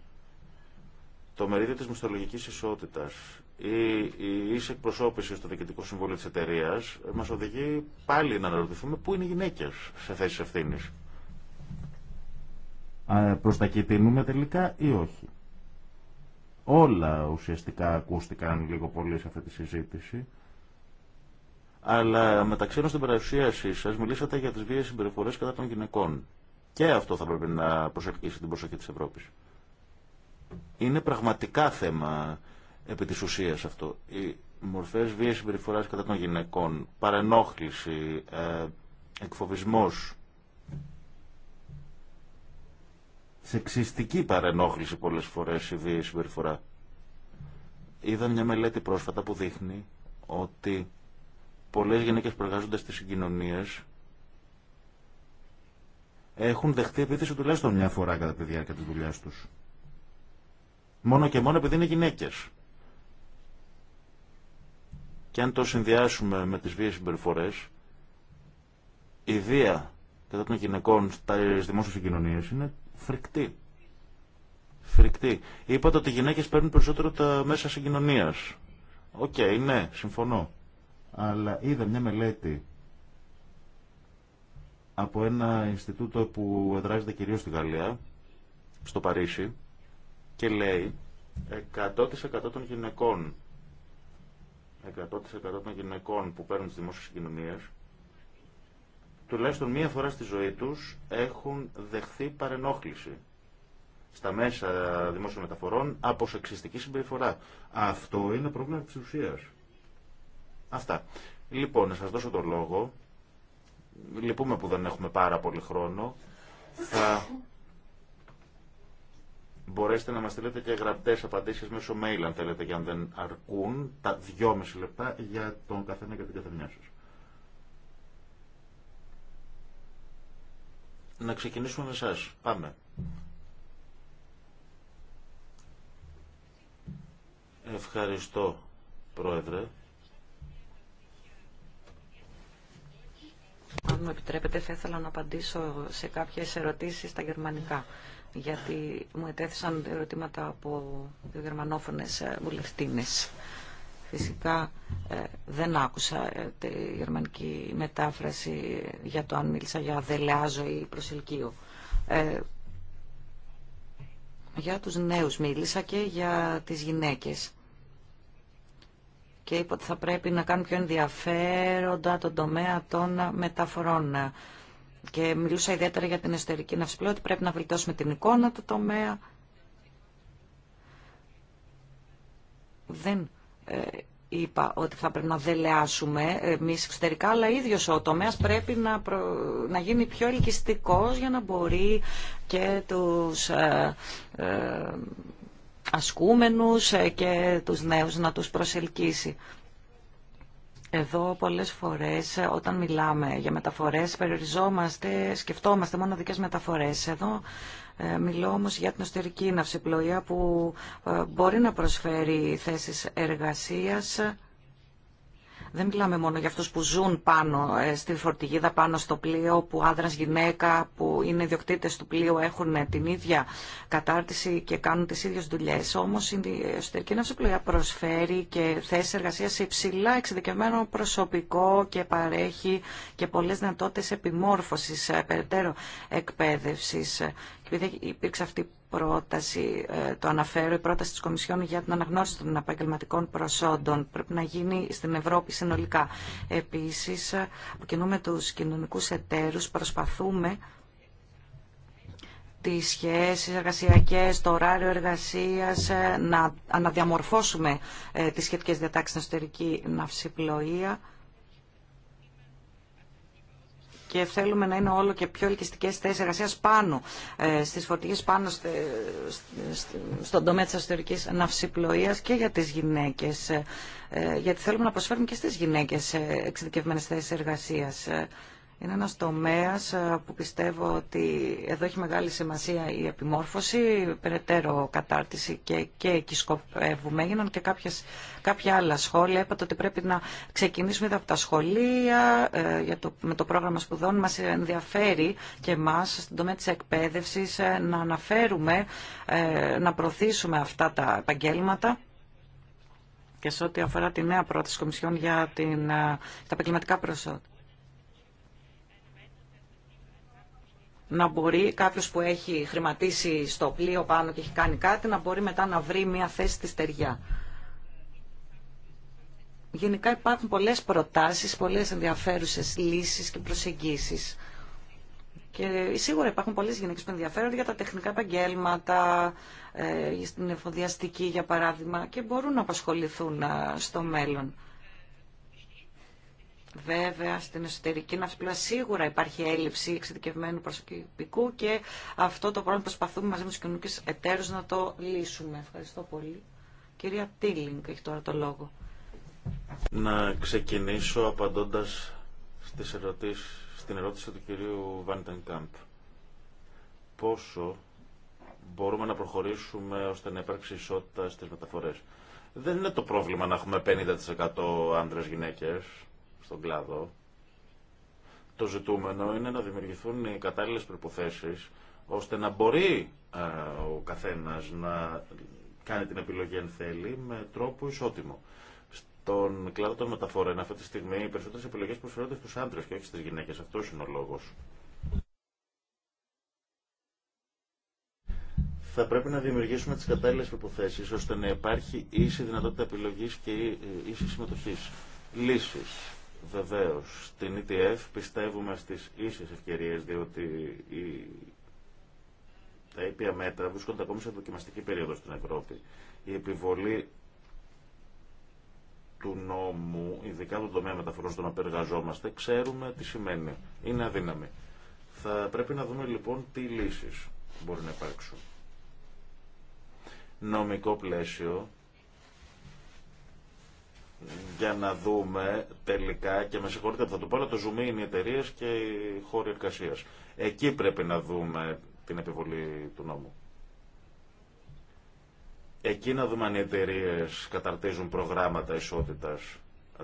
το μερίδιο της μισθολογικής ισότητας η, η ίση εκπροσώπηση στο Διοικητικό Συμβούλιο τη εταιρεία μα οδηγεί πάλι να αναρωτηθούμε πού είναι οι γυναίκε σε θέσει ευθύνη. Προ τα κοιτίνουμε τελικά ή όχι. Όλα ουσιαστικά ακούστηκαν λίγο πολύ σε αυτή τη συζήτηση. Αλλά μεταξύ μα στην παρουσίασή σα μιλήσατε για τι βίες συμπεριφορέ κατά των γυναικών. Και αυτό θα πρέπει να προσελκύσει την προσοχή τη Ευρώπη. Είναι πραγματικά θέμα επί της ουσίας αυτό. Οι μορφές βίας συμπεριφοράς κατά των γυναικών, παρενόχληση, ε, εκφοβισμός, σεξιστική παρενόχληση πολλές φορές η βία συμπεριφορά. Είδα μια μελέτη πρόσφατα που δείχνει ότι πολλές γυναίκες που εργάζονται στις συγκοινωνίες έχουν δεχτεί επίθεση τουλάχιστον μια φορά κατά τη διάρκεια της δουλειάς τους. Μόνο και μόνο επειδή είναι γυναίκες. Και αν το συνδυάσουμε με τις βίες συμπεριφορέ, η βία κατά των γυναικών στις δημόσιες συγκοινωνίες είναι φρικτή. Φρικτή. Είπατε ότι οι γυναίκες παίρνουν περισσότερο τα μέσα συγκοινωνίας. Οκ, okay, ναι, συμφωνώ. Αλλά είδα μια μελέτη από ένα Ινστιτούτο που εδράζεται κυρίως στη Γαλλία, στο Παρίσι, και λέει 100% των γυναικών 100% των γυναικών που παίρνουν τι δημόσιες κοινωνίε, τουλάχιστον μία φορά στη ζωή τους έχουν δεχθεί παρενόχληση στα μέσα δημόσιων μεταφορών από σεξιστική συμπεριφορά. Αυτό είναι πρόβλημα τη ουσία. Αυτά. Λοιπόν, να σας δώσω τον λόγο. Λυπούμε που δεν έχουμε πάρα πολύ χρόνο. Θα Μπορέσετε να μας στείλετε και γραπτές απαντήσεις μέσω mail αν θέλετε και αν δεν αρκούν τα δυόμιση λεπτά για τον καθένα και την καθεμιά σας. Να ξεκινήσουμε με εσά. Πάμε. Ευχαριστώ, Πρόεδρε. Αν μου επιτρέπετε, θα ήθελα να απαντήσω σε κάποιες ερωτήσεις στα γερμανικά γιατί μου ετέθησαν ερωτήματα από δύο γερμανόφωνες ε, βουλευτίνες. Φυσικά ε, δεν άκουσα ε, τη γερμανική μετάφραση για το αν μίλησα για δελεάζω ή προσελκύω. για τους νέους μίλησα και για τις γυναίκες. Και είπα ότι θα πρέπει να κάνουν πιο ενδιαφέροντα τον τομέα των μεταφορών και μιλούσα ιδιαίτερα για την εσωτερική ναυσιπλότητα, πρέπει να βελτιώσουμε την εικόνα του τομέα. Δεν ε, είπα ότι θα πρέπει να δελεάσουμε εμεί εξωτερικά, αλλά ίδιο ο τομέα πρέπει να, γίνει πιο ελκυστικό για να μπορεί και του ε, ε, ασκούμενους ε, και τους νέους να τους προσελκύσει. Εδώ πολλές φορές όταν μιλάμε για μεταφορές περιοριζόμαστε, σκεφτόμαστε μόνο δικές μεταφορές. Εδώ ε, μιλώ όμως για την εσωτερική ναυσιπλοεία που ε, μπορεί να προσφέρει θέσεις εργασίας δεν μιλάμε μόνο για αυτούς που ζουν πάνω ε, στη φορτηγίδα, πάνω στο πλοίο, που άντρας, γυναίκα, που είναι ιδιοκτήτες του πλοίου, έχουν την ίδια κατάρτιση και κάνουν τις ίδιες δουλειές. Όμως η εσωτερική Πλοιά προσφέρει και θέσει εργασία σε υψηλά εξειδικευμένο προσωπικό και παρέχει και πολλές δυνατότητες επιμόρφωσης, ε, περαιτέρω εκπαίδευσης. Επειδή υπήρξε αυτή πρόταση, ε, το αναφέρω, η πρόταση της Κομισιόν για την αναγνώριση των επαγγελματικών προσόντων πρέπει να γίνει στην Ευρώπη συνολικά. Επίσης, ε, αποκοινούμε τους κοινωνικούς εταίρους, προσπαθούμε τις σχέσεις εργασιακές, το ωράριο εργασίας, ε, να αναδιαμορφώσουμε τις σχετικές διατάξεις στην εσωτερική ναυσιπλοεία και θέλουμε να είναι όλο και πιο ελκυστικέ θέσει εργασία πάνω ε, στι φορτίες πάνω στον τομέα τη αστερικής ναυσιπλοεία και για τις γυναίκες, ε, ε, γιατί θέλουμε να προσφέρουμε και στις γυναίκες εξειδικευμένε θέσει εργασία. Είναι ένας τομέας που πιστεύω ότι εδώ έχει μεγάλη σημασία η επιμόρφωση, η περαιτέρω κατάρτιση και, και εκεί σκοπεύουμε. Έγιναν και κάποιες, κάποια άλλα σχόλια. Είπατε ότι πρέπει να ξεκινήσουμε από τα σχολεία ε, για το, με το πρόγραμμα σπουδών. Μας ενδιαφέρει και μας στην τομέα της εκπαίδευσης ε, να αναφέρουμε, ε, να προωθήσουμε αυτά τα επαγγέλματα και σε ό,τι αφορά τη νέα πρόταση Κομισιόν για την, τα επαγγελματικά προσόντα. να μπορεί κάποιο που έχει χρηματίσει στο πλοίο πάνω και έχει κάνει κάτι να μπορεί μετά να βρει μια θέση στη στεριά. Γενικά υπάρχουν πολλές προτάσεις, πολλές ενδιαφέρουσες λύσεις και προσεγγίσεις. Και σίγουρα υπάρχουν πολλέ γυναίκε που ενδιαφέρονται για τα τεχνικά επαγγέλματα, ε, στην εφοδιαστική για παράδειγμα, και μπορούν να απασχοληθούν ε, στο μέλλον. Βέβαια, στην εσωτερική ναυσπλά σίγουρα υπάρχει έλλειψη εξειδικευμένου προσωπικού και αυτό το πρόβλημα προσπαθούμε μαζί με του κοινωνικού εταίρου να το λύσουμε. Ευχαριστώ πολύ. Κυρία Τίλινγκ έχει τώρα το λόγο. Να ξεκινήσω απαντώντας στην ερώτηση του κυρίου Βάντεν Κάμπ. Πόσο μπορούμε να προχωρήσουμε ώστε να υπάρξει ισότητα στις μεταφορές. Δεν είναι το πρόβλημα να έχουμε 50% αντρες γυναίκε στον κλάδο. Το ζητούμενο είναι να δημιουργηθούν οι κατάλληλες προϋποθέσεις ώστε να μπορεί ο καθένας να κάνει την επιλογή αν θέλει με τρόπο ισότιμο. Στον κλάδο των μεταφορών αυτή τη στιγμή οι περισσότερες επιλογές προσφέρονται στους άντρες και όχι στις γυναίκες. Αυτός είναι ο λόγος. θα πρέπει να δημιουργήσουμε τις κατάλληλε προποθέσει ώστε να υπάρχει ίση δυνατότητα επιλογής και ίση συμμετοχή. Λύσεις. Βεβαίω, στην ETF πιστεύουμε στις ίσες ευκαιρίες, διότι η... τα ήπια μέτρα βρίσκονται ακόμη σε δοκιμαστική περίοδο στην Ευρώπη. Η επιβολή του νόμου, ειδικά του τομέα μεταφορών στον οποίο εργαζόμαστε, ξέρουμε τι σημαίνει. Είναι αδύναμη. Θα πρέπει να δούμε λοιπόν τι λύσεις μπορεί να υπάρξουν. Νομικό πλαίσιο για να δούμε τελικά, και με συγχωρείτε που θα το πω, το ζουμί είναι οι εταιρείε και οι χώροι εργασία. Εκεί πρέπει να δούμε την επιβολή του νόμου. Εκεί να δούμε αν οι εταιρείε καταρτίζουν προγράμματα ισότητας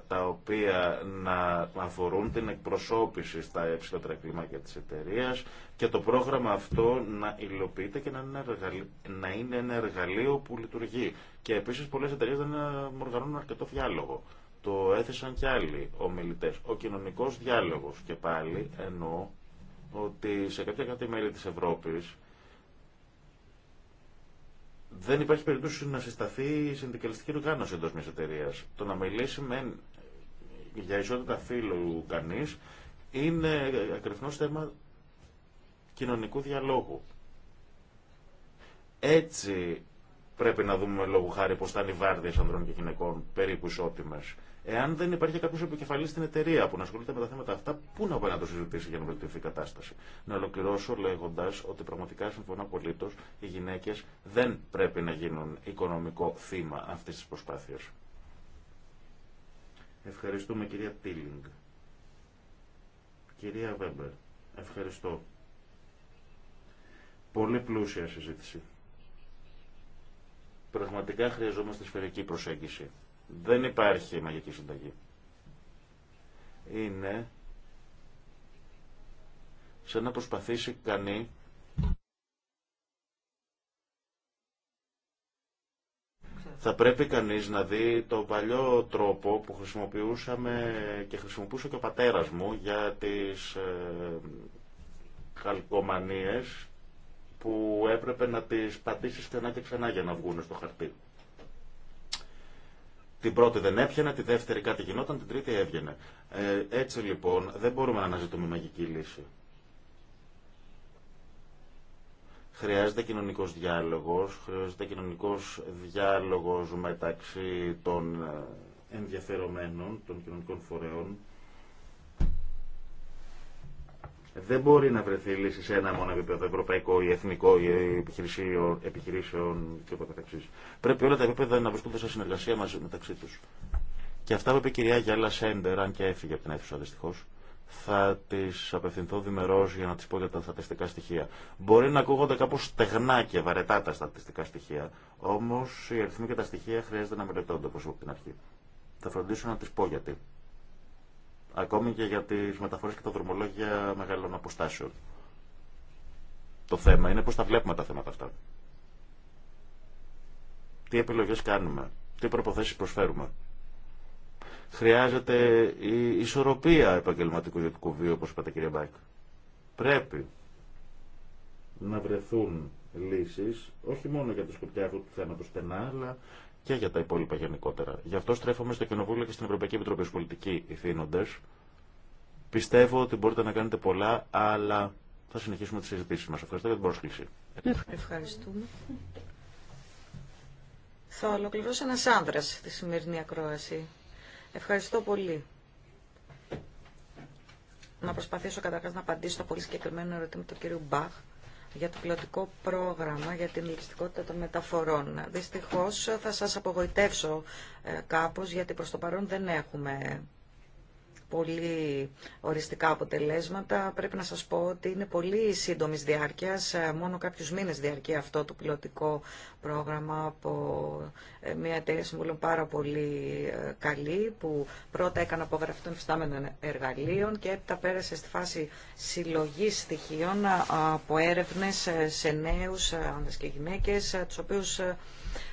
τα οποία να αφορούν την εκπροσώπηση στα υψηλότερα ε κλίμακα της εταιρεία και το πρόγραμμα αυτό να υλοποιείται και να είναι, ένα εργαλείο, να που λειτουργεί. Και επίσης πολλές εταιρείε δεν ε, οργανώνουν αρκετό διάλογο. Το έθεσαν και άλλοι ομιλητές. Ο κοινωνικός διάλογος και πάλι εννοώ ότι σε κάποια κάτι μέλη της Ευρώπης δεν υπάρχει περίπτωση να συσταθεί η συνδικαλιστική οργάνωση εντό μια εταιρεία. Το να μιλήσει για ισότητα φύλου κανεί είναι ακριβώ θέμα κοινωνικού διαλόγου. Έτσι πρέπει να δούμε λόγου χάρη πώ ήταν οι βάρδιε ανδρών και γυναικών περίπου ισότιμε. Εάν δεν υπάρχει κάποιο επικεφαλή στην εταιρεία που να ασχολείται με τα θέματα αυτά, πού να πάει να το συζητήσει για να βελτιωθεί η κατάσταση. Να ολοκληρώσω λέγοντα ότι πραγματικά συμφωνώ απολύτω, οι γυναίκε δεν πρέπει να γίνουν οικονομικό θύμα αυτή τη προσπάθεια. Ευχαριστούμε κυρία Τίλινγκ. Κυρία Βέμπερ, ευχαριστώ. Πολύ πλούσια συζήτηση. Πραγματικά χρειαζόμαστε σφαιρική προσέγγιση δεν υπάρχει μαγική συνταγή. Είναι σαν να προσπαθήσει κανεί θα πρέπει κανείς να δει το παλιό τρόπο που χρησιμοποιούσαμε και χρησιμοποιούσε και ο πατέρας μου για τις ε, που έπρεπε να τις πατήσεις ξανά και ξανά για να βγουν στο χαρτί. Την πρώτη δεν έπιανε, τη δεύτερη κάτι γινόταν, την τρίτη έβγαινε. Ε, έτσι λοιπόν δεν μπορούμε να αναζητούμε μαγική λύση. Χρειάζεται κοινωνικός διάλογος, χρειάζεται κοινωνικός διάλογος μεταξύ των ε, ενδιαφερομένων, των κοινωνικών φορέων, δεν μπορεί να βρεθεί λύση σε ένα μόνο επίπεδο, ευρωπαϊκό ή εθνικό ή επιχειρήσεων κ.ο.κ. Πρέπει όλα τα επίπεδα να βρισκούνται σε συνεργασία μαζί μεταξύ του. Και αυτά που είπε η κυρία Γιάλα Σέντερ, αν και έφυγε από την αίθουσα δυστυχώ, θα τη απευθυνθώ διμερώ για να τη πω για τα στατιστικά στοιχεία. Μπορεί να ακούγονται κάπω στεγνά και βαρετά τα στατιστικά στοιχεία, όμω οι αριθμοί και τα στοιχεία χρειάζεται να μελετώνται όπω από την αρχή. Θα φροντίσω να τη πω γιατί. Ακόμη και για τι μεταφορές και τα δρομολόγια μεγάλων αποστάσεων. Το θέμα είναι πώς τα βλέπουμε τα θέματα αυτά. Τι επιλογές κάνουμε, τι προποθέσει προσφέρουμε. Χρειάζεται η ισορροπία επαγγελματικού ιδιωτικού βίου, όπως είπατε κύριε Μπάκ. Πρέπει να βρεθούν λύσεις, όχι μόνο για το σκοπιά του θέματος στενά, αλλά και για τα υπόλοιπα γενικότερα. Γι' αυτό στρέφομαι στο Κοινοβούλιο και στην Ευρωπαϊκή Επιτροπή Πολιτική ηθήνοντες. Πιστεύω ότι μπορείτε να κάνετε πολλά, αλλά θα συνεχίσουμε τις συζητήσεις μας. Ευχαριστώ για την πρόσκληση. Ευχαριστούμε. Θα ολοκληρώσω ένα άνδρα τη σημερινή ακρόαση. Ευχαριστώ πολύ. Να προσπαθήσω καταρχά να απαντήσω στο πολύ συγκεκριμένο ερώτημα του κυρίου Μπαχ για το πιλωτικό πρόγραμμα για την ληστικότητα των μεταφορών. Δυστυχώς θα σας απογοητεύσω ε, κάπως γιατί προς το παρόν δεν έχουμε πολύ οριστικά αποτελέσματα. Πρέπει να σας πω ότι είναι πολύ σύντομης διάρκειας, ε, μόνο κάποιους μήνες διαρκεί αυτό το πιλωτικό πρόγραμμα από ε, μια εταιρεία συμβουλών πάρα πολύ ε, καλή που πρώτα έκανε απογραφή των υφιστάμενων εργαλείων και έπειτα πέρασε στη φάση συλλογής στοιχείων από έρευνες σε νέους άνδρες και γυναίκες, τους οποίους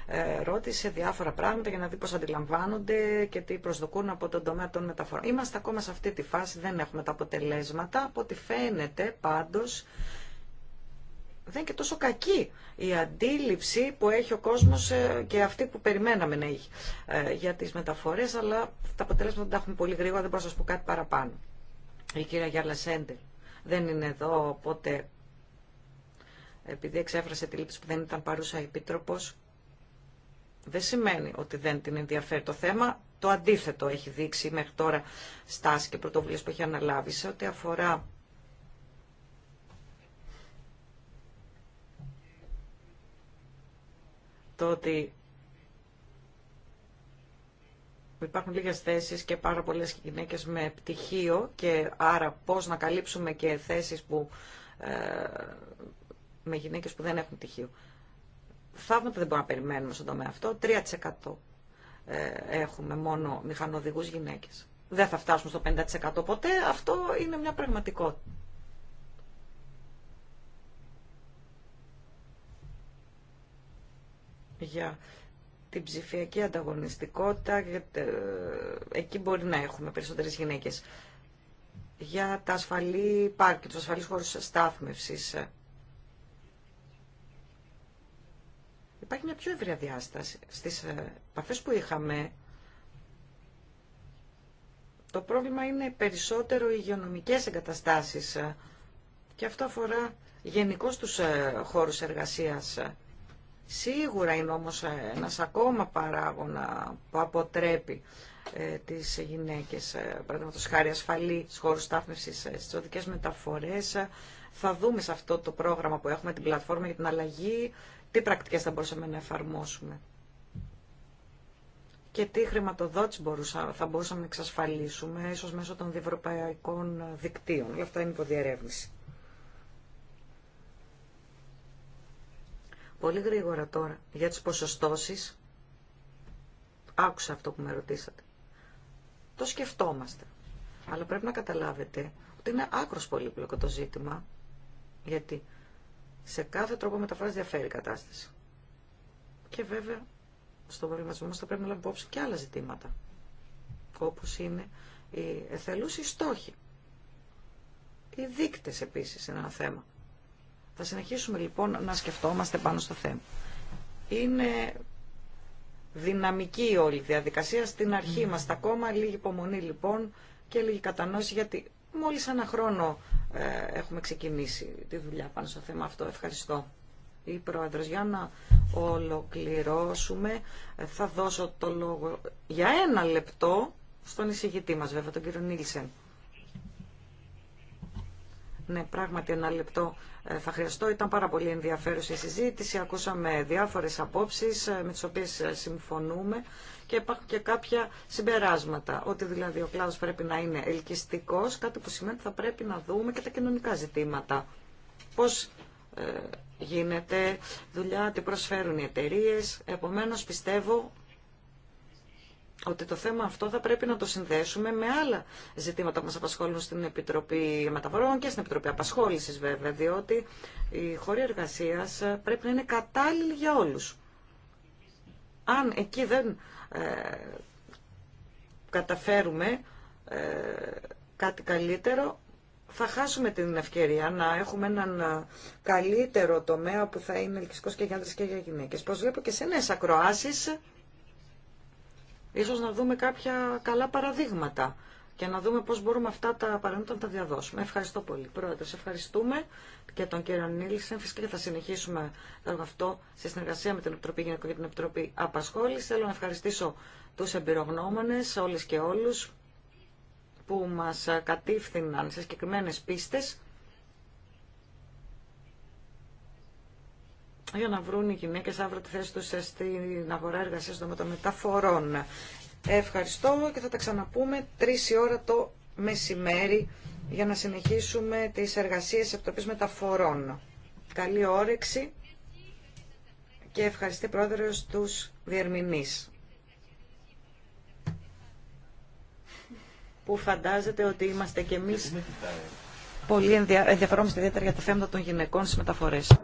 ε, ρώτησε διάφορα πράγματα για να δει πώς αντιλαμβάνονται και τι προσδοκούν από τον τομέα των μεταφορών. Είμαστε ακόμα σε αυτή τη φάση, δεν έχουμε τα αποτελέσματα. Από ό,τι φαίνεται πάντως δεν είναι και τόσο κακή η αντίληψη που έχει ο κόσμος ε, και αυτή που περιμέναμε να έχει ε, για τις μεταφορές, αλλά τα αποτελέσματα τα έχουμε πολύ γρήγορα, δεν μπορώ να σας πω κάτι παραπάνω. Η κυρία Γιάλα Σέντελ δεν είναι εδώ, οπότε επειδή εξέφρασε τη λήψη που δεν ήταν παρούσα Επίτροπος, δεν σημαίνει ότι δεν την ενδιαφέρει το θέμα. Το αντίθετο έχει δείξει μέχρι τώρα στάση και πρωτοβουλίε που έχει αναλάβει σε ό,τι αφορά το ότι υπάρχουν λίγες θέσεις και πάρα πολλές γυναίκες με πτυχίο και άρα πώς να καλύψουμε και θέσεις που, ε, με γυναίκες που δεν έχουν πτυχίο θαύματα δεν μπορούμε να περιμένουμε στον τομέα αυτό. 3% ε, έχουμε μόνο μηχανοδηγούς γυναίκες. Δεν θα φτάσουμε στο 50% ποτέ. Αυτό είναι μια πραγματικότητα. Για την ψηφιακή ανταγωνιστικότητα, εκεί μπορεί να έχουμε περισσότερες γυναίκες. Για τα ασφαλή πάρκη, τους ασφαλείς χώρους στάθμευσης, ε, Υπάρχει μια πιο ευρία διάσταση. Στις ε, επαφές που είχαμε, το πρόβλημα είναι περισσότερο οι υγειονομικές εγκαταστάσεις ε, και αυτό αφορά γενικώ τους ε, χώρους εργασίας. Σίγουρα είναι όμως ένας ακόμα παράγωνα που αποτρέπει τις γυναίκες, παραδείγματος χάρη ασφαλή χώρου χώρους στάθμευσης, στις οδικές μεταφορές. Θα δούμε σε αυτό το πρόγραμμα που έχουμε, την πλατφόρμα για την αλλαγή, τι πρακτικές θα μπορούσαμε να εφαρμόσουμε και τι χρηματοδότηση θα μπορούσαμε να εξασφαλίσουμε, ίσως μέσω των διευρωπαϊκών δικτύων. αυτά είναι υποδιερεύνηση. Πολύ γρήγορα τώρα για τις ποσοστώσεις. Άκουσα αυτό που με ρωτήσατε. Το σκεφτόμαστε. Αλλά πρέπει να καταλάβετε ότι είναι άκρος πολύπλοκο το ζήτημα. Γιατί σε κάθε τρόπο μεταφράζει διαφέρει η κατάσταση. Και βέβαια, στον προβληματισμό μας θα πρέπει να λάβουμε υπόψη και άλλα ζητήματα, Όπω είναι οι οι στόχοι. Οι δείκτε επίσης είναι ένα θέμα. Θα συνεχίσουμε λοιπόν να σκεφτόμαστε πάνω στο θέμα. Είναι δυναμική ολη η διαδικασία. Στην αρχή είμαστε ακόμα λίγη υπομονή λοιπόν και λίγη κατανόηση γιατί Μόλις ένα χρόνο ε, έχουμε ξεκινήσει τη δουλειά πάνω στο θέμα αυτό. Ευχαριστώ. Η Πρόεδρος, για να ολοκληρώσουμε, ε, θα δώσω το λόγο για ένα λεπτό στον εισηγητή μας, βέβαια, τον κύριο Νίλσεν. Ναι, πράγματι ένα λεπτό ε, θα χρειαστώ. Ήταν πάρα πολύ ενδιαφέρουσα η συζήτηση. Ακούσαμε διάφορες απόψεις με τις οποίες συμφωνούμε και υπάρχουν και κάποια συμπεράσματα. Ότι δηλαδή ο κλάδο πρέπει να είναι ελκυστικό, κάτι που σημαίνει ότι θα πρέπει να δούμε και τα κοινωνικά ζητήματα. Πώ ε, γίνεται δουλειά, τι προσφέρουν οι εταιρείε. Επομένω πιστεύω ότι το θέμα αυτό θα πρέπει να το συνδέσουμε με άλλα ζητήματα που μας απασχολούν στην Επιτροπή Μεταφορών και στην Επιτροπή Απασχόλησης βέβαια, διότι η χώροι εργασίας πρέπει να είναι κατάλληλη για όλου. Αν εκεί δεν ε, καταφέρουμε ε, κάτι καλύτερο, θα χάσουμε την ευκαιρία να έχουμε έναν ε, καλύτερο τομέα που θα είναι ελκυστικός και για άντρες και για γυναίκες. βλέπω και σε νέες ακροάσεις, ίσως να δούμε κάποια καλά παραδείγματα και να δούμε πώς μπορούμε αυτά τα παρανόητα να τα διαδώσουμε. Ευχαριστώ πολύ. Πρόεδρε, σε ευχαριστούμε και τον κύριο Νίλσεν. Φυσικά θα συνεχίσουμε έργο αυτό σε συνεργασία με την Επιτροπή Γυναικών και την Επιτροπή Απασχόληση. Θέλω να ευχαριστήσω τους εμπειρογνώμονες, όλες και όλους, που μας κατήφθηναν σε συγκεκριμένε πίστες για να βρουν οι γυναίκες αύριο τη θέση τους στην αγορά εργασίας των μεταφορών. Ευχαριστώ και θα τα ξαναπούμε 3 η ώρα το μεσημέρι για να συνεχίσουμε τις εργασίες της Επιτροπής Μεταφορών. Καλή όρεξη και ευχαριστή πρόεδρος τους διερμηνείς. Που φαντάζεται ότι είμαστε κι εμείς πολύ ενδιαφερόμαστε ιδιαίτερα για τα θέματα των γυναικών στις μεταφορές.